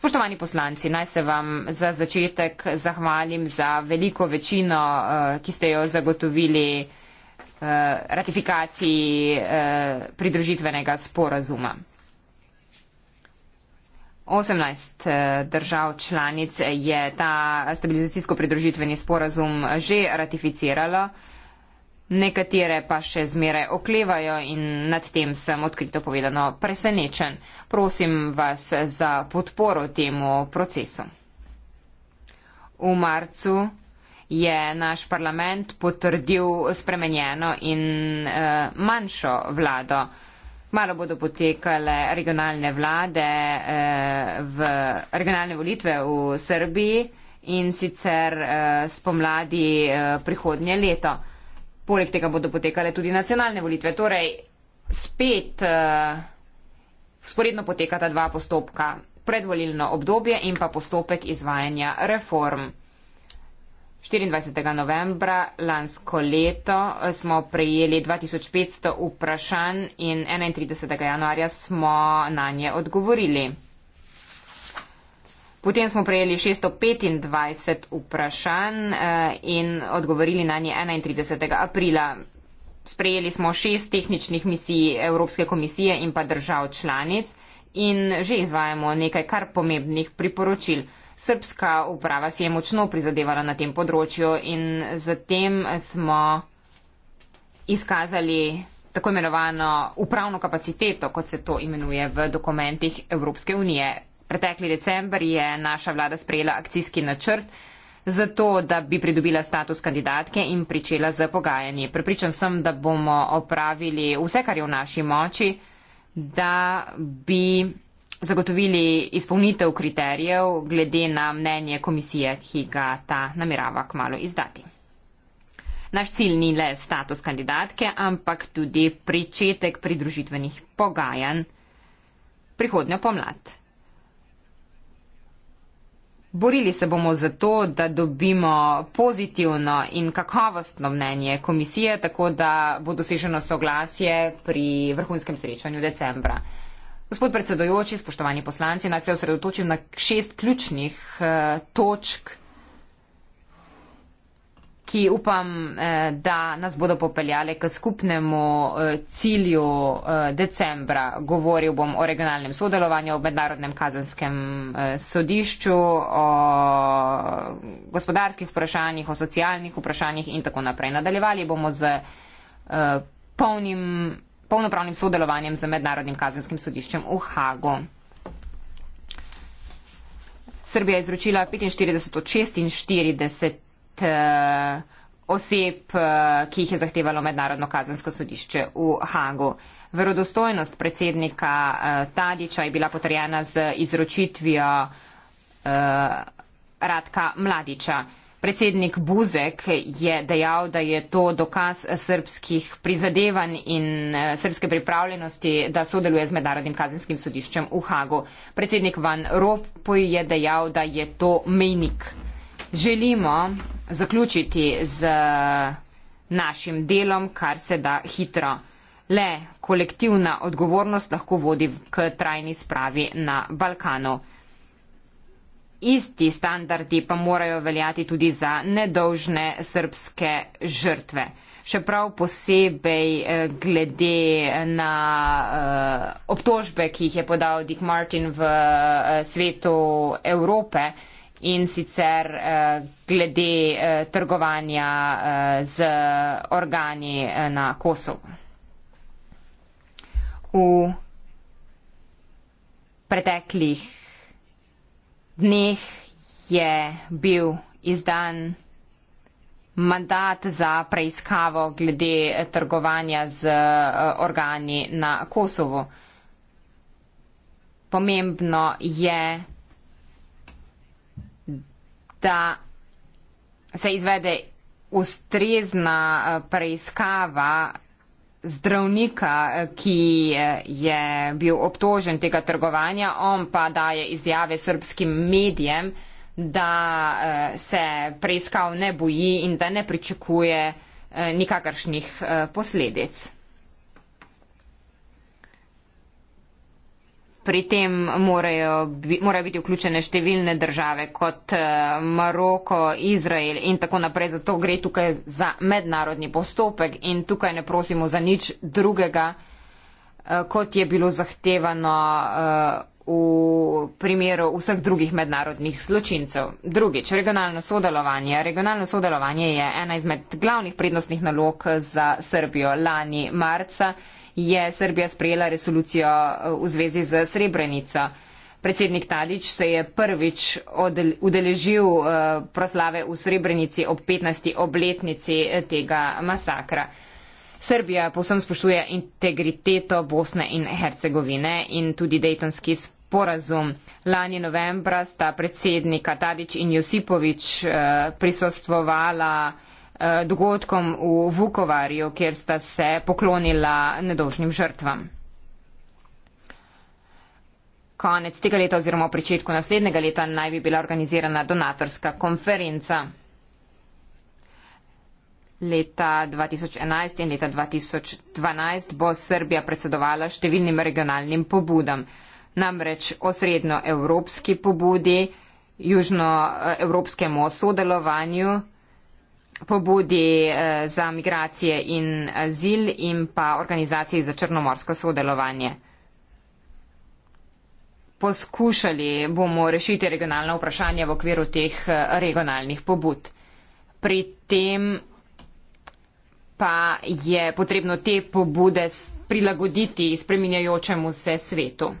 Spoštovani poslanci, naj se vam za začetek zahvalim za veliko večino, eh, ki ste jo zagotovili eh, ratifikaciji pridružitvenega sporazuma. 18 eh, držav članic je ta stabilizacijsko-pridružitveni sporazum že ratificiralo, nekatere pa še zmeraj oklevajo in nad tem sem odkrito povedano presenečen. Prosim vas za podporo temu procesu. V marcu je naš parlament potrdil spremenjeno in eh, manjšo vlado. Malo bodo potekale regionalne vlade, eh, v, regionalne volitve v Srbiji in sicer eh, spomladi eh, prihodnje leto. Poleg tega bodo potekale tudi nacionalne volitve. Torej, spet eh, sporedno potekata dva postopka, predvolilno obdobje in pa postopek izvajanja reform. 24. novembra lansko leto smo prejeli 2500 vprašanj in 31. januarja smo na nje odgovorili. Potem smo prejeli 625 vprašanj eh, in odgovorili na nje 31. aprila. Sprejeli smo šest tehničnih misij Evropske komisije in pa držav članic in že izvajamo nekaj kar pomembnih priporočil srpska uprava si je močno prizadevala na tem področju in zatem smo izkazali tako imenovano upravno kapaciteto, kot se to imenuje v dokumentih Evropske unije. Pretekli decembr je naša vlada sprejela akcijski načrt za to, da bi pridobila status kandidatke in pričela z pogajanji. Prepričan sem, da bomo opravili vse, kar je v naši moči, da bi zagotovili izpolnitev kriterijev glede na mnenje komisije, ki ga ta namerava k malu izdati. Naš cilj ni le status kandidatke, ampak tudi pričetek pridružitvenih pogajanj prihodnjo pomlad. Borili se bomo za to, da dobimo pozitivno in kakovostno mnenje komisije, tako da bo doseženo soglasje pri vrhunskem srečanju decembra. Gospod predsedojoči, spoštovani poslanci, naj se osredotočim na šest ključnih eh, točk, ki upam, eh, da nas bodo popeljale k skupnemu eh, cilju eh, decembra. Govoril bom o regionalnem sodelovanju, o mednarodnem kazenskem eh, sodišču, o gospodarskih vprašanjih, o socialnih vprašanjih in tako naprej. Nadaljevali bomo z eh, polnim polnopravnim sodelovanjem z Mednarodnim kazenskim sodiščem v Hagu. Srbija je izročila 45 od 46 eh, oseb, eh, ki jih je zahtevalo Mednarodno kazensko sodišče v Hagu. Verodostojnost predsednika eh, Tadiča je bila potrjena z izročitvijo Radka Mladiča. Predsednik Buzek je dejal, da je to dokaz srpskih prizadevanj in eh, srpske pripravljenosti, da sodeluje z Mednarodnim kazenskim sodiščem v Hagu. Predsednik Van Ropuj je dejal, da je to mejnik. Želimo zaključiti z eh, našim delom, kar se da hitro. Le kolektivna odgovornost lahko vodi k trajni spravi na Balkanu isti standardi pa morajo veljati tudi za nedolžne srpske žrtve. Še prav posebej eh, glede na eh, obtožbe, ki jih je podal Dick Martin v eh, svetu Evrope in sicer glede trgovanja z organi na Kosovo. V preteklih dneh je bil izdan mandat za preiskavo glede trgovanja z eh, organi na Kosovo. Pomembno je, da se izvede ustrezna eh, preiskava zdravnika, eh, ki eh, je bil obtožen tega trgovanja, on pa daje izjave srbskim medijem, da eh, se preiskav ne boji in da ne pričakuje nikakršnih posledic. Pri tem morajo, morajo biti vključene številne države kot eh, Maroko, Izrael in tako naprej. Zato gre tukaj za mednarodni postopek in tukaj ne prosimo za nič drugega, eh, kot je bilo zahtevano eh, v primeru vseh drugih mednarodnih zločincev. Drugič, regionalno sodelovanje. Regionalno sodelovanje je ena izmed glavnih prednostnih nalog za Srbijo lani marca je Srbija sprejela resolucijo eh, v zvezi z Srebrenico. Predsednik Tadić se je prvič udeležil eh, proslave v Srebrenici ob 15. obletnici eh, tega masakra. Srbija povsem spoštuje integriteto Bosne in Hercegovine in tudi Dejtonski sporazum. Lani novembra sta predsednika Tadić in Josipovič prisostvovala Eh, dogodkom v Vukovarju, kjer sta se poklonila nedožnim žrtvam. Konec tega leta oziroma v pričetku naslednjega leta naj bi bila organizirana donatorska konferenca. Leta 2011 in leta 2012 bo Srbija predsedovala številnim regionalnim pobudam, namreč osrednjo evropski pobudi, južnoevropskemu sodelovanju pobudi eh, za migracije in azil in pa organizaciji za črnomorsko sodelovanje. Poskušali bomo rešiti regionalna vprašanja v okviru teh eh, regionalnih pobud. Pri tem pa je potrebno te pobude prilagoditi spreminjajočemu se svetu.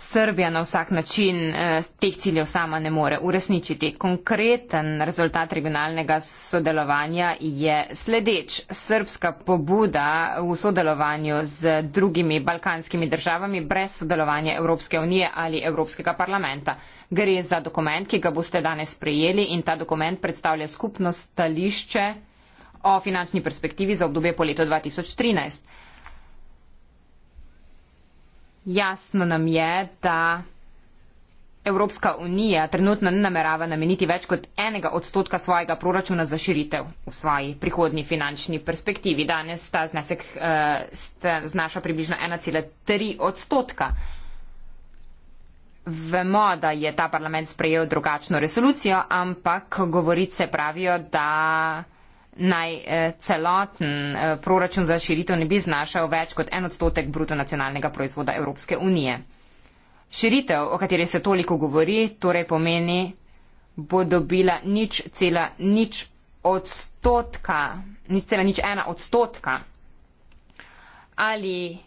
Srbija na vsak način eh, teh ciljev sama ne more uresničiti. Konkreten rezultat regionalnega sodelovanja je sledeč. Srbska pobuda v sodelovanju z drugimi balkanskimi državami brez sodelovanja Evropske unije ali Evropskega parlamenta. Gre za dokument, ki ga boste danes prejeli in ta dokument predstavlja skupno stališče o finančni perspektivi za obdobje po letu 2013. Jasno nam je, da Evropska unija trenutno ne namerava nameniti več kot enega odstotka svojega proračuna za širitev v svoji prihodni finančni perspektivi. Danes ta znesek eh, znaša približno 1,3 odstotka. Vemo, da je ta parlament sprejel drugačno resolucijo, ampak govorice pravijo, da naj eh, celoten eh, proračun za širitev ne bi znašal več kot en odstotek bruto nacionalnega proizvoda Evropske unije. Širitev, o kateri se toliko govori, torej pomeni, bo dobila nič cela nič odstotka, nič cela nič ena odstotka. Ali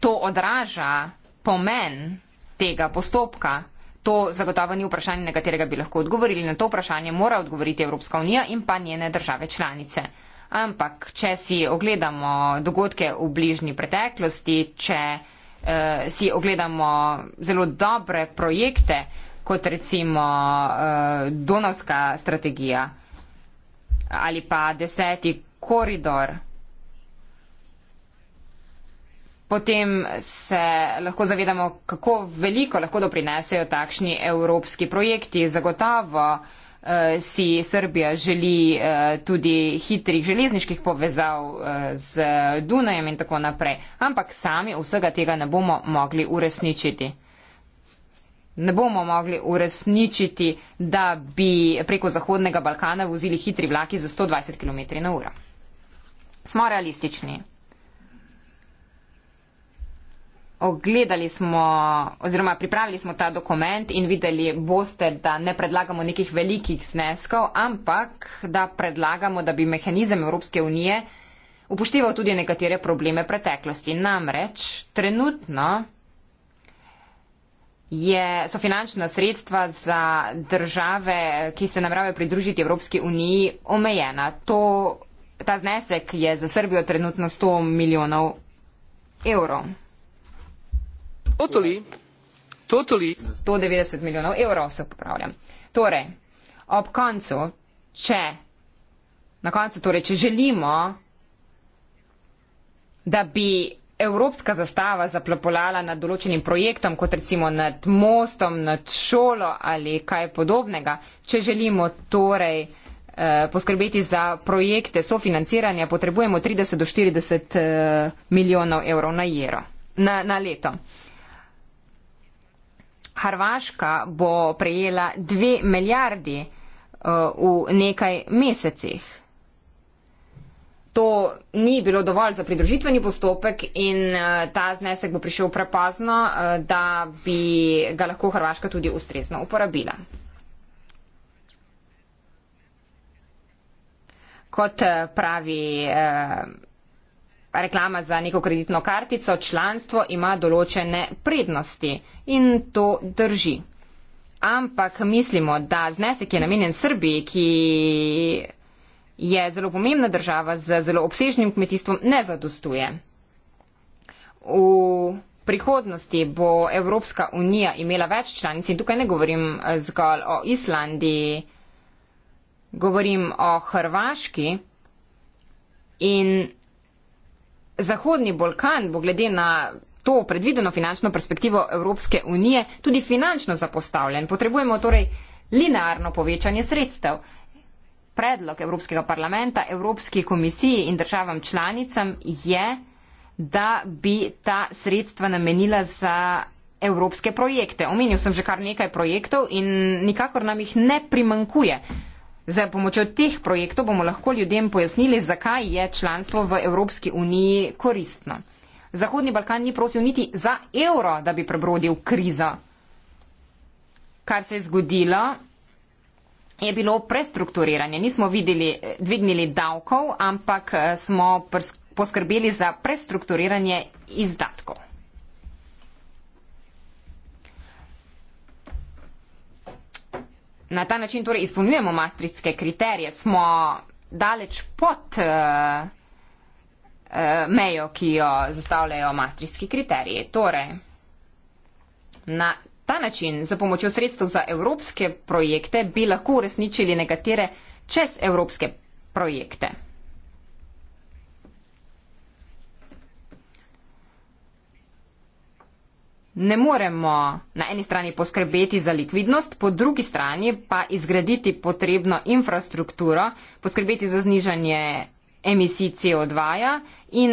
to odraža pomen tega postopka? To zagotovo ni vprašanje, na katerega bi lahko odgovorili. Na to vprašanje mora odgovoriti Evropska unija in pa njene države članice. Ampak, če si ogledamo dogodke v bližnji preteklosti, če eh, si ogledamo zelo dobre projekte, kot recimo eh, Donovska strategija ali pa deseti koridor, potem se lahko zavedamo, kako veliko lahko doprinesejo takšni evropski projekti. Zagotovo uh, si Srbija želi uh, tudi hitrih železniških povezav uh, z Dunajem in tako naprej. Ampak sami vsega tega ne bomo mogli uresničiti. Ne bomo mogli uresničiti, da bi preko Zahodnega Balkana vozili hitri vlaki za 120 km na uro. Smo realistični. Ogledali smo oziroma pripravili smo ta dokument in videli boste, da ne predlagamo nekih velikih zneskov, ampak da predlagamo, da bi mehanizem Evropske unije upošteval tudi nekatere probleme preteklosti. Namreč trenutno je, so finančna sredstva za države, ki se namravajo pridružiti Evropski uniji, omejena. To, ta znesek je za Srbijo trenutno 100 milijonov evrov. Totally. Totally. 190 milijonov evrov se popravljam. Torej, ob koncu, če, na koncu, torej, če želimo, da bi evropska zastava zaplapolala nad določenim projektom, kot recimo nad mostom, nad šolo ali kaj podobnega, če želimo torej eh, poskrbeti za projekte sofinanciranja, potrebujemo 30 do 40 eh, milijonov evrov na, jero, na, na leto. Hrvaška bo prejela dve milijardi eh, v nekaj mesecih. To ni bilo dovolj za pridružitveni postopek in eh, ta znesek bo prišel prepozno, eh, da bi ga lahko Hrvaška tudi ustrezno uporabila. Kot pravi reklama za neko kreditno kartico, članstvo ima določene prednosti in to drži. Ampak mislimo, da znesek je namenjen Srbiji, ki je zelo pomembna država z zelo obsežnim kmetijstvom, ne zadostuje. V prihodnosti bo Evropska unija imela več članic in tukaj ne govorim eh, zgolj o Islandiji, govorim o Hrvaški in Zahodni Balkan bo glede na to predvideno finančno perspektivo Evropske unije tudi finančno zapostavljen. Potrebujemo torej linearno povečanje sredstev. Predlog Evropskega parlamenta, Evropski komisiji in državam članicam je, da bi ta sredstva namenila za evropske projekte. Omenil sem že kar nekaj projektov in nikakor nam jih ne primankuje. Z pomočjo teh projektov bomo lahko ljudem pojasnili, zakaj je članstvo v Evropski uniji koristno. Zahodni Balkan ni prosil niti za evro, da bi prebrodil krizo. Kar se je zgodilo, je bilo prestrukturiranje. Nismo videli, dvignili davkov, ampak eh, smo poskrbeli za prestrukturiranje izdatkov. na ta način torej izpolnjujemo mastritske kriterije, smo daleč pod eh, eh, mejo, ki jo zastavljajo mastritski kriteriji. Torej, na ta način, za pomočjo sredstev za evropske projekte, bi lahko uresničili nekatere čez evropske projekte. ne moremo na eni strani poskrbeti za likvidnost, po drugi strani pa izgraditi potrebno infrastrukturo, poskrbeti za znižanje emisij CO2 -ja in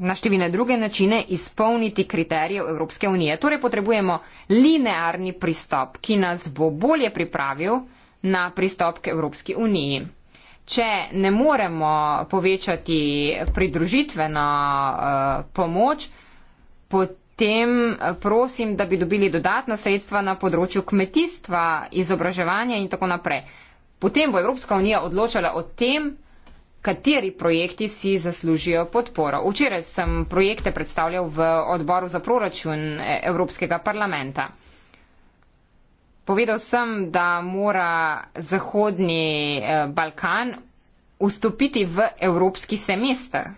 na številne druge načine izpolniti kriterije Evropske unije. Torej potrebujemo linearni pristop, ki nas bo bolje pripravil na pristop k Evropski uniji. Če ne moremo povečati pridružitveno uh, pomoč, pot tem eh, prosim, da bi dobili dodatna sredstva na področju kmetijstva, izobraževanja in tako naprej. Potem bo Evropska unija odločala o tem, kateri projekti si zaslužijo podporo. Včeraj sem projekte predstavljal v odboru za proračun eh, Evropskega parlamenta. Povedal sem, da mora Zahodni eh, Balkan vstopiti v Evropski semester.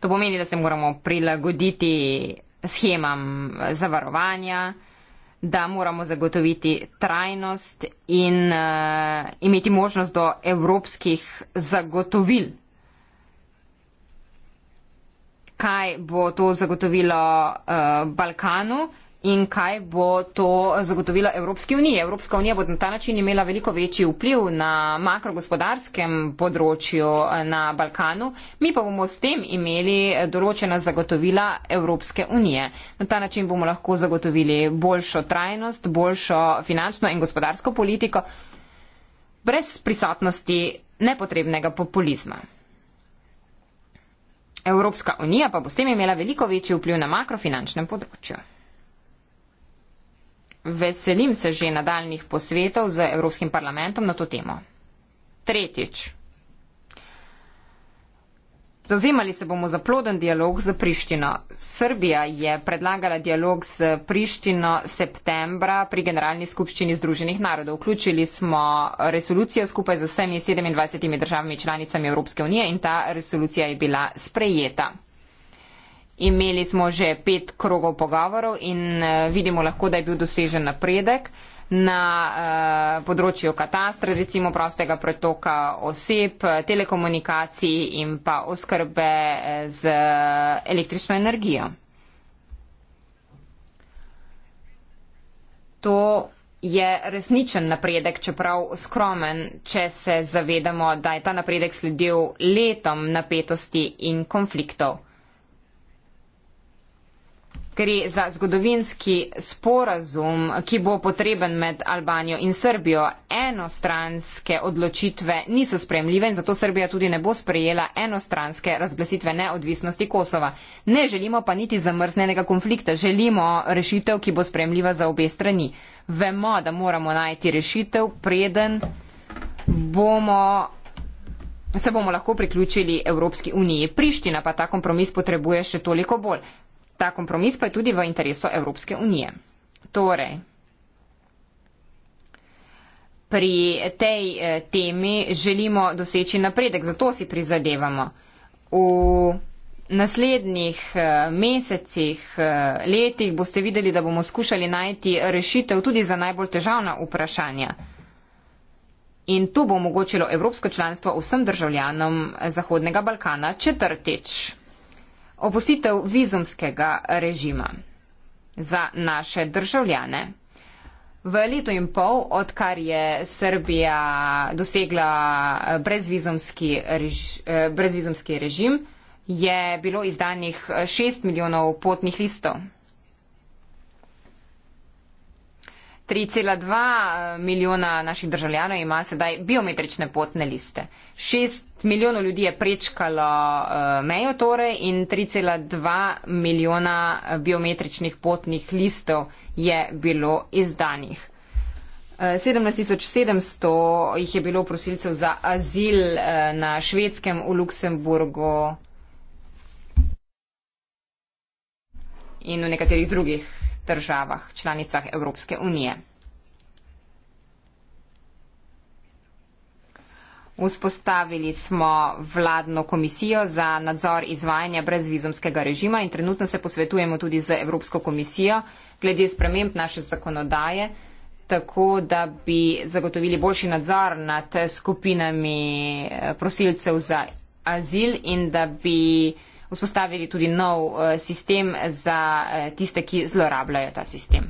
To pomeni, da se moramo prilagoditi schemam zavarovanja, da moramo zagotoviti trajnost in uh, imeti možnost do evropskih zagotovil. Kaj bo to zagotovilo uh, Balkanu? in kaj bo to zagotovilo Evropski uniji. Evropska unija bo na ta način imela veliko večji vpliv na makrogospodarskem področju eh, na Balkanu, mi pa bomo s tem imeli eh, določena zagotovila Evropske unije. Na ta način bomo lahko zagotovili boljšo trajnost, boljšo finančno in gospodarsko politiko brez prisotnosti nepotrebnega populizma. Evropska unija pa bo s tem imela veliko večji vpliv na makrofinančnem področju veselim se že nadaljnih posvetov z Evropskim parlamentom na to temo. Tretjič. Zauzemali se bomo za ploden dialog z Prištino. Srbija je predlagala dialog z Prištino septembra pri Generalni skupščini Združenih narodov. Vključili smo resolucijo skupaj z vsemi 27 državami članicami Evropske unije in ta resolucija je bila sprejeta. Imeli smo že pet krogov pogovorov in eh, vidimo lahko, da je bil dosežen napredek na eh, področju katastra, recimo prostega pretoka oseb, telekomunikacij in pa oskrbe eh, z električno energijo. To je resničen napredek, čeprav skromen, če se zavedamo, da je ta napredek sledil letom napetosti in konfliktov gre za zgodovinski sporazum, ki bo potreben med Albanijo in Srbijo. Enostranske odločitve niso spremljive in zato Srbija tudi ne bo sprejela enostranske razglasitve neodvisnosti Kosova. Ne želimo pa niti zamrznenega konflikta, želimo rešitev, ki bo spremljiva za obe strani. Vemo, da moramo najti rešitev, preden bomo se bomo lahko priključili Evropski uniji. Priština pa ta kompromis potrebuje še toliko bolj. Ta kompromis pa je tudi v interesu Evropske unije. Torej, pri tej eh, temi želimo doseči napredek, zato si prizadevamo. V naslednjih eh, mesecih, eh, letih boste videli, da bomo skušali najti rešitev tudi za najbolj težavna vprašanja. In to bo omogočilo evropsko članstvo vsem državljanom Zahodnega Balkana četrtič opustitev vizumskega režima za naše državljane. V letu in pol, odkar je Srbija dosegla brezvizumski, rež, brezvizumski režim, je bilo izdanih 6 milijonov potnih listov. 3,2 eh, milijona naših državljanov ima sedaj biometrične potne liste. 6 milijonov ljudi je prečkalo eh, mejo torej in 3,2 milijona eh, biometričnih potnih listov je bilo izdanih. 17700 jih je bilo prosilcev za azil na švedskem v Luksemburgu in v nekaterih drugih državah, članicah Evropske unije. Vzpostavili smo vladno komisijo za nadzor izvajanja brezvizumskega režima in trenutno se posvetujemo tudi z Evropsko komisijo glede sprememb naše zakonodaje, tako da bi zagotovili boljši nadzor nad skupinami eh, prosilcev za azil in da bi vzpostavili tudi nov eh, sistem za eh, tiste, ki zlorabljajo ta sistem.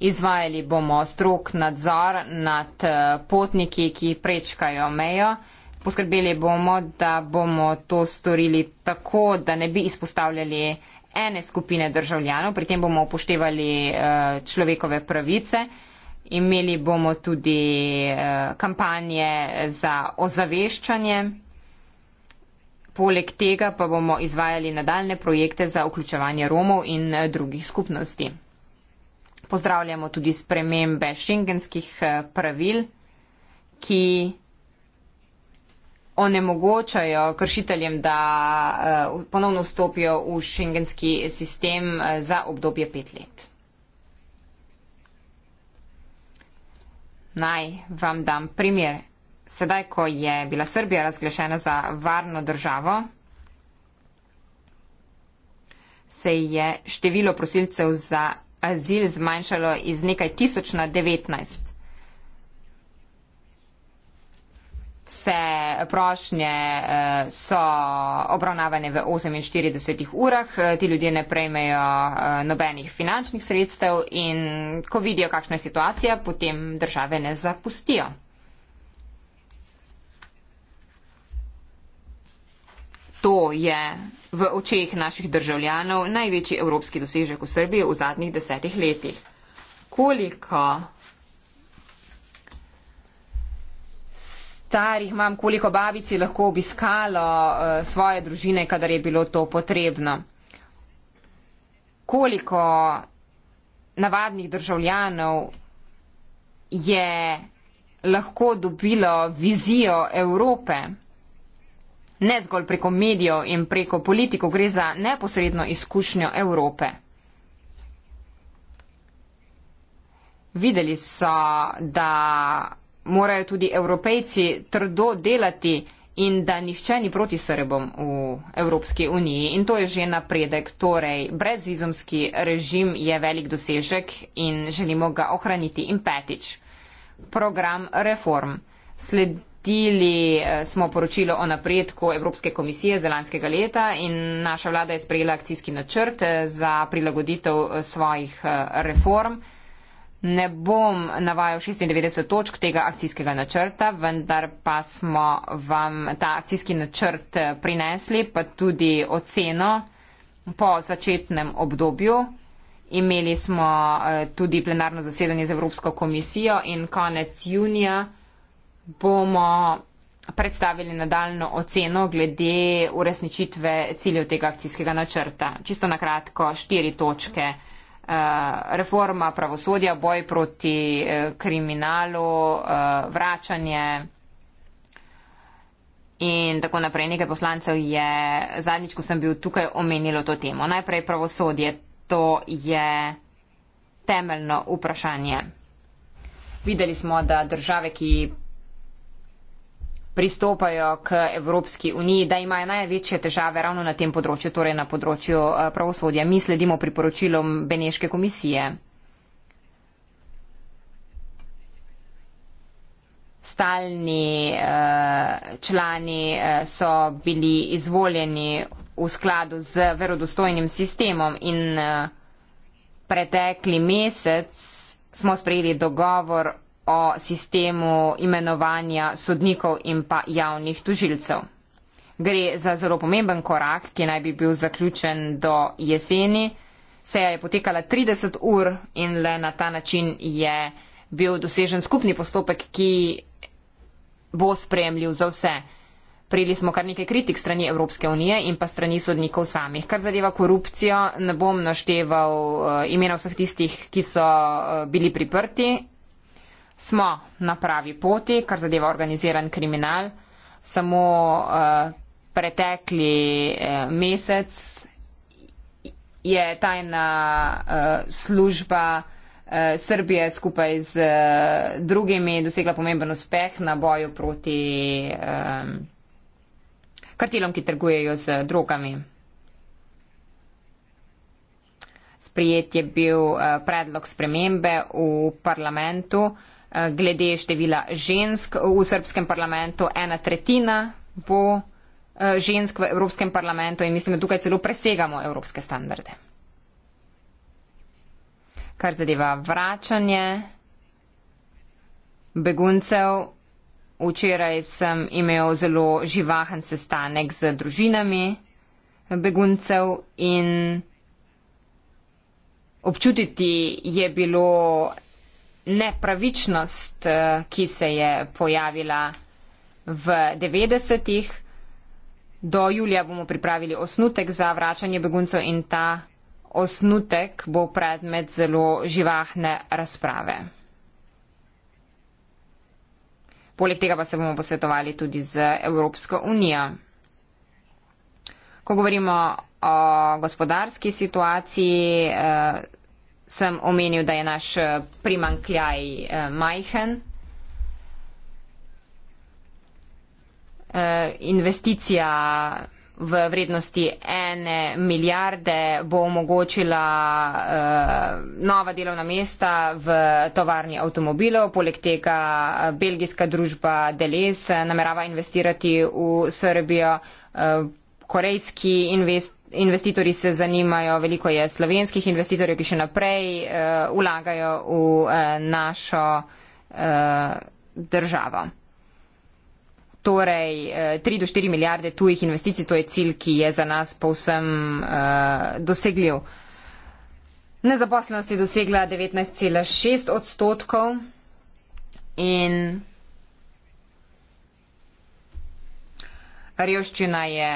Izvajali bomo strok nadzor nad eh, potniki, ki prečkajo mejo. Poskrbeli bomo, da bomo to storili tako, da ne bi izpostavljali ene skupine državljanov. Pri tem bomo upoštevali človekove pravice. Imeli bomo tudi kampanje za ozaveščanje. Poleg tega pa bomo izvajali nadaljne projekte za vključevanje Romov in eh, drugih skupnosti. Pozdravljamo tudi spremembe šengenskih eh, pravil, ki onemogočajo kršiteljem, da eh, ponovno vstopijo v šengenski sistem za obdobje pet let. Naj vam dam primer sedaj, ko je bila Srbija razglašena za varno državo, se je število prosilcev za azil zmanjšalo iz nekaj tisoč na 19. Vse prošnje eh, so obravnavane v 48 urah, ti ljudje ne prejmejo eh, nobenih finančnih sredstev in ko vidijo, kakšna je situacija, potem države ne zapustijo. To je v očeh naših državljanov največji evropski dosežek v Srbiji v zadnjih desetih letih. Koliko starih mam, koliko babici lahko obiskalo eh, svoje družine, kadar je bilo to potrebno? Koliko navadnih državljanov je lahko dobilo vizijo Evrope? ne zgolj preko medijev in preko politiko, gre za neposredno izkušnjo Evrope. Videli so, da morajo tudi evropejci trdo delati in da nihče ni proti Srbom v Evropski uniji. In to je že napredek. Torej, brezvizumski režim je velik dosežek in želimo ga ohraniti. In petič, program reform. Sled potrdili eh, smo poročilo o napredku Evropske komisije za lanskega leta in naša vlada je sprejela akcijski načrt eh, za prilagoditev eh, svojih reform. Ne bom navajal 96 točk tega akcijskega načrta, vendar pa smo vam ta akcijski načrt prinesli, pa tudi oceno po začetnem obdobju. Imeli smo tudi plenarno zasedanje z Evropsko komisijo in konec junija bomo predstavili nadaljno oceno glede uresničitve ciljev tega akcijskega načrta. Čisto na kratko, štiri točke. Eh, reforma pravosodja, boj proti eh, kriminalu, eh, vračanje in tako naprej. Nekaj poslancev je zadnjič, ko sem bil tukaj, omenilo to temo. Najprej pravosodje, to je temeljno vprašanje. Videli smo, da države, ki pristopajo k Evropski uniji, da imajo največje težave ravno na tem področju, torej na področju eh, pravosodja. Mi sledimo priporočilom Beneške komisije. Stalni uh, člani uh, so bili izvoljeni v skladu z verodostojnim sistemom in uh, pretekli mesec smo sprejeli dogovor o sistemu imenovanja sodnikov in pa javnih tužilcev. Gre za zelo pomemben korak, ki naj bi bil zaključen do jeseni. Seja je potekala 30 ur in le na ta način je bil dosežen skupni postopek, ki bo spremljiv za vse. Prijeli smo kar nekaj kritik strani Evropske unije in pa strani sodnikov samih. Kar zadeva korupcijo, ne bom našteval uh, imena vseh tistih, ki so uh, bili priprti, smo na pravi poti, kar zadeva organiziran kriminal. Samo eh, pretekli eh, mesec je tajna eh, služba eh, Srbije skupaj z eh, drugimi dosegla pomemben uspeh na boju proti eh, kartelom, ki trgujejo z drogami. Sprijet je bil eh, predlog spremembe v parlamentu, glede števila žensk v srpskem parlamentu, ena tretjina bo eh, žensk v Evropskem parlamentu in mislim, da tukaj celo presegamo evropske standarde. Kar zadeva vračanje beguncev, včeraj sem imel zelo živahen sestanek z družinami beguncev in občutiti je bilo nepravičnost, eh, ki se je pojavila v 90-ih. Do julija bomo pripravili osnutek za vračanje beguncev in ta osnutek bo predmet zelo živahne razprave. Poleg tega pa se bomo posvetovali tudi z Evropsko unijo. Ko govorimo o gospodarski situaciji, eh, sem omenil, da je naš eh, primankljaj eh, majhen. Eh, investicija v vrednosti ene milijarde bo omogočila uh, nova delovna mesta v tovarni avtomobilov. Poleg tega belgijska družba Deles namerava investirati v Srbijo, uh, korejski invest, investitorji se zanimajo, veliko je slovenskih investitorjev, ki še naprej uh, eh, ulagajo v uh, našo uh, državo. Torej, 3 do 4 milijarde tujih investicij, to je cilj, ki je za nas povsem uh, dosegljiv. Nezaposlenost je dosegla 19,6 odstotkov in revščina je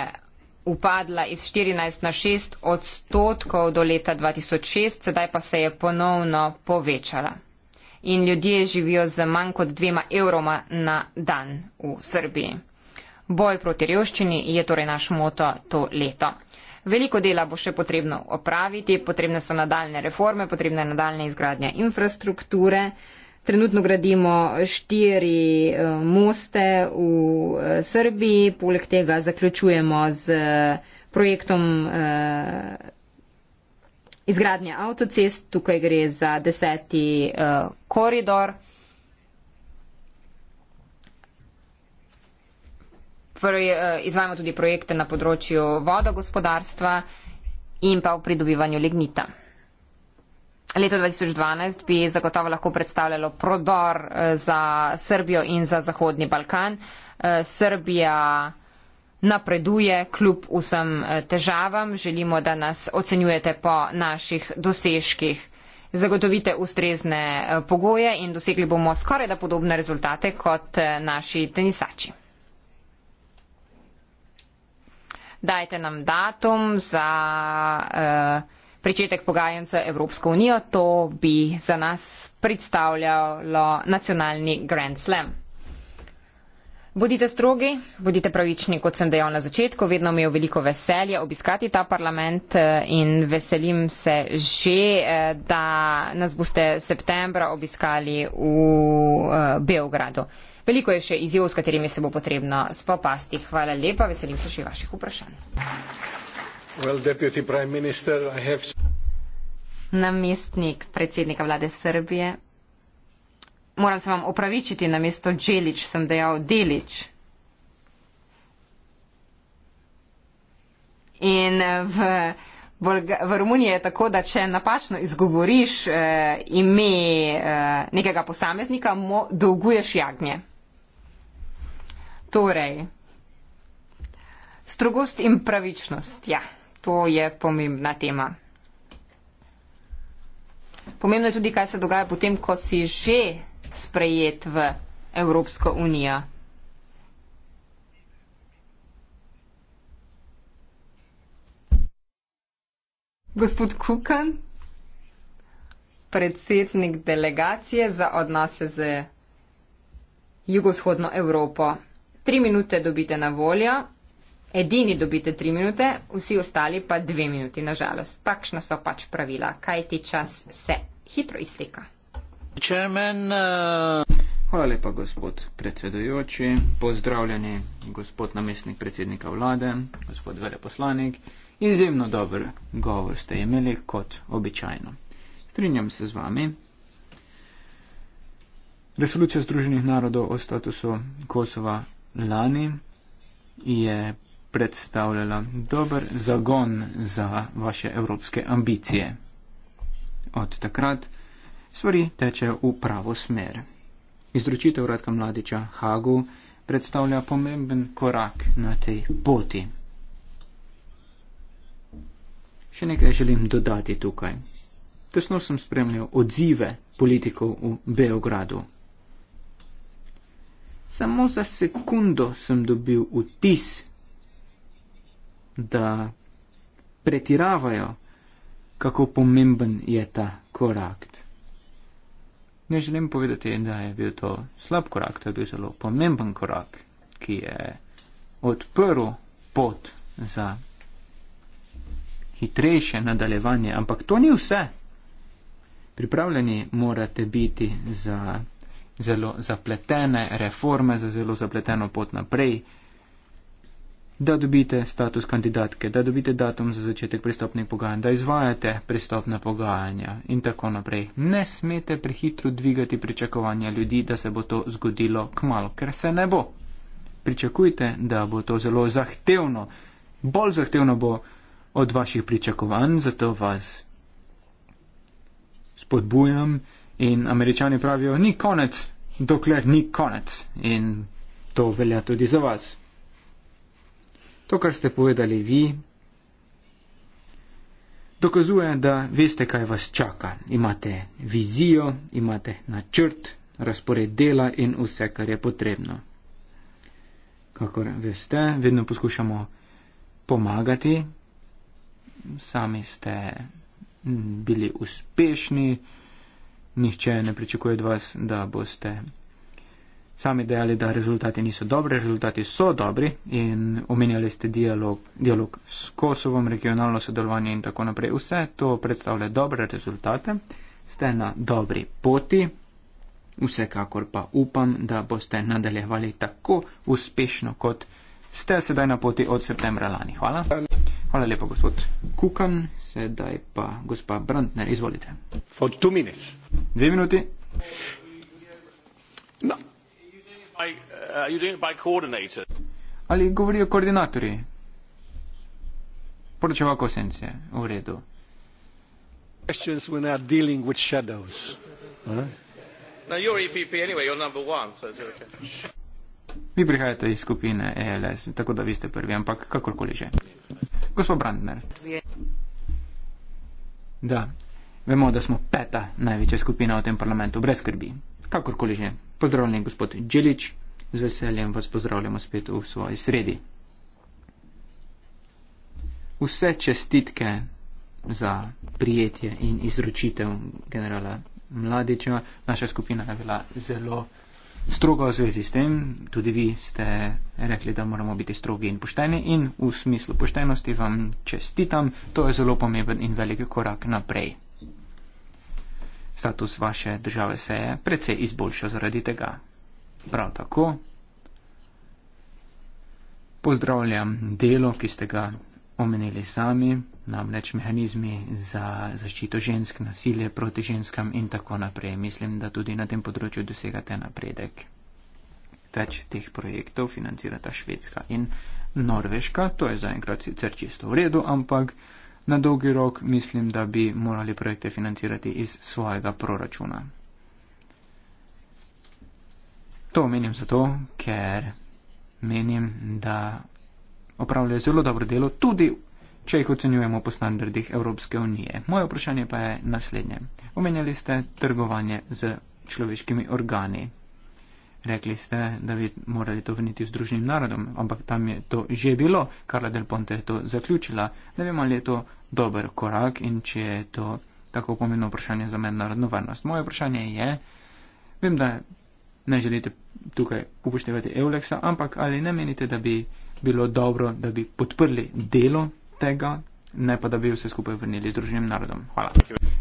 upadla iz 14 na 6 odstotkov do leta 2006, sedaj pa se je ponovno povečala. In ljudje živijo z manj kot dvema evroma na dan v Srbiji. Boj proti revščini je torej naš moto to leto. Veliko dela bo še potrebno opraviti, potrebne so nadaljne reforme, potrebna je nadaljna izgradnja infrastrukture. Trenutno gradimo štiri eh, moste v eh, Srbiji, poleg tega zaključujemo z eh, projektom izgradnje avtocest. Tukaj gre za deseti koridor. Izvajamo tudi projekte na področju vodogospodarstva in pa v pridobivanju lignita. Leto 2012 bi zagotovo lahko predstavljalo prodor eh, za Srbijo in za Zahodni Balkan. Eh, Srbija napreduje kljub vsem eh, težavam. Želimo, da nas ocenjujete po naših dosežkih. Zagotovite ustrezne pogoje in dosegli bomo skoraj da podobne rezultate kot naši tenisači. Dajte nam datum za. Uh, Pričetek pogajanj z Evropsko unijo to bi za nas predstavljalo nacionalni Grand Slam. Bodite strogi, bodite pravični, kot sem dejal na začetku, vedno mi je veliko veselje obiskati ta parlament eh, in veselim se že, eh, da nas boste septembra obiskali v eh, Beogradu. Veliko je še izjivov, s katerimi se bo potrebno spopasti. Hvala lepa, veselim se še vaših vprašanj. Namestnik predsednika vlade Srbije. Moram se vam opravičiti, na mesto Đelić sem dejal Delić. In eh, v, v Romuniji je tako, da če napačno izgovoriš eh, ime eh, nekega posameznika, mu dolguješ jagnje. Torej, strogost in pravičnost, ja to je pomembna tema. Pomembno je tudi, kaj se dogaja potem, ko si že sprejet v Evropsko unijo. Gospod Kukan, predsednik delegacije za odnose z jugovzhodno Evropo. Tri minute dobite na voljo, Edini dobite tri minute, vsi ostali pa dve minuti, nažalost. Takšna so pač pravila, kaj ti čas se hitro izteka. Uh, Hvala lepa, gospod predsedujoči. Pozdravljeni, gospod namestnik predsednika vlade, gospod veleposlanik. Izjemno dober govor ste imeli, kot običajno. Strinjam se z vami. Resolucija Združenih narodov o statusu Kosova lani je predstavljala dober zagon za vaše evropske ambicije. Od takrat stvari tečejo v pravo smer. Izročitev Radka Mladiča Hagu predstavlja pomemben korak na tej poti. Še nekaj želim dodati tukaj. Tesno sem spremljal odzive politikov v Beogradu. Samo za sekundo sem dobil vtis, da pretiravajo, kako pomemben je ta korak. Ne želim povedati, da je bil to slab korak, to je bil zelo pomemben korak, ki je odprl pot za hitrejše nadaljevanje, ampak to ni vse. Pripravljeni morate biti za zelo zapletene reforme, za zelo zapleteno pot naprej, da dobite status kandidatke, da dobite datum za začetek pristopnih pogajanj, da izvajate pristopna pogajanja in tako naprej. Ne smete prehitro dvigati pričakovanja ljudi, da se bo to zgodilo kmalo, ker se ne bo. Pričakujte, da bo to zelo zahtevno, bolj zahtevno bo od vaših pričakovanj, zato vas spodbujam in američani pravijo, ni konec, dokler ni konec in to velja tudi za vas. To, kar ste povedali vi, dokazuje, da veste, kaj vas čaka. Imate vizijo, imate načrt, razpored dela in vse, kar je potrebno. Kakor veste, vedno poskušamo pomagati. Sami ste bili uspešni, nihče ne pričakuje od vas, da boste sami dejali, da rezultati niso dobri, rezultati so dobri in omenjali ste dialog, dialog s Kosovom, regionalno sodelovanje in tako naprej. Vse to predstavlja dobre rezultate, ste na dobri poti, vsekakor pa upam, da boste nadaljevali tako uspešno, kot ste sedaj na poti od septembra lani. Hvala. Hvala lepa, gospod Kukan. Sedaj pa gospa Brandner, izvolite. Dve minuti. No. Uh, Ali govorijo koordinatorji? Poročevalko sence, v redu. No, e vi prihajate iz skupine ELS, tako da vi ste prvi, ampak kakorkoli že. Gospod Brandner. Da, vemo, da smo peta največja skupina v tem parlamentu, brez skrbi. Kakorkoli že. Pozdravljen, gospod Đilić, z veseljem vas pozdravljamo spet v svoji sredi. Vse čestitke za prijetje in izročitev generala Mladiča. Naša skupina je bila zelo strogo v zvezi s tem. Tudi vi ste rekli, da moramo biti strogi in pošteni in v smislu poštenosti vam čestitam. To je zelo pomemben in velik korak naprej status vaše države se je precej izboljšal zaradi tega. Prav tako pozdravljam delo, ki ste ga omenili sami, namreč mehanizmi za zaščito žensk, nasilje proti ženskam in tako naprej. Mislim, da tudi na tem področju dosegate napredek. Več teh projektov financirata Švedska in Norveška. To je zaenkrat sicer čisto v redu, ampak. Na dolgi rok mislim, da bi morali projekte financirati iz svojega proračuna. To menim zato, ker menim, da opravljajo zelo dobro delo, tudi če jih ocenjujemo po standardih Evropske unije. Moje vprašanje pa je naslednje. Omenjali ste trgovanje z človeškimi organi. Rekli ste, da bi morali to vrniti v Združenim narodom, ampak tam je to že bilo, Karla Del Ponte je to zaključila. Ne vem, ali je to dober korak in če je to tako pomembno vprašanje za mednarodno varnost. Moje vprašanje je, vem, da ne želite tukaj upoštevati Euleksa, ampak ali ne menite, da bi bilo dobro, da bi podprli delo tega ne pa da bi vse skupaj vrnili Združenim narodom. Hvala.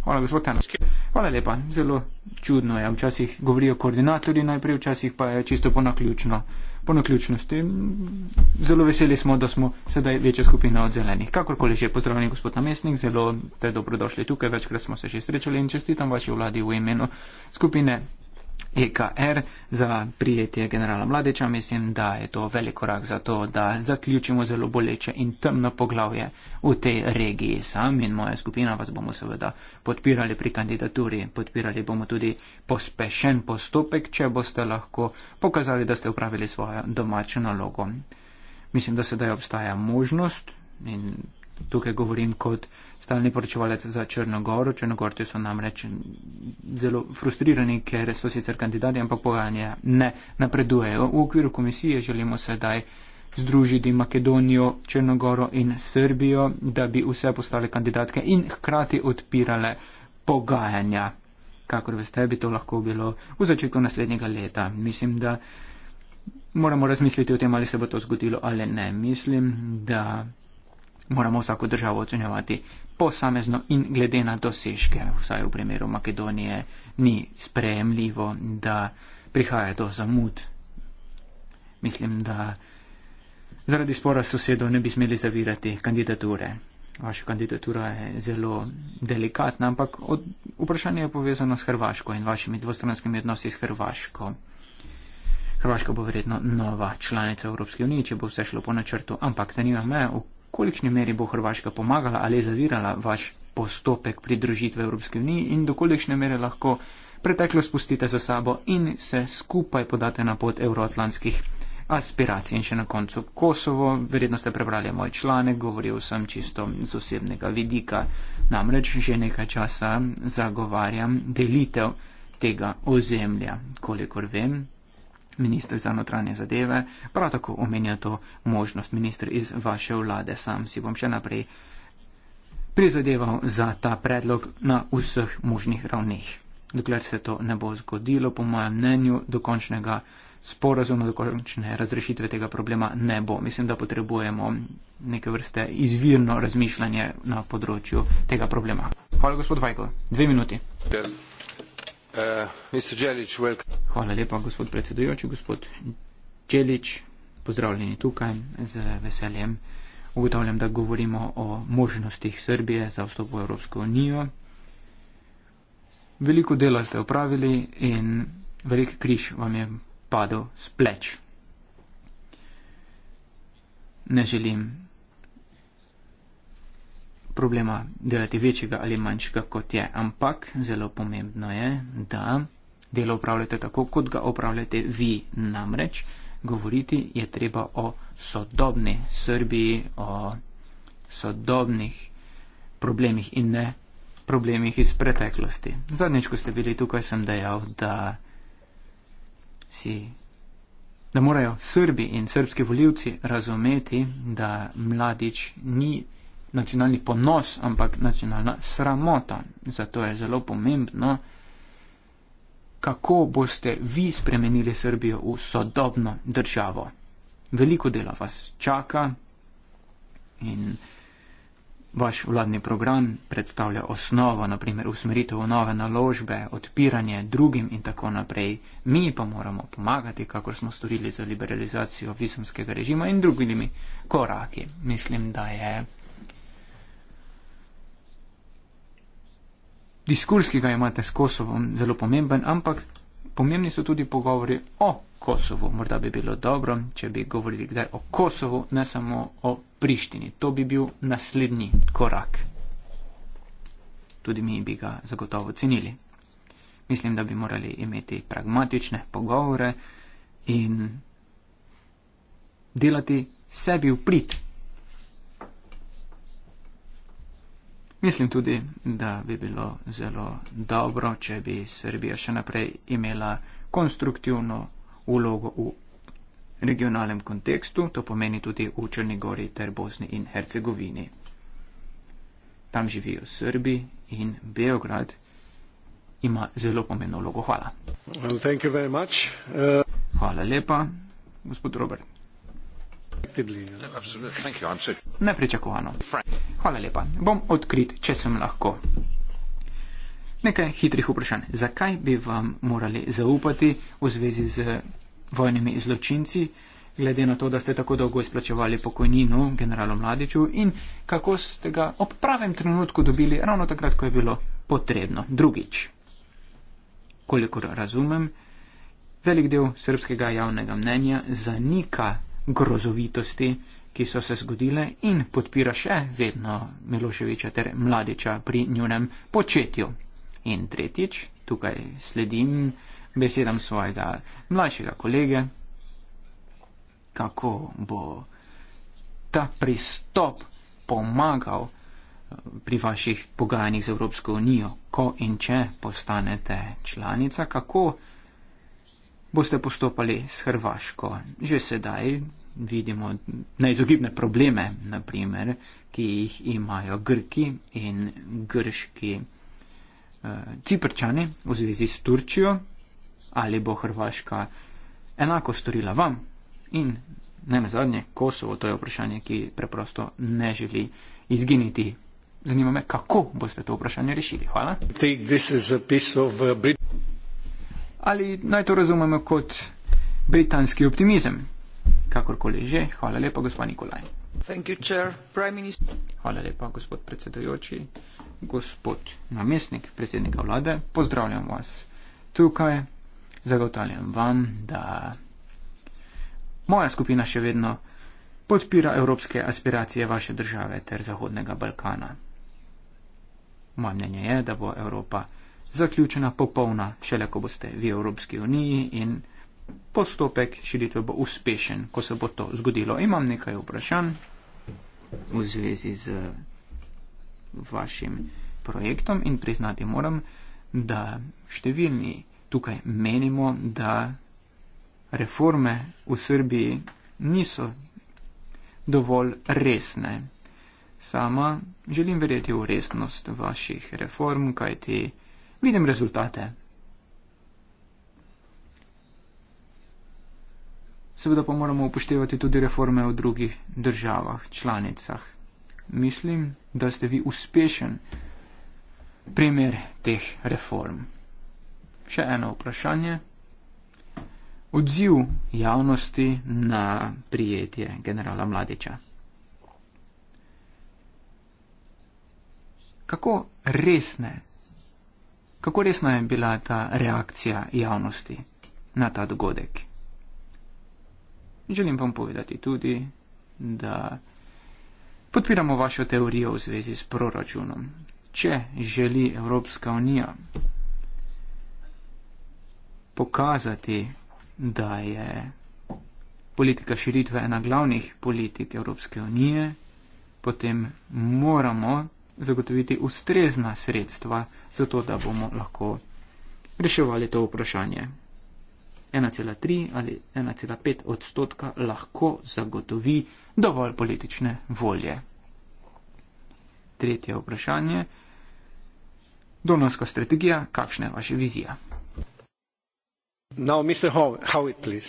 Hvala, gospod Tanovski. Hvala lepa. Zelo čudno je. Včasih govorijo koordinatorji najprej, včasih pa je čisto ponaključno. Ponaključnosti. Zelo veseli smo, da smo sedaj večja skupina od zelenih. Kakorkoli že, pozdravljeni gospod namestnik, zelo ste dobrodošli tukaj. Večkrat smo se že srečali in čestitam vaši vladi v imenu skupine EKR za prijetje generala Mladeča. Mislim, da je to velik korak za to, da zaključimo zelo boleče in temno poglavje v tej regiji. Sam in moja skupina vas bomo seveda podpirali pri kandidaturi. Podpirali bomo tudi pospešen postopek, če boste lahko pokazali, da ste upravili svojo domačo nalogo. Mislim, da sedaj obstaja možnost in Tukaj govorim kot stalni poročevalec za Črnogoro. Črnogorci so namreč zelo frustrirani, ker so sicer kandidati, ampak pogajanja ne napredujejo. V okviru komisije želimo sedaj združiti Makedonijo, Črnogoro in Srbijo, da bi vse postale kandidatke in hkrati odpirale pogajanja. Kakor veste, bi to lahko bilo v začetku naslednjega leta. Mislim, da moramo razmisliti o tem, ali se bo to zgodilo ali ne. Mislim, da moramo vsako državo ocenjevati posamezno in glede na dosežke, vsaj v primeru Makedonije, ni sprejemljivo, da prihaja do zamud. Mislim, da zaradi spora s sosedo ne bi smeli zavirati kandidature. Vaša kandidatura je zelo delikatna, ampak od, vprašanje je povezano s Hrvaško in vašimi dvostranskimi odnosi s Hrvaško. Hrvaška bo verjetno nova članica Evropske unije, če bo vse šlo po načrtu, ampak zanima me, v kolikšni meri bo Hrvaška pomagala ali zavirala vaš postopek pridružitve Evropske unije in do kolikšne mere lahko preteklost pustite za sabo in se skupaj podate na pot evroatlantskih aspiracij. In še na koncu Kosovo, verjetno ste prebrali moj članek, govoril sem čisto z osebnega vidika, namreč že nekaj časa zagovarjam delitev tega ozemlja, kolikor vem, Ministr za notranje zadeve prav tako omenja to možnost. Ministr iz vaše vlade sam si bom še naprej prizadeval za ta predlog na vseh možnih ravneh. Dokler se to ne bo zgodilo, po mojem mnenju, dokončnega sporazuma, dokončne razrešitve tega problema ne bo. Mislim, da potrebujemo neke vrste izvirno razmišljanje na področju tega problema. Hvala, gospod Vajkl. Dve minuti. Yeah. Ja. Uh, Hvala lepa, gospod predsedujoči. Gospod Čelič, pozdravljeni tukaj z veseljem. Ugotavljam, da govorimo o možnostih Srbije za vstop v Evropsko unijo. Veliko dela ste opravili in velik križ vam je padel s pleč. Ne želim problema delati večjega ali manjšega kot je, ampak zelo pomembno je, da delo upravljate tako, kot ga upravljate vi. Namreč govoriti je treba o sodobni Srbiji, o sodobnih problemih in ne problemih iz preteklosti. Zadnjič, ko ste bili tukaj, sem dejal, da si. Da morajo Srbi in srpski voljivci razumeti, da mladič ni nacionalni ponos, ampak nacionalna sramota. Zato je zelo pomembno, kako boste vi spremenili Srbijo v sodobno državo. Veliko dela vas čaka in vaš vladni program predstavlja osnovo, naprimer usmeritev v nove naložbe, odpiranje drugim in tako naprej. Mi pa moramo pomagati, kako smo storili za liberalizacijo vizumskega režima in drugimi koraki. Mislim, da je. diskurs, ki ga imate s Kosovom, zelo pomemben, ampak pomembni so tudi pogovori o Kosovu. Morda bi bilo dobro, če bi govorili kdaj o Kosovu, ne samo o Prištini. To bi bil naslednji korak. Tudi mi bi ga zagotovo cenili. Mislim, da bi morali imeti pragmatične pogovore in delati sebi v prid. Mislim tudi, da bi bilo zelo dobro, če bi Srbija še naprej imela konstruktivno ulogo v regionalnem kontekstu, to pomeni tudi v Črni Gori ter Bosni in Hercegovini. Tam živijo Srbi in Beograd ima zelo pomembno vlogo. Hvala. Well, uh... Hvala lepa, gospod Robert expectedly. No, Nepričakovano. Hvala lepa. Bom odkrit, če sem lahko. Nekaj hitrih vprašanj. Zakaj bi vam morali zaupati v zvezi z vojnimi zločinci, glede na to, da ste tako dolgo izplačevali pokojnino generalu Mladiču in kako ste ga ob pravem trenutku dobili ravno takrat, ko je bilo potrebno. Drugič, kolikor razumem, velik del srpskega javnega mnenja zanika grozovitosti, ki so se zgodile in podpira še vedno Miloševiča ter mladiča pri njunem početju. In tretjič, tukaj sledim besedam svojega mlajšega kolege, kako bo ta pristop pomagal eh, pri vaših pogajanjih z Evropsko unijo, ko in če postanete članica, kako boste postopali s Hrvaško. Že sedaj vidimo neizogibne probleme, naprimer, ki jih imajo grki in grški eh, ciprčani v zvezi s Turčijo. Ali bo Hrvaška enako storila vam in ne na zadnje Kosovo, to je vprašanje, ki preprosto ne želi izginiti. Zanima me, kako boste to vprašanje rešili. Hvala ali naj to razumemo kot britanski optimizem. Kakorkoli že, hvala lepa, gospod Nikolaj. You, chair, hvala lepa, gospod predsedujoči, gospod namestnik predsednika vlade. Pozdravljam vas tukaj, zagotavljam vam, da moja skupina še vedno podpira evropske aspiracije vaše države ter Zahodnega Balkana. Moje mnenje je, da bo Evropa zaključena popolna, šele ko boste vi v Evropski uniji in postopek širitve bo uspešen, ko se bo to zgodilo. Imam nekaj vprašanj v zvezi z vašim projektom in priznati moram, da številni tukaj menimo, da reforme v Srbiji niso dovolj resne. Sama želim verjeti v resnost vaših reform, kajti vidim rezultate. Seveda pa moramo upoštevati tudi reforme v drugih državah, članicah. Mislim, da ste vi uspešen primer teh reform. Še eno vprašanje. Odziv javnosti na prijetje generala Mladiča. Kako resne Kako resna je bila ta reakcija javnosti na ta dogodek? Želim vam povedati tudi, da podpiramo vašo teorijo v zvezi s proračunom. Če želi Evropska unija pokazati, da je politika širitve ena glavnih politik Evropske unije, potem moramo zagotoviti ustrezna sredstva, zato da bomo lahko reševali to vprašanje. 1,3 ali 1,5 odstotka lahko zagotovi dovolj politične volje. Tretje vprašanje. Donorska strategija, kakšna je vaša vizija? Now, Howe, Howe,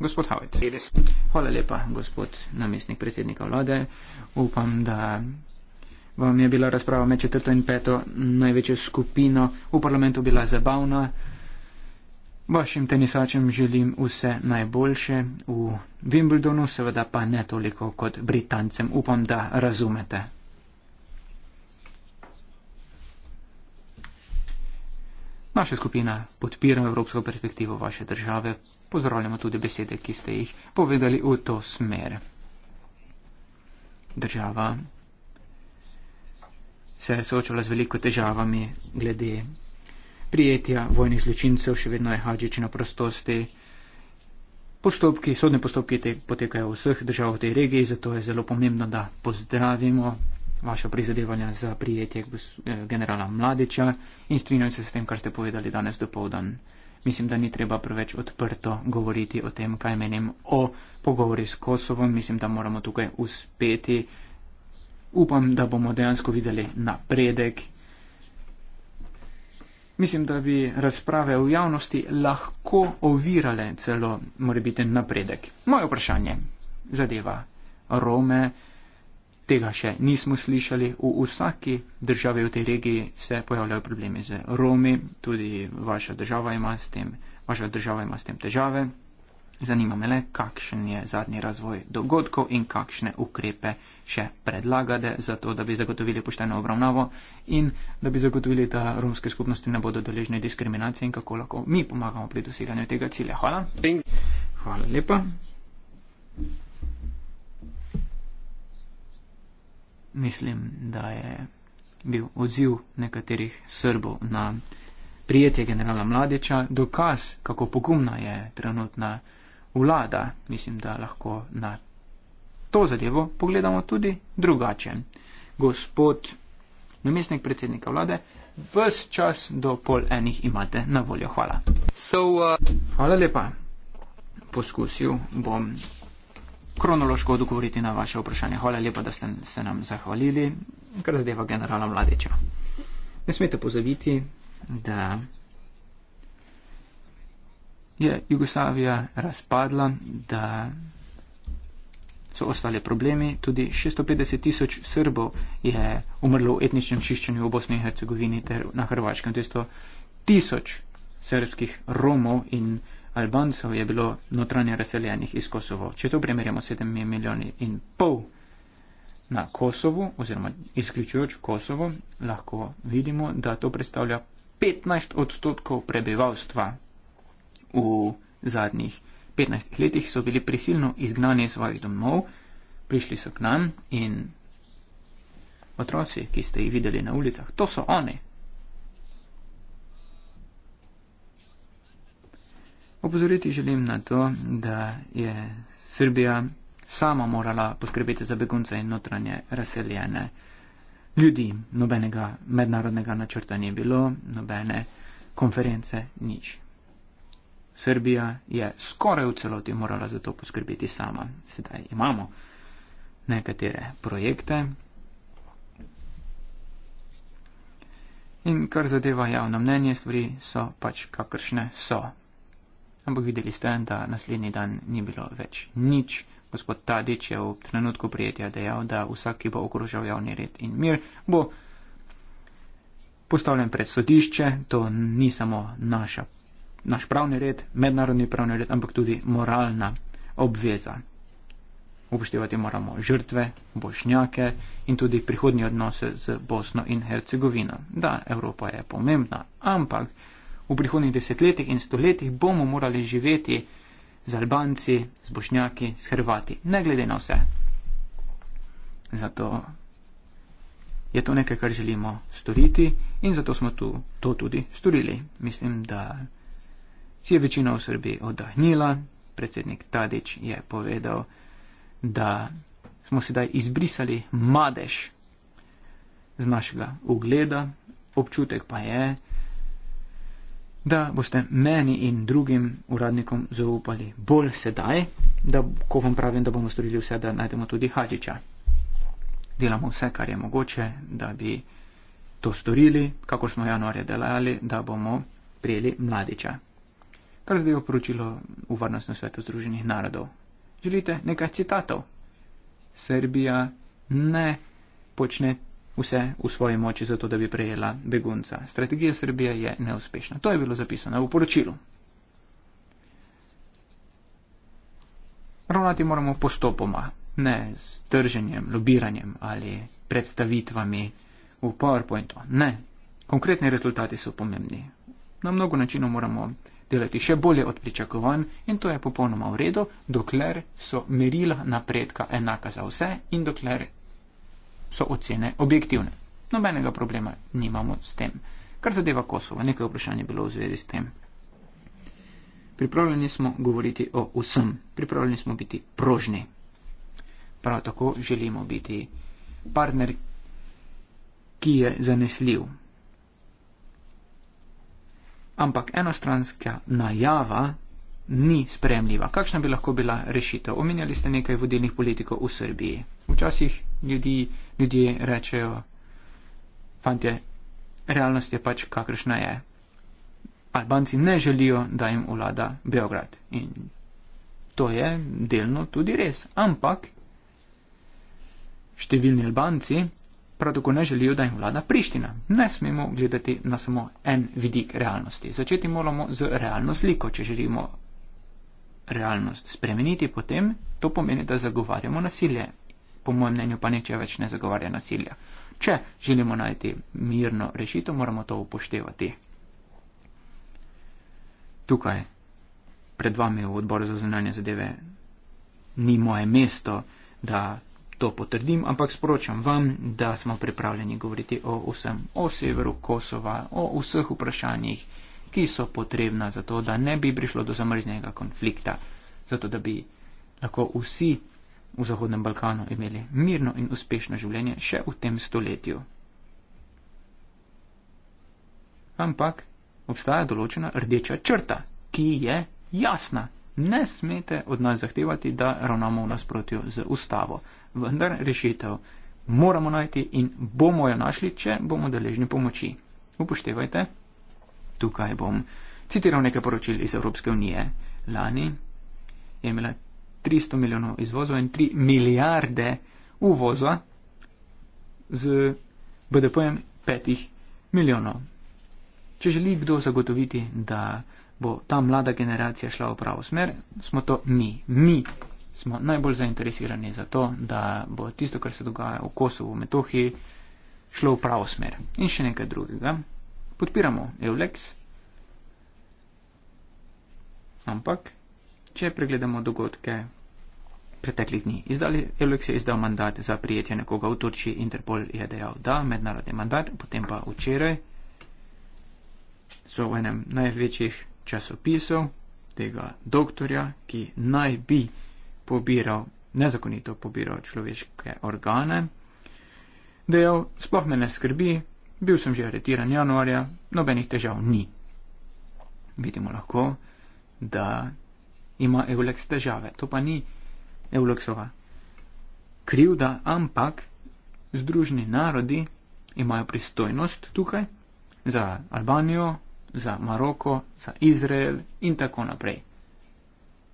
gospod Howitt. Hvala lepa, gospod namestnik predsednika vlade. Upam, da vam je bila razprava med četrto in peto največjo skupino v parlamentu bila zabavna. Vašim tenisačem želim vse najboljše v Wimbledonu, seveda pa ne toliko kot Britancem. Upam, da razumete. Naša skupina podpira evropsko perspektivo vaše države. Pozdravljamo tudi besede, ki ste jih povedali v to smer. Država se je soočala z veliko težavami glede prijetja vojnih zločincev, še vedno je Hadžič na prostosti. Postopki, sodne postopki te potekajo v vseh državah v tej regiji, zato je zelo pomembno, da pozdravimo vaše prizadevanja za prijetje eh, generala Mladiča in strinjam se s tem, kar ste povedali danes do povdan. Mislim, da ni treba preveč odprto govoriti o tem, kaj menim o pogovori s Kosovom. Mislim, da moramo tukaj uspeti upam, da bomo dejansko videli napredek. Mislim, da bi razprave v javnosti lahko ovirale celo morebiten napredek. Moje vprašanje zadeva Rome. Tega še nismo slišali. V vsaki državi v tej regiji se pojavljajo problemi z Romi. Tudi vaša država ima s tem, vaša država ima s tem težave. Zanima me le, kakšen je zadnji razvoj dogodkov in kakšne ukrepe še predlagate za to, da bi zagotovili pošteno obravnavo in da bi zagotovili, da romske skupnosti ne bodo deležne diskriminacije in kako lahko mi pomagamo pri doseganju tega cilja. Hvala. Hvala lepa. Mislim, da je bil odziv nekaterih Srbov na prijetje generala Mladiča dokaz, kako pogumna je trenutna vlada, mislim, da lahko na to zadevo pogledamo tudi drugače. Gospod namestnik predsednika vlade, vse čas do pol enih imate na voljo. Hvala. So, uh... Hvala lepa. Poskusil bom kronološko odgovoriti na vaše vprašanje. Hvala lepa, da ste se nam zahvalili, kar zadeva generala Mladiča. Ne smete pozaviti, da je Jugoslavija razpadla, da so ostale problemi. Tudi 650 tisoč Srbov je umrlo v etničnem čiščenju v Bosni in Hercegovini ter na Hrvačkem. Tisto tisoč srbskih Romov in Albancev je bilo notranje razseljenih iz Kosovo. Če to primerjamo 7 milijoni in pol na Kosovo oziroma izključujoč Kosovo, lahko vidimo, da to predstavlja 15 odstotkov prebivalstva v zadnjih 15 letih so bili prisilno izgnani iz svojih domov, prišli so k nam in otroci, ki ste jih videli na ulicah, to so oni. Opozoriti želim na to, da je Srbija sama morala poskrbeti za begunce in notranje razseljene ljudi. Nobenega mednarodnega načrta ni bilo, nobene konference, nič. Srbija je skoraj v celoti morala za to poskrbeti sama. Sedaj imamo nekatere projekte. In kar zadeva javno mnenje, stvari so pač kakršne so. Ampak videli ste, da naslednji dan ni bilo več nič. Gospod Tadič je v trenutku prijetja dejal, da vsak, ki bo okrožal javni red in mir, bo postavljen pred sodišče. To ni samo naša naš pravni red, mednarodni pravni red, ampak tudi moralna obveza. Upoštevati moramo žrtve, bošnjake in tudi prihodnje odnose z Bosno in Hercegovino. Da, Evropa je pomembna, ampak v prihodnjih desetletjih in stoletjih bomo morali živeti z Albanci, z bošnjaki, s Hrvati, ne glede na vse. Zato je to nekaj, kar želimo storiti in zato smo tu, to tudi storili. Mislim, da si je večina v Srbiji oddahnila. Predsednik Tadić je povedal, da smo sedaj izbrisali madež z našega ugleda. Občutek pa je, da boste meni in drugim uradnikom zaupali bolj sedaj, da, ko vam pravim, da bomo storili vse, da najdemo tudi Hadžiča. Delamo vse, kar je mogoče, da bi to storili, kako smo januarja delali, da bomo prijeli mladiča kar zdaj je poročilo v Varnostnem svetu Združenih narodov. Želite nekaj citatov? Srbija ne počne vse v svoji moči zato, da bi prejela begunca. Strategija Srbije je neuspešna. To je bilo zapisano v poročilu. Ravnati moramo postopoma, ne z trženjem, lobiranjem ali predstavitvami v PowerPointu. Ne. Konkretni rezultati so pomembni. Na mnogo načinov moramo delati še bolje od pričakovanj in to je popolnoma v redu, dokler so merila napredka enaka za vse in dokler so ocene objektivne. Nobenega problema nimamo s tem. Kar zadeva Kosovo, nekaj vprašanj je bilo v zvezi s tem. Pripravljeni smo govoriti o vsem, pripravljeni smo biti prožni. Prav tako želimo biti partner, ki je zanesljiv ampak enostranska najava ni spremljiva. Kakšna bi lahko bila rešitev? Omenjali ste nekaj vodilnih politikov v Srbiji. Včasih ljudi, ljudje rečejo, fantje, realnost je pač kakršna je. Albanci ne želijo, da jim vlada Beograd. In to je delno tudi res. Ampak številni Albanci prav tako ne želijo, da jim vlada Priština. Ne smemo gledati na samo en vidik realnosti. Začeti moramo z realno sliko. Če želimo realnost spremeniti, potem to pomeni, da zagovarjamo nasilje. Po mojem mnenju pa neče več ne zagovarja nasilja. Če želimo najti mirno rešitev, moramo to upoštevati. Tukaj pred vami v odboru za zunanje zadeve ni moje mesto, da to potrdim, ampak sporočam vam, da smo pripravljeni govoriti o vsem, o severu Kosova, o vseh vprašanjih, ki so potrebna za to, da ne bi prišlo do zamrznega konflikta, zato da bi lahko vsi v Zahodnem Balkanu imeli mirno in uspešno življenje še v tem stoletju. Ampak obstaja določena rdeča črta, ki je jasna ne smete od nas zahtevati, da ravnamo v nasprotju z ustavo. Vendar rešitev moramo najti in bomo jo našli, če bomo deležni pomoči. Upoštevajte, tukaj bom citiral nekaj poročil iz Evropske unije. Lani je imela 300 milijonov izvozov in 3 milijarde uvoza z BDP-jem 5 milijonov. Če želi kdo zagotoviti, da bo ta mlada generacija šla v pravo smer, smo to mi. Mi smo najbolj zainteresirani za to, da bo tisto, kar se dogaja v Kosovo, v Metohiji, šlo v pravo smer. In še nekaj drugega. Podpiramo Eulex, ampak če pregledamo dogodke preteklih dni. Izdali, Eulex je izdal mandat za prijetje nekoga v Turčiji, Interpol je dejal da, mednarodni mandat, potem pa včeraj so v enem največjih časopisov tega doktorja, ki naj bi pobiral, nezakonito pobiral človeške organe, dejal, sploh me ne skrbi, bil sem že aretiran januarja, nobenih težav ni. Vidimo lahko, da ima Euleks težave. To pa ni Euleksova krivda, ampak Združeni narodi imajo pristojnost tukaj za Albanijo, za Maroko, za Izrael in tako naprej.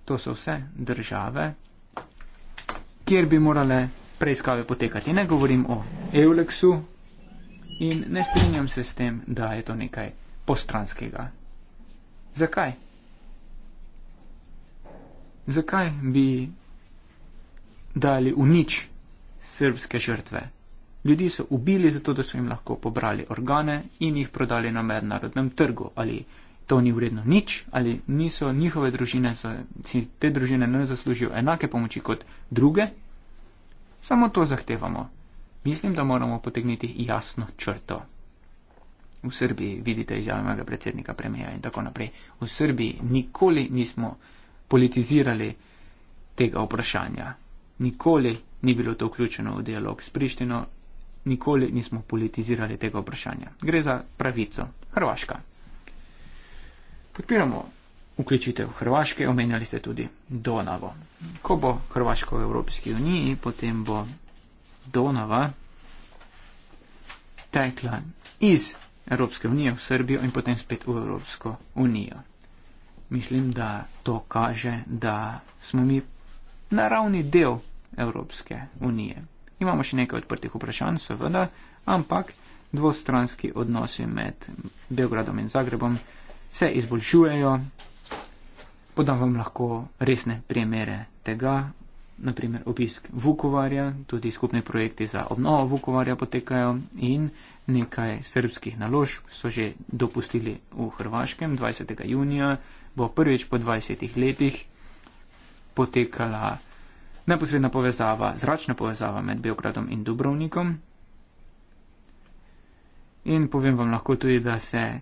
To so vse države, kjer bi morale preiskave potekati. Ne govorim o Euleksu in ne strinjam se s tem, da je to nekaj postranskega. Zakaj? Zakaj bi dali v nič srbske žrtve? Ljudi so ubili zato, da so jim lahko pobrali organe in jih prodali na mednarodnem trgu. Ali to ni vredno nič, ali niso njihove družine, so, si te družine ne zaslužijo enake pomoči kot druge. Samo to zahtevamo. Mislim, da moramo potegniti jasno črto. V Srbiji vidite izjave mojega predsednika premija in tako naprej. V Srbiji nikoli nismo politizirali tega vprašanja. Nikoli ni bilo to vključeno v dialog s Prištino, nikoli nismo politizirali tega vprašanja. Gre za pravico. Hrvaška. Podpiramo vključitev Hrvaške, omenjali ste tudi Donavo. Ko bo Hrvaška v Evropski uniji, potem bo Donava tekla iz Evropske unije v Srbijo in potem spet v Evropsko unijo. Mislim, da to kaže, da smo mi naravni del Evropske unije. Imamo še nekaj odprtih vprašanj, seveda, ampak dvostranski odnosi med Belgradom in Zagrebom se izboljšujejo. Podam vam lahko resne primere tega, naprimer obisk Vukovarja, tudi skupni projekti za obnovo Vukovarja potekajo in nekaj srbskih naložb so že dopustili v Hrvaškem. 20. junija bo prvič po 20 letih potekala neposredna povezava, zračna povezava med Beogradom in Dubrovnikom. In povem vam lahko tudi, da se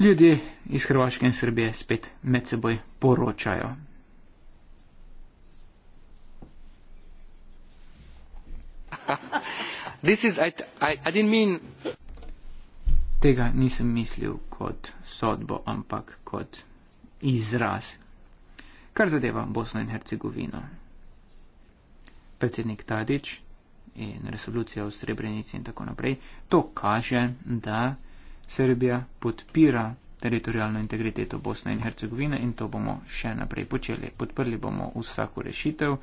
ljudje iz Hrvaške in Srbije spet med seboj poročajo. *laughs* This is, I, I, I didn't mean... Tega nisem mislil kot sodbo, ampak kot izraz, kar zadeva Bosno in Hercegovino predsednik Tadić in resolucija o Srebrenici in tako naprej, to kaže, da Srbija podpira teritorijalno integriteto Bosne in Hercegovine in to bomo še naprej počeli. Podprli bomo vsako rešitev,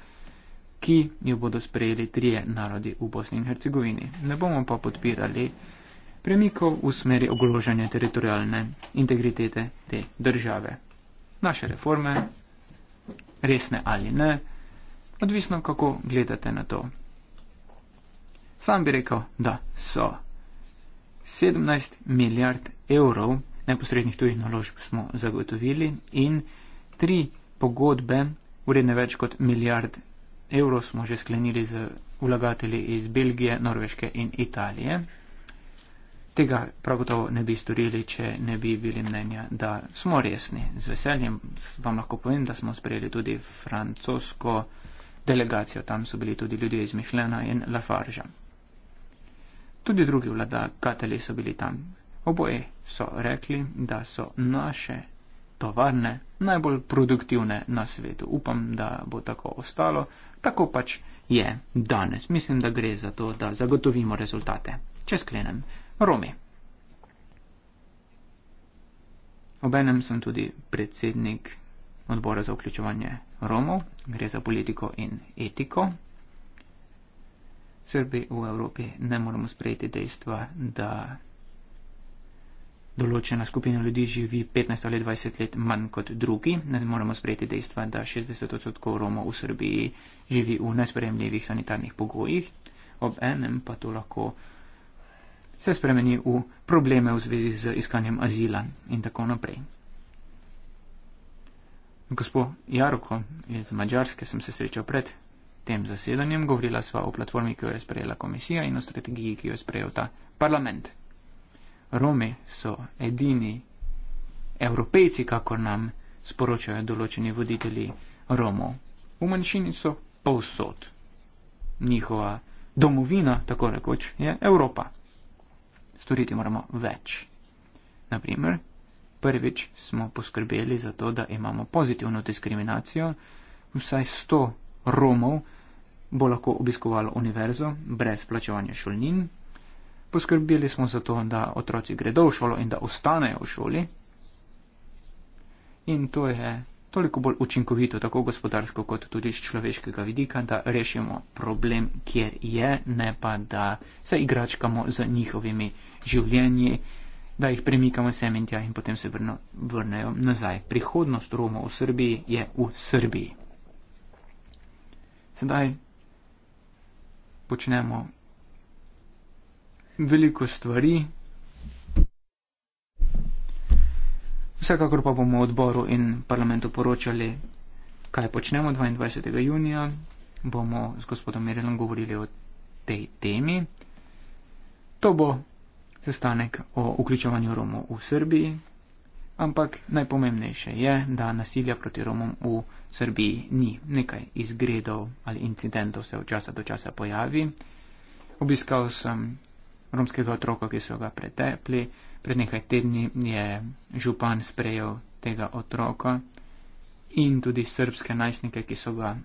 ki jo bodo sprejeli trije narodi v Bosni in Hercegovini. Ne bomo pa podpirali premikov v smeri ogrožanja teritorijalne integritete te države. Naše reforme, resne ali ne, odvisno kako gledate na to. Sam bi rekel, da so. 17 milijard evrov neposrednih tujih naložb smo zagotovili in tri pogodbe, vredne več kot milijard evrov, smo že sklenili z vlagatelji iz Belgije, Norveške in Italije. Tega prav gotovo ne bi storili, če ne bi bili mnenja, da smo resni. Z veseljem vam lahko povem, da smo sprejeli tudi francosko delegacijo, tam so bili tudi ljudje iz Mišljena in Lafarža. Tudi drugi vladakateli so bili tam. Oboje so rekli, da so naše tovarne najbolj produktivne na svetu. Upam, da bo tako ostalo. Tako pač je danes. Mislim, da gre za to, da zagotovimo rezultate. Če sklenem, Romi. Obenem sem tudi predsednik odbora za vključevanje Romov, gre za politiko in etiko. Srbi v Evropi ne moramo sprejeti dejstva, da določena skupina ljudi živi 15 ali 20 let manj kot drugi. Ne moramo sprejeti dejstva, da 60 odstotkov Romov v Srbiji živi v nespremljivih sanitarnih pogojih. Ob enem pa to lahko se spremeni v probleme v zvezi z iskanjem azila in tako naprej. Gospo Jaroko iz Mačarske sem se srečal pred tem zasedanjem, govorila sva o platformi, ki jo je sprejela komisija in o strategiji, ki jo je sprejel ta parlament. Romi so edini evropejci, kakor nam sporočajo določeni voditelji Romov. V manjšini so povsod. Njihova domovina, tako rekoč, je Evropa. Storiti moramo več. Naprimer, prvič smo poskrbeli za to, da imamo pozitivno diskriminacijo, vsaj 100 Romov bo lahko obiskovalo univerzo brez plačevanja šolnin, poskrbeli smo za to, da otroci gredo v šolo in da ostanejo v šoli. In to je toliko bolj učinkovito, tako gospodarsko kot tudi iz človeškega vidika, da rešimo problem, kjer je, ne pa da se igračkamo z njihovimi življenji da jih premikamo sem in tja in potem se vrno, vrnejo nazaj. Prihodnost Roma v Srbiji je v Srbiji. Sedaj počnemo veliko stvari. Vsekakor pa bomo odboru in parlamentu poročali, kaj počnemo 22. junija. Bomo z gospodom Mirelom govorili o tej temi. To bo sestanek o vključevanju Romov v Srbiji, ampak najpomembnejše je, da nasilja proti Romom v Srbiji ni. Nekaj izgredov ali incidentov se od časa do časa pojavi. Obiskal sem romskega otroka, ki so ga pretepli. Pred nekaj tedni je župan sprejel tega otroka in tudi srbske najstnike, ki so ga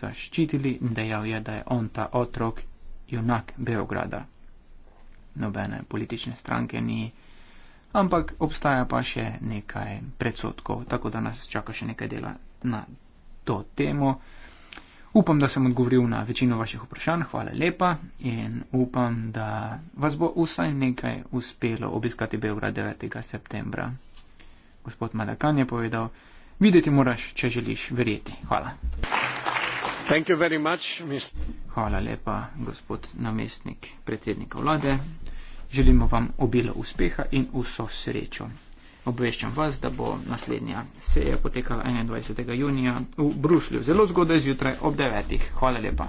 zaščitili in dejal je, da je on ta otrok junak Beograda nobene politične stranke ni, ampak obstaja pa še nekaj predsotkov, tako da nas čaka še nekaj dela na to temo. Upam, da sem odgovoril na večino vaših vprašanj, hvala lepa in upam, da vas bo vsaj nekaj uspelo obiskati Beograd 9. septembra. Gospod Madakan je povedal, videti moraš, če želiš verjeti. Hvala. Hvala lepa, gospod namestnik predsednika vlade. Želimo vam obilo uspeha in vso srečo. Obveščam vas, da bo naslednja seja potekala 21. junija v Bruslju zelo zgodaj zjutraj ob 9. Hvala lepa.